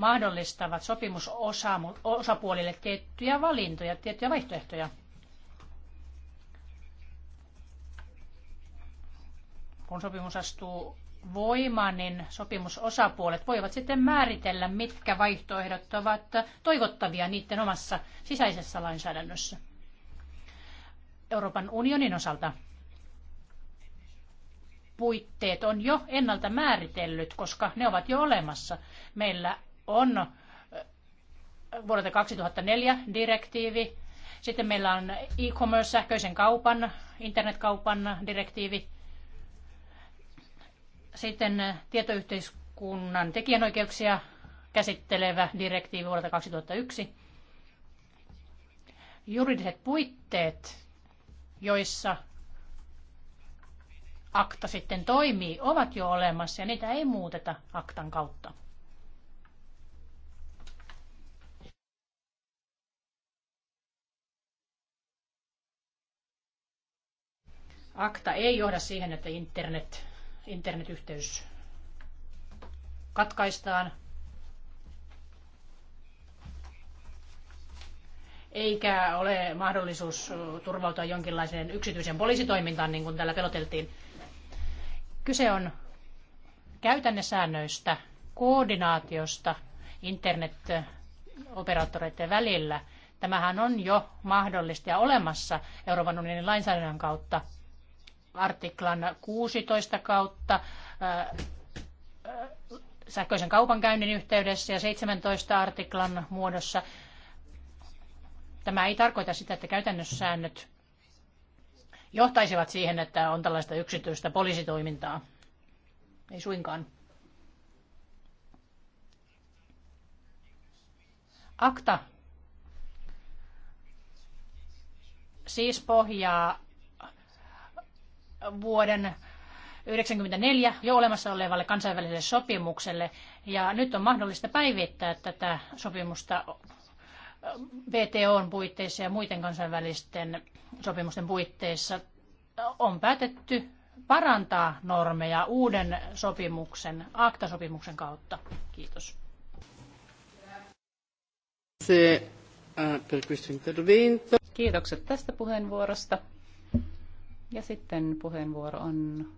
mahdollistavat sopimusosapuolille tiettyjä valintoja, tiettyjä vaihtoehtoja. Kun sopimus astuu voimaan, niin sopimusosapuolet voivat sitten määritellä, mitkä vaihtoehdot ovat toivottavia niiden omassa sisäisessä lainsäädännössä. Euroopan unionin osalta puitteet on jo ennalta määritellyt, koska ne ovat jo olemassa. Meillä on äh, vuodelta 2004 direktiivi. Sitten meillä on e-commerce, sähköisen kaupan, internetkaupan direktiivi. Sitten äh, tietoyhteiskunnan tekijänoikeuksia käsittelevä direktiivi vuodelta 2001. Juridiset puitteet, joissa akta sitten toimii, ovat jo olemassa ja niitä ei muuteta aktan kautta. akta ei johda siihen, että internet, internetyhteys katkaistaan, eikä ole mahdollisuus turvautua jonkinlaiseen yksityiseen poliisitoimintaan, niin kuin täällä peloteltiin. Kyse on käytännesäännöistä, koordinaatiosta internet-operaattoreiden välillä. Tämähän on jo mahdollista ja olemassa Euroopan unionin lainsäädännön kautta artiklan 16 kautta äh, äh, sähköisen kaupankäynnin yhteydessä ja 17 artiklan muodossa. Tämä ei tarkoita sitä, että käytännössä säännöt johtaisivat siihen, että on tällaista yksityistä poliisitoimintaa. Ei suinkaan. Akta siis pohjaa vuoden 1994 jo olemassa olevalle kansainväliselle sopimukselle. Ja nyt on mahdollista päivittää tätä sopimusta VTOn puitteissa ja muiden kansainvälisten sopimusten puitteissa. On päätetty parantaa normeja uuden sopimuksen, aktasopimuksen kautta. Kiitos. Eh, Kiitokset tästä puheenvuorosta. Ja sitten puheenvuoro on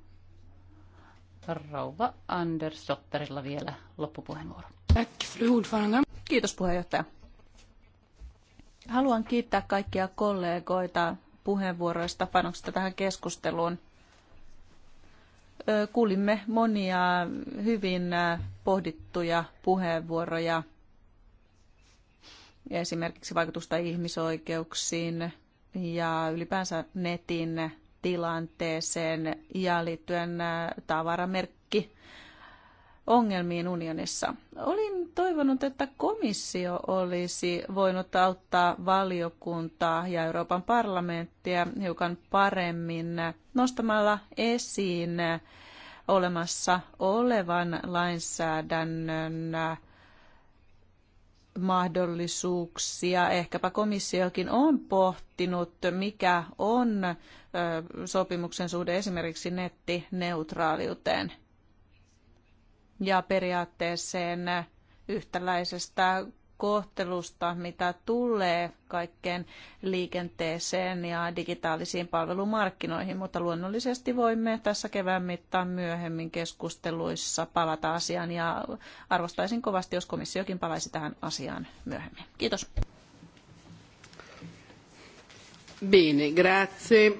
Rauva Anders vielä loppupuheenvuoro. Kiitos puheenjohtaja. Haluan kiittää kaikkia kollegoita puheenvuoroista, panoksista tähän keskusteluun. Kuulimme monia hyvin pohdittuja puheenvuoroja, esimerkiksi vaikutusta ihmisoikeuksiin ja ylipäänsä netin tilanteeseen ja liittyen tavaramerkki ongelmiin unionissa. Olin toivonut, että komissio olisi voinut auttaa valiokuntaa ja Euroopan parlamenttia hiukan paremmin nostamalla esiin olemassa olevan lainsäädännön mahdollisuuksia. Ehkäpä komissiokin on pohtinut, mikä on sopimuksen suhde esimerkiksi nettineutraaliuteen ja periaatteeseen yhtäläisestä kohtelusta, mitä tulee kaikkeen liikenteeseen ja digitaalisiin palvelumarkkinoihin, mutta luonnollisesti voimme tässä kevään mittaan myöhemmin keskusteluissa palata asiaan ja arvostaisin kovasti, jos komissiokin palaisi tähän asiaan myöhemmin. Kiitos. Bene, grazie.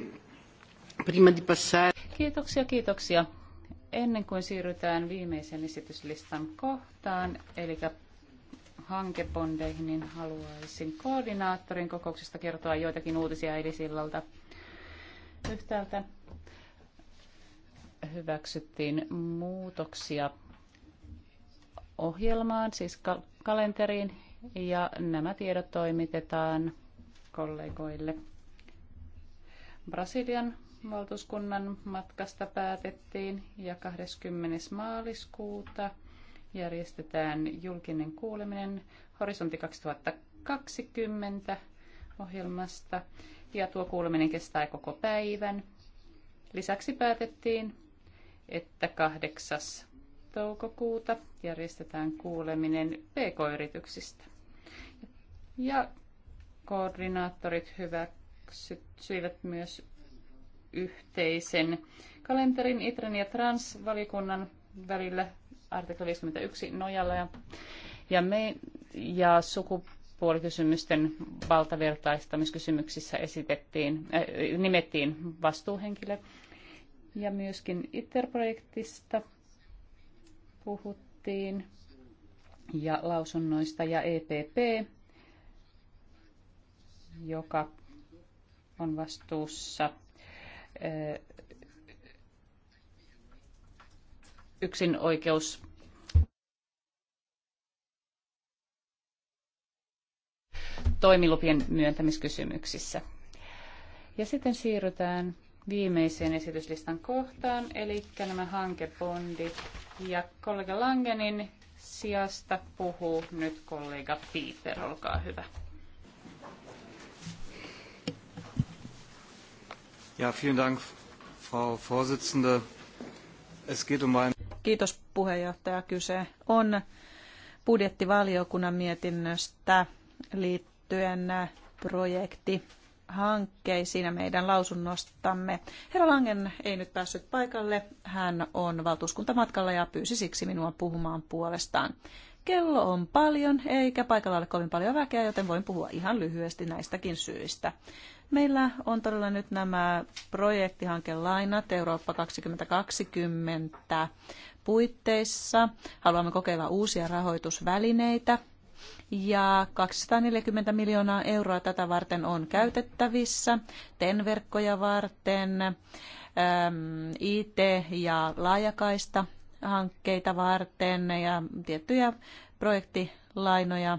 Prima di passare... Kiitoksia, kiitoksia ennen kuin siirrytään viimeisen esityslistan kohtaan, eli hankebondeihin, niin haluaisin koordinaattorin kokouksesta kertoa joitakin uutisia edisillalta Yhtäältä hyväksyttiin muutoksia ohjelmaan, siis kal- kalenteriin, ja nämä tiedot toimitetaan kollegoille. Brasilian valtuuskunnan matkasta päätettiin ja 20. maaliskuuta – järjestetään julkinen kuuleminen Horisontti 2020 ohjelmasta ja tuo kuuleminen kestää koko päivän. Lisäksi päätettiin, että 8. toukokuuta järjestetään kuuleminen pk-yrityksistä. Ja koordinaattorit hyväksyivät myös yhteisen kalenterin ITREN ja TRANS-valikunnan välillä artikla 51 nojalla ja, ja, me, ja sukupuolikysymysten valtavertaistamiskysymyksissä esitettiin, äh, nimettiin vastuuhenkilö. Ja myöskin ITER-projektista puhuttiin ja lausunnoista ja EPP, joka on vastuussa äh, yksin oikeus toimilupien myöntämiskysymyksissä. Ja sitten siirrytään viimeiseen esityslistan kohtaan, eli nämä hankebondit. Ja kollega Langenin sijasta puhuu nyt kollega Piper, olkaa hyvä. Ja, vielen Dank, Frau Vorsitzende. Es geht um ein... Kiitos puheenjohtaja. Kyse on budjettivaliokunnan mietinnöstä liittyen projekti hankkeisiin ja meidän lausunnostamme. Herra Langen ei nyt päässyt paikalle. Hän on valtuuskuntamatkalla ja pyysi siksi minua puhumaan puolestaan. Kello on paljon, eikä paikalla ole kovin paljon väkeä, joten voin puhua ihan lyhyesti näistäkin syistä. Meillä on todella nyt nämä projektihankelainat Eurooppa 2020 puitteissa. Haluamme kokeilla uusia rahoitusvälineitä. Ja 240 miljoonaa euroa tätä varten on käytettävissä, TEN-verkkoja varten, IT- ja laajakaista hankkeita varten ja tiettyjä projektilainoja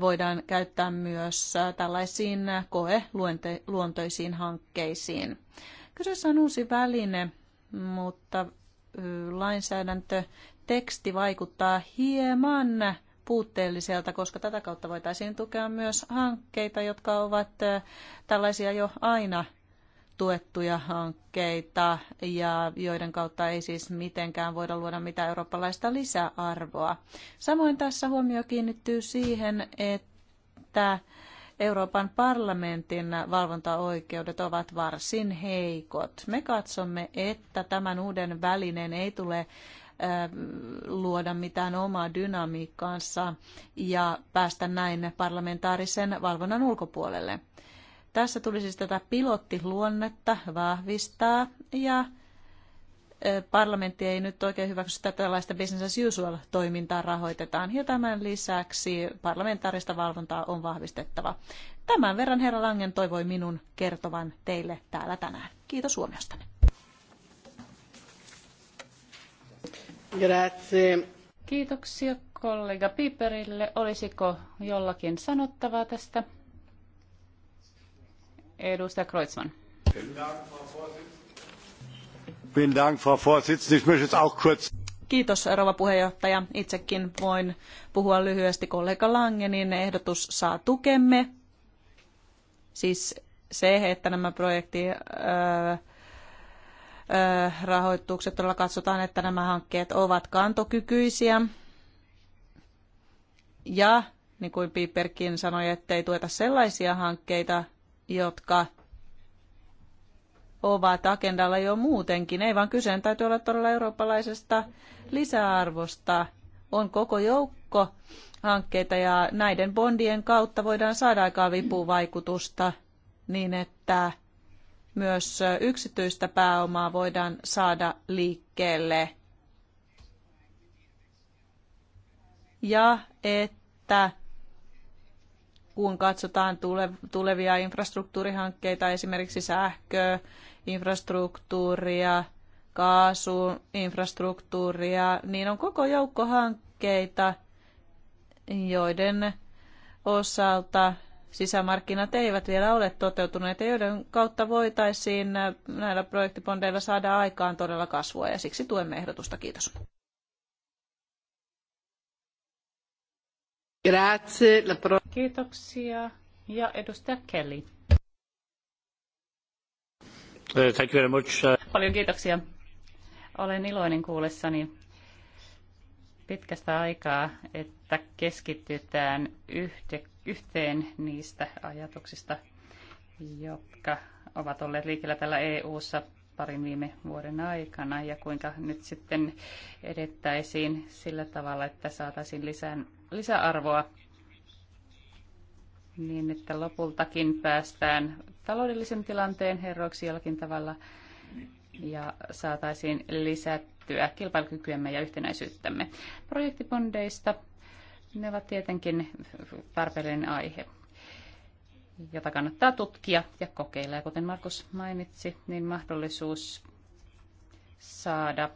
voidaan käyttää myös tällaisiin koeluontoisiin hankkeisiin. Kyseessä on uusi väline, mutta teksti vaikuttaa hieman puutteelliselta, koska tätä kautta voitaisiin tukea myös hankkeita, jotka ovat tällaisia jo aina tuettuja hankkeita ja joiden kautta ei siis mitenkään voida luoda mitään eurooppalaista lisäarvoa. Samoin tässä huomio kiinnittyy siihen, että Euroopan parlamentin valvontaoikeudet ovat varsin heikot. Me katsomme, että tämän uuden välinen ei tule luoda mitään omaa dynamiikkaansa ja päästä näin parlamentaarisen valvonnan ulkopuolelle. Tässä tulisi siis tätä pilottiluonnetta vahvistaa ja parlamentti ei nyt oikein hyväksy sitä tällaista business as usual toimintaa rahoitetaan. Ja tämän lisäksi parlamentaarista valvontaa on vahvistettava. Tämän verran herra Langen toivoi minun kertovan teille täällä tänään. Kiitos huomiostanne. Grazie. Kiitoksia kollega Piperille. Olisiko jollakin sanottavaa tästä? Edustaja Kreutzmann. Vielen Kiitos rouva puheenjohtaja. Itsekin voin puhua lyhyesti kollega Langenin. Ehdotus saa tukemme. Siis se, että nämä projekti rahoitukset, joilla katsotaan, että nämä hankkeet ovat kantokykyisiä. Ja niin kuin Piperkin sanoi, ettei tueta sellaisia hankkeita, jotka ovat agendalla jo muutenkin. Ei vaan kyseen täytyy olla todella eurooppalaisesta lisäarvosta. On koko joukko hankkeita ja näiden bondien kautta voidaan saada aikaa vipuvaikutusta niin, että myös yksityistä pääomaa voidaan saada liikkeelle. Ja että kun katsotaan tulevia infrastruktuurihankkeita, esimerkiksi sähköä, infrastruktuuria, kaasuinfrastruktuuria, niin on koko joukko hankkeita, joiden osalta sisämarkkinat eivät vielä ole toteutuneet ja joiden kautta voitaisiin näillä projektibondeilla saada aikaan todella kasvua ja siksi tuemme ehdotusta. Kiitos. Kiitoksia. Ja edustaja Kelly. Thank you very much. Paljon kiitoksia. Olen iloinen kuullessani pitkästä aikaa, että keskitytään yhteen niistä ajatuksista, jotka ovat olleet liikkeellä täällä EU-ssa parin viime vuoden aikana ja kuinka nyt sitten edettäisiin sillä tavalla, että saataisiin lisää, lisäarvoa niin, että lopultakin päästään taloudellisen tilanteen herroiksi jollakin tavalla ja saataisiin lisättyä kilpailukykyämme ja yhtenäisyyttämme. Projektibondeista ne ovat tietenkin tarpeellinen aihe, jota kannattaa tutkia ja kokeilla. Ja kuten Markus mainitsi, niin mahdollisuus saada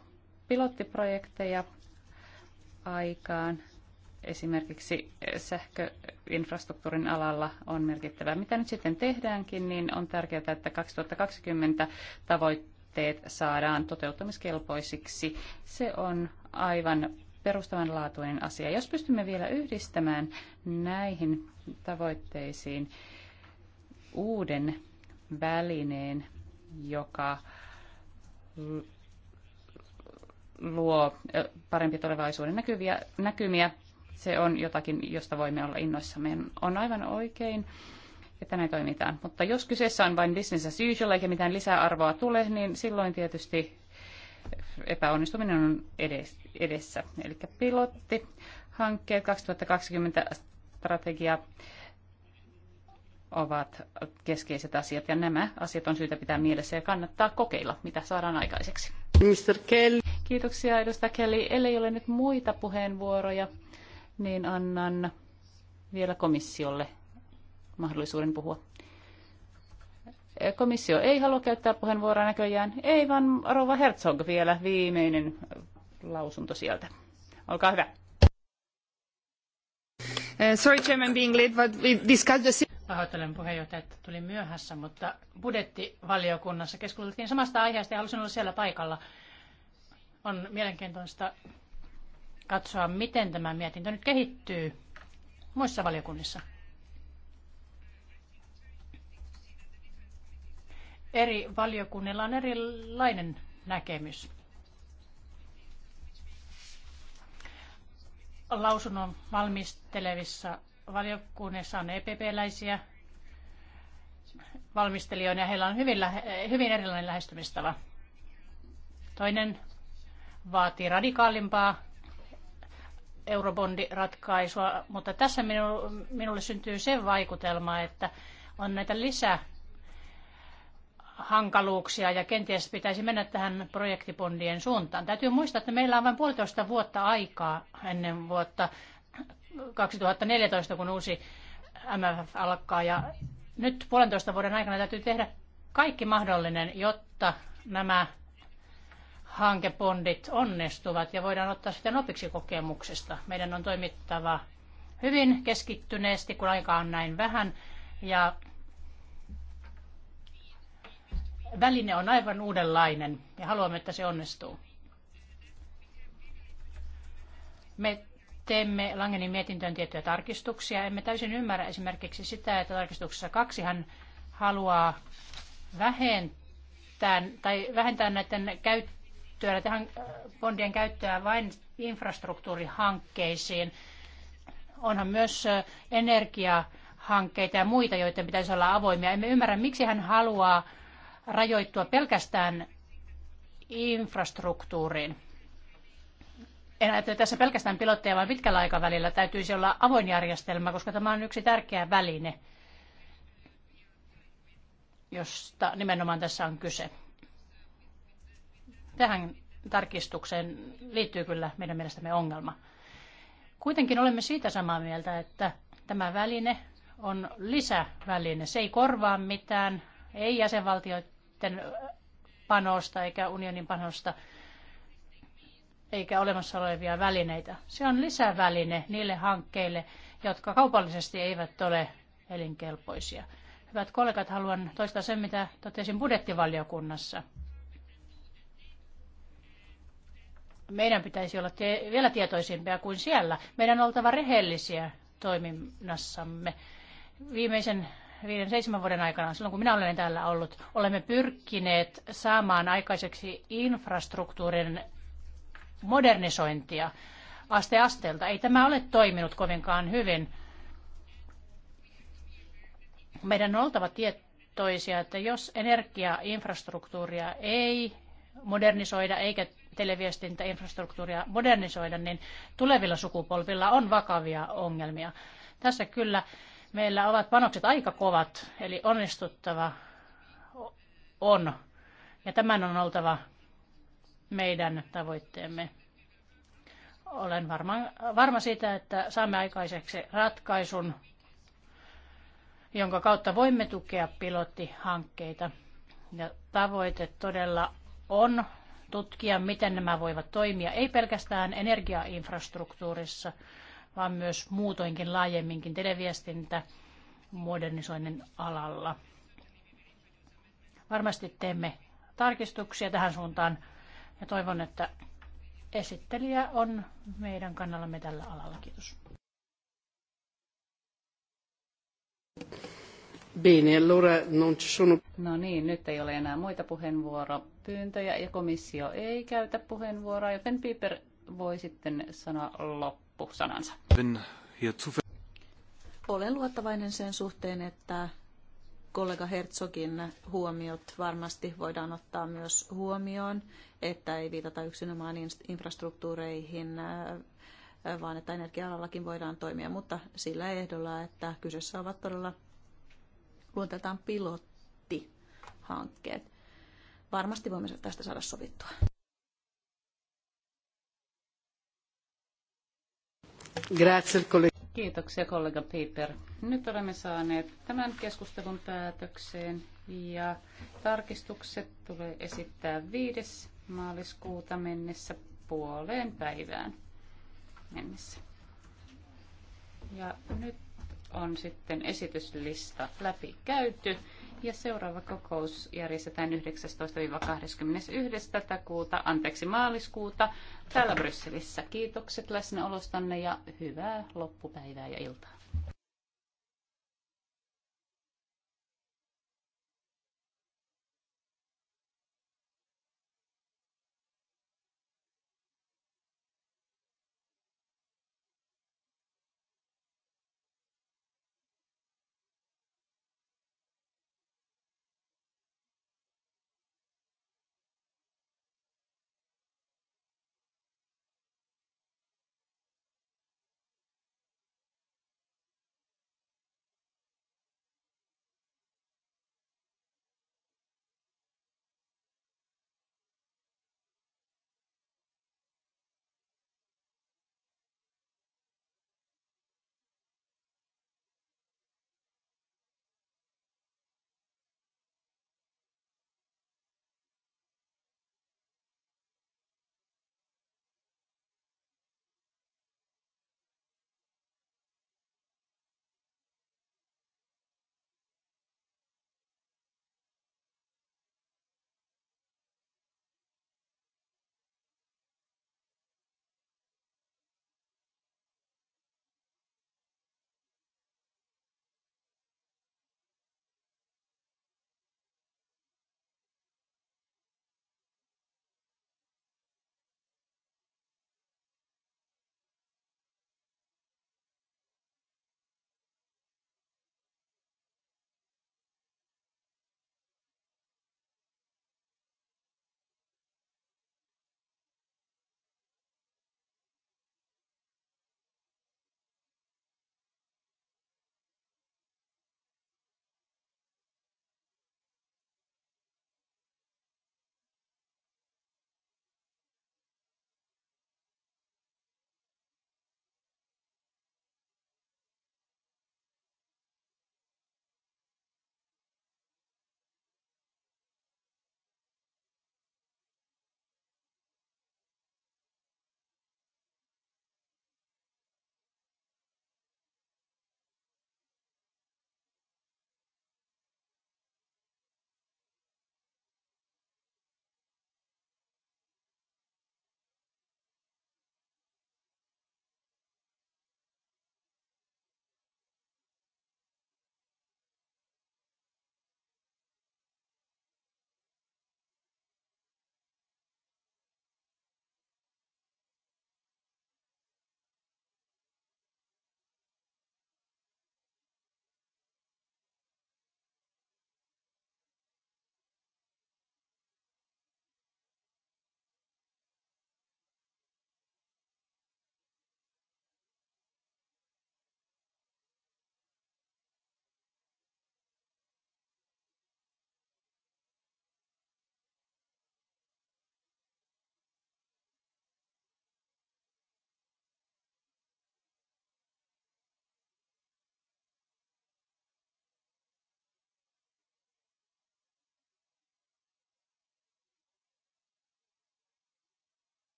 pilottiprojekteja aikaan esimerkiksi sähköinfrastruktuurin alalla on merkittävä. Mitä nyt sitten tehdäänkin, niin on tärkeää, että 2020 tavoitteet saadaan toteuttamiskelpoisiksi. Se on aivan perustavanlaatuinen asia. Jos pystymme vielä yhdistämään näihin tavoitteisiin uuden välineen, joka luo parempi tulevaisuuden näkyviä, näkymiä se on jotakin, josta voimme olla innoissamme. On aivan oikein, että näin toimitaan. Mutta jos kyseessä on vain business as usual eikä mitään lisäarvoa tule, niin silloin tietysti epäonnistuminen on edessä. Eli pilotti, hankkeet 2020 strategia ovat keskeiset asiat ja nämä asiat on syytä pitää mielessä ja kannattaa kokeilla, mitä saadaan aikaiseksi. Mr. Kelly. Kiitoksia edustaja Kelly. Eli ei ole nyt muita puheenvuoroja, niin annan vielä komissiolle mahdollisuuden puhua. Komissio ei halua käyttää puheenvuoroa näköjään. Ei, vaan Rova Herzog vielä viimeinen lausunto sieltä. Olkaa hyvä. Eh, sorry, Chairman, being late, but we discussed the... Pahoittelen puheenjohtaja, että tuli myöhässä, mutta budjettivaliokunnassa keskusteltiin samasta aiheesta ja halusin olla siellä paikalla. On mielenkiintoista katsoa, miten tämä mietintö nyt kehittyy muissa valiokunnissa. Eri valiokunnilla on erilainen näkemys. Lausunnon valmistelevissa valiokunnissa on EPP-läisiä valmistelijoina ja heillä on hyvin, hyvin erilainen lähestymistava. Toinen vaatii radikaalimpaa eurobondiratkaisua, mutta tässä minulle syntyy se vaikutelma, että on näitä lisähankaluuksia ja kenties pitäisi mennä tähän projektibondien suuntaan. Täytyy muistaa, että meillä on vain puolitoista vuotta aikaa ennen vuotta 2014, kun uusi MFF alkaa. Ja nyt puolentoista vuoden aikana täytyy tehdä kaikki mahdollinen, jotta nämä hankebondit onnistuvat ja voidaan ottaa sitten opiksi kokemuksesta. Meidän on toimittava hyvin keskittyneesti, kun aikaa on näin vähän ja väline on aivan uudenlainen ja haluamme, että se onnistuu. Me teemme Langenin mietintöön tiettyjä tarkistuksia. Emme täysin ymmärrä esimerkiksi sitä, että tarkistuksessa kaksi hän haluaa vähentää, tai vähentää näiden käyttöön tähän äh, bondien käyttöä vain infrastruktuurihankkeisiin. Onhan myös äh, energiahankkeita ja muita, joiden pitäisi olla avoimia. Emme ymmärrä, miksi hän haluaa rajoittua pelkästään infrastruktuuriin. En ajattele tässä pelkästään pilotteja, vaan pitkällä aikavälillä täytyisi olla avoin järjestelmä, koska tämä on yksi tärkeä väline, josta nimenomaan tässä on kyse. Tähän tarkistukseen liittyy kyllä meidän mielestämme ongelma. Kuitenkin olemme siitä samaa mieltä, että tämä väline on lisäväline. Se ei korvaa mitään, ei jäsenvaltioiden panosta eikä unionin panosta eikä olemassa olevia välineitä. Se on lisäväline niille hankkeille, jotka kaupallisesti eivät ole elinkelpoisia. Hyvät kollegat, haluan toistaa sen, mitä totesin budjettivaliokunnassa – meidän pitäisi olla te- vielä tietoisempia kuin siellä. Meidän on oltava rehellisiä toiminnassamme. Viimeisen viiden, seitsemän vuoden aikana, silloin kun minä olen täällä ollut, olemme pyrkineet saamaan aikaiseksi infrastruktuurin modernisointia aste asteelta. Ei tämä ole toiminut kovinkaan hyvin. Meidän on oltava tietoisia, että jos energiainfrastruktuuria ei modernisoida eikä televiestintäinfrastruktuuria modernisoida, niin tulevilla sukupolvilla on vakavia ongelmia. Tässä kyllä meillä ovat panokset aika kovat, eli onnistuttava on. Ja tämän on oltava meidän tavoitteemme. Olen varma, varma siitä, että saamme aikaiseksi ratkaisun, jonka kautta voimme tukea pilottihankkeita. Ja tavoite todella on tutkia, miten nämä voivat toimia, ei pelkästään energiainfrastruktuurissa, vaan myös muutoinkin laajemminkin televiestintä modernisoinnin alalla. Varmasti teemme tarkistuksia tähän suuntaan ja toivon, että esittelijä on meidän kannallamme tällä alalla. Kiitos. Bene, allora non ci sono... No niin, nyt ei ole enää muita puheenvuoropyyntöjä ja komissio ei käytä puheenvuoroa, joten Piper voi sitten sanoa loppusanansa. Olen luottavainen sen suhteen, että kollega Herzogin huomiot varmasti voidaan ottaa myös huomioon, että ei viitata yksinomaan infrastruktuureihin, äh, äh, vaan että energia-alallakin voidaan toimia, mutta sillä ehdolla, että kyseessä ovat todella luotetaan pilottihankkeet. Varmasti voimme tästä saada sovittua. Kiitoksia kollega Piper. Nyt olemme saaneet tämän keskustelun päätökseen ja tarkistukset tulee esittää 5. maaliskuuta mennessä puoleen päivään mennessä. Ja nyt on sitten esityslista läpi käyty ja seuraava kokous järjestetään 19-21. tätä kuuta, anteeksi maaliskuuta, täällä Brysselissä. Kiitokset läsnäolostanne ja hyvää loppupäivää ja iltaa.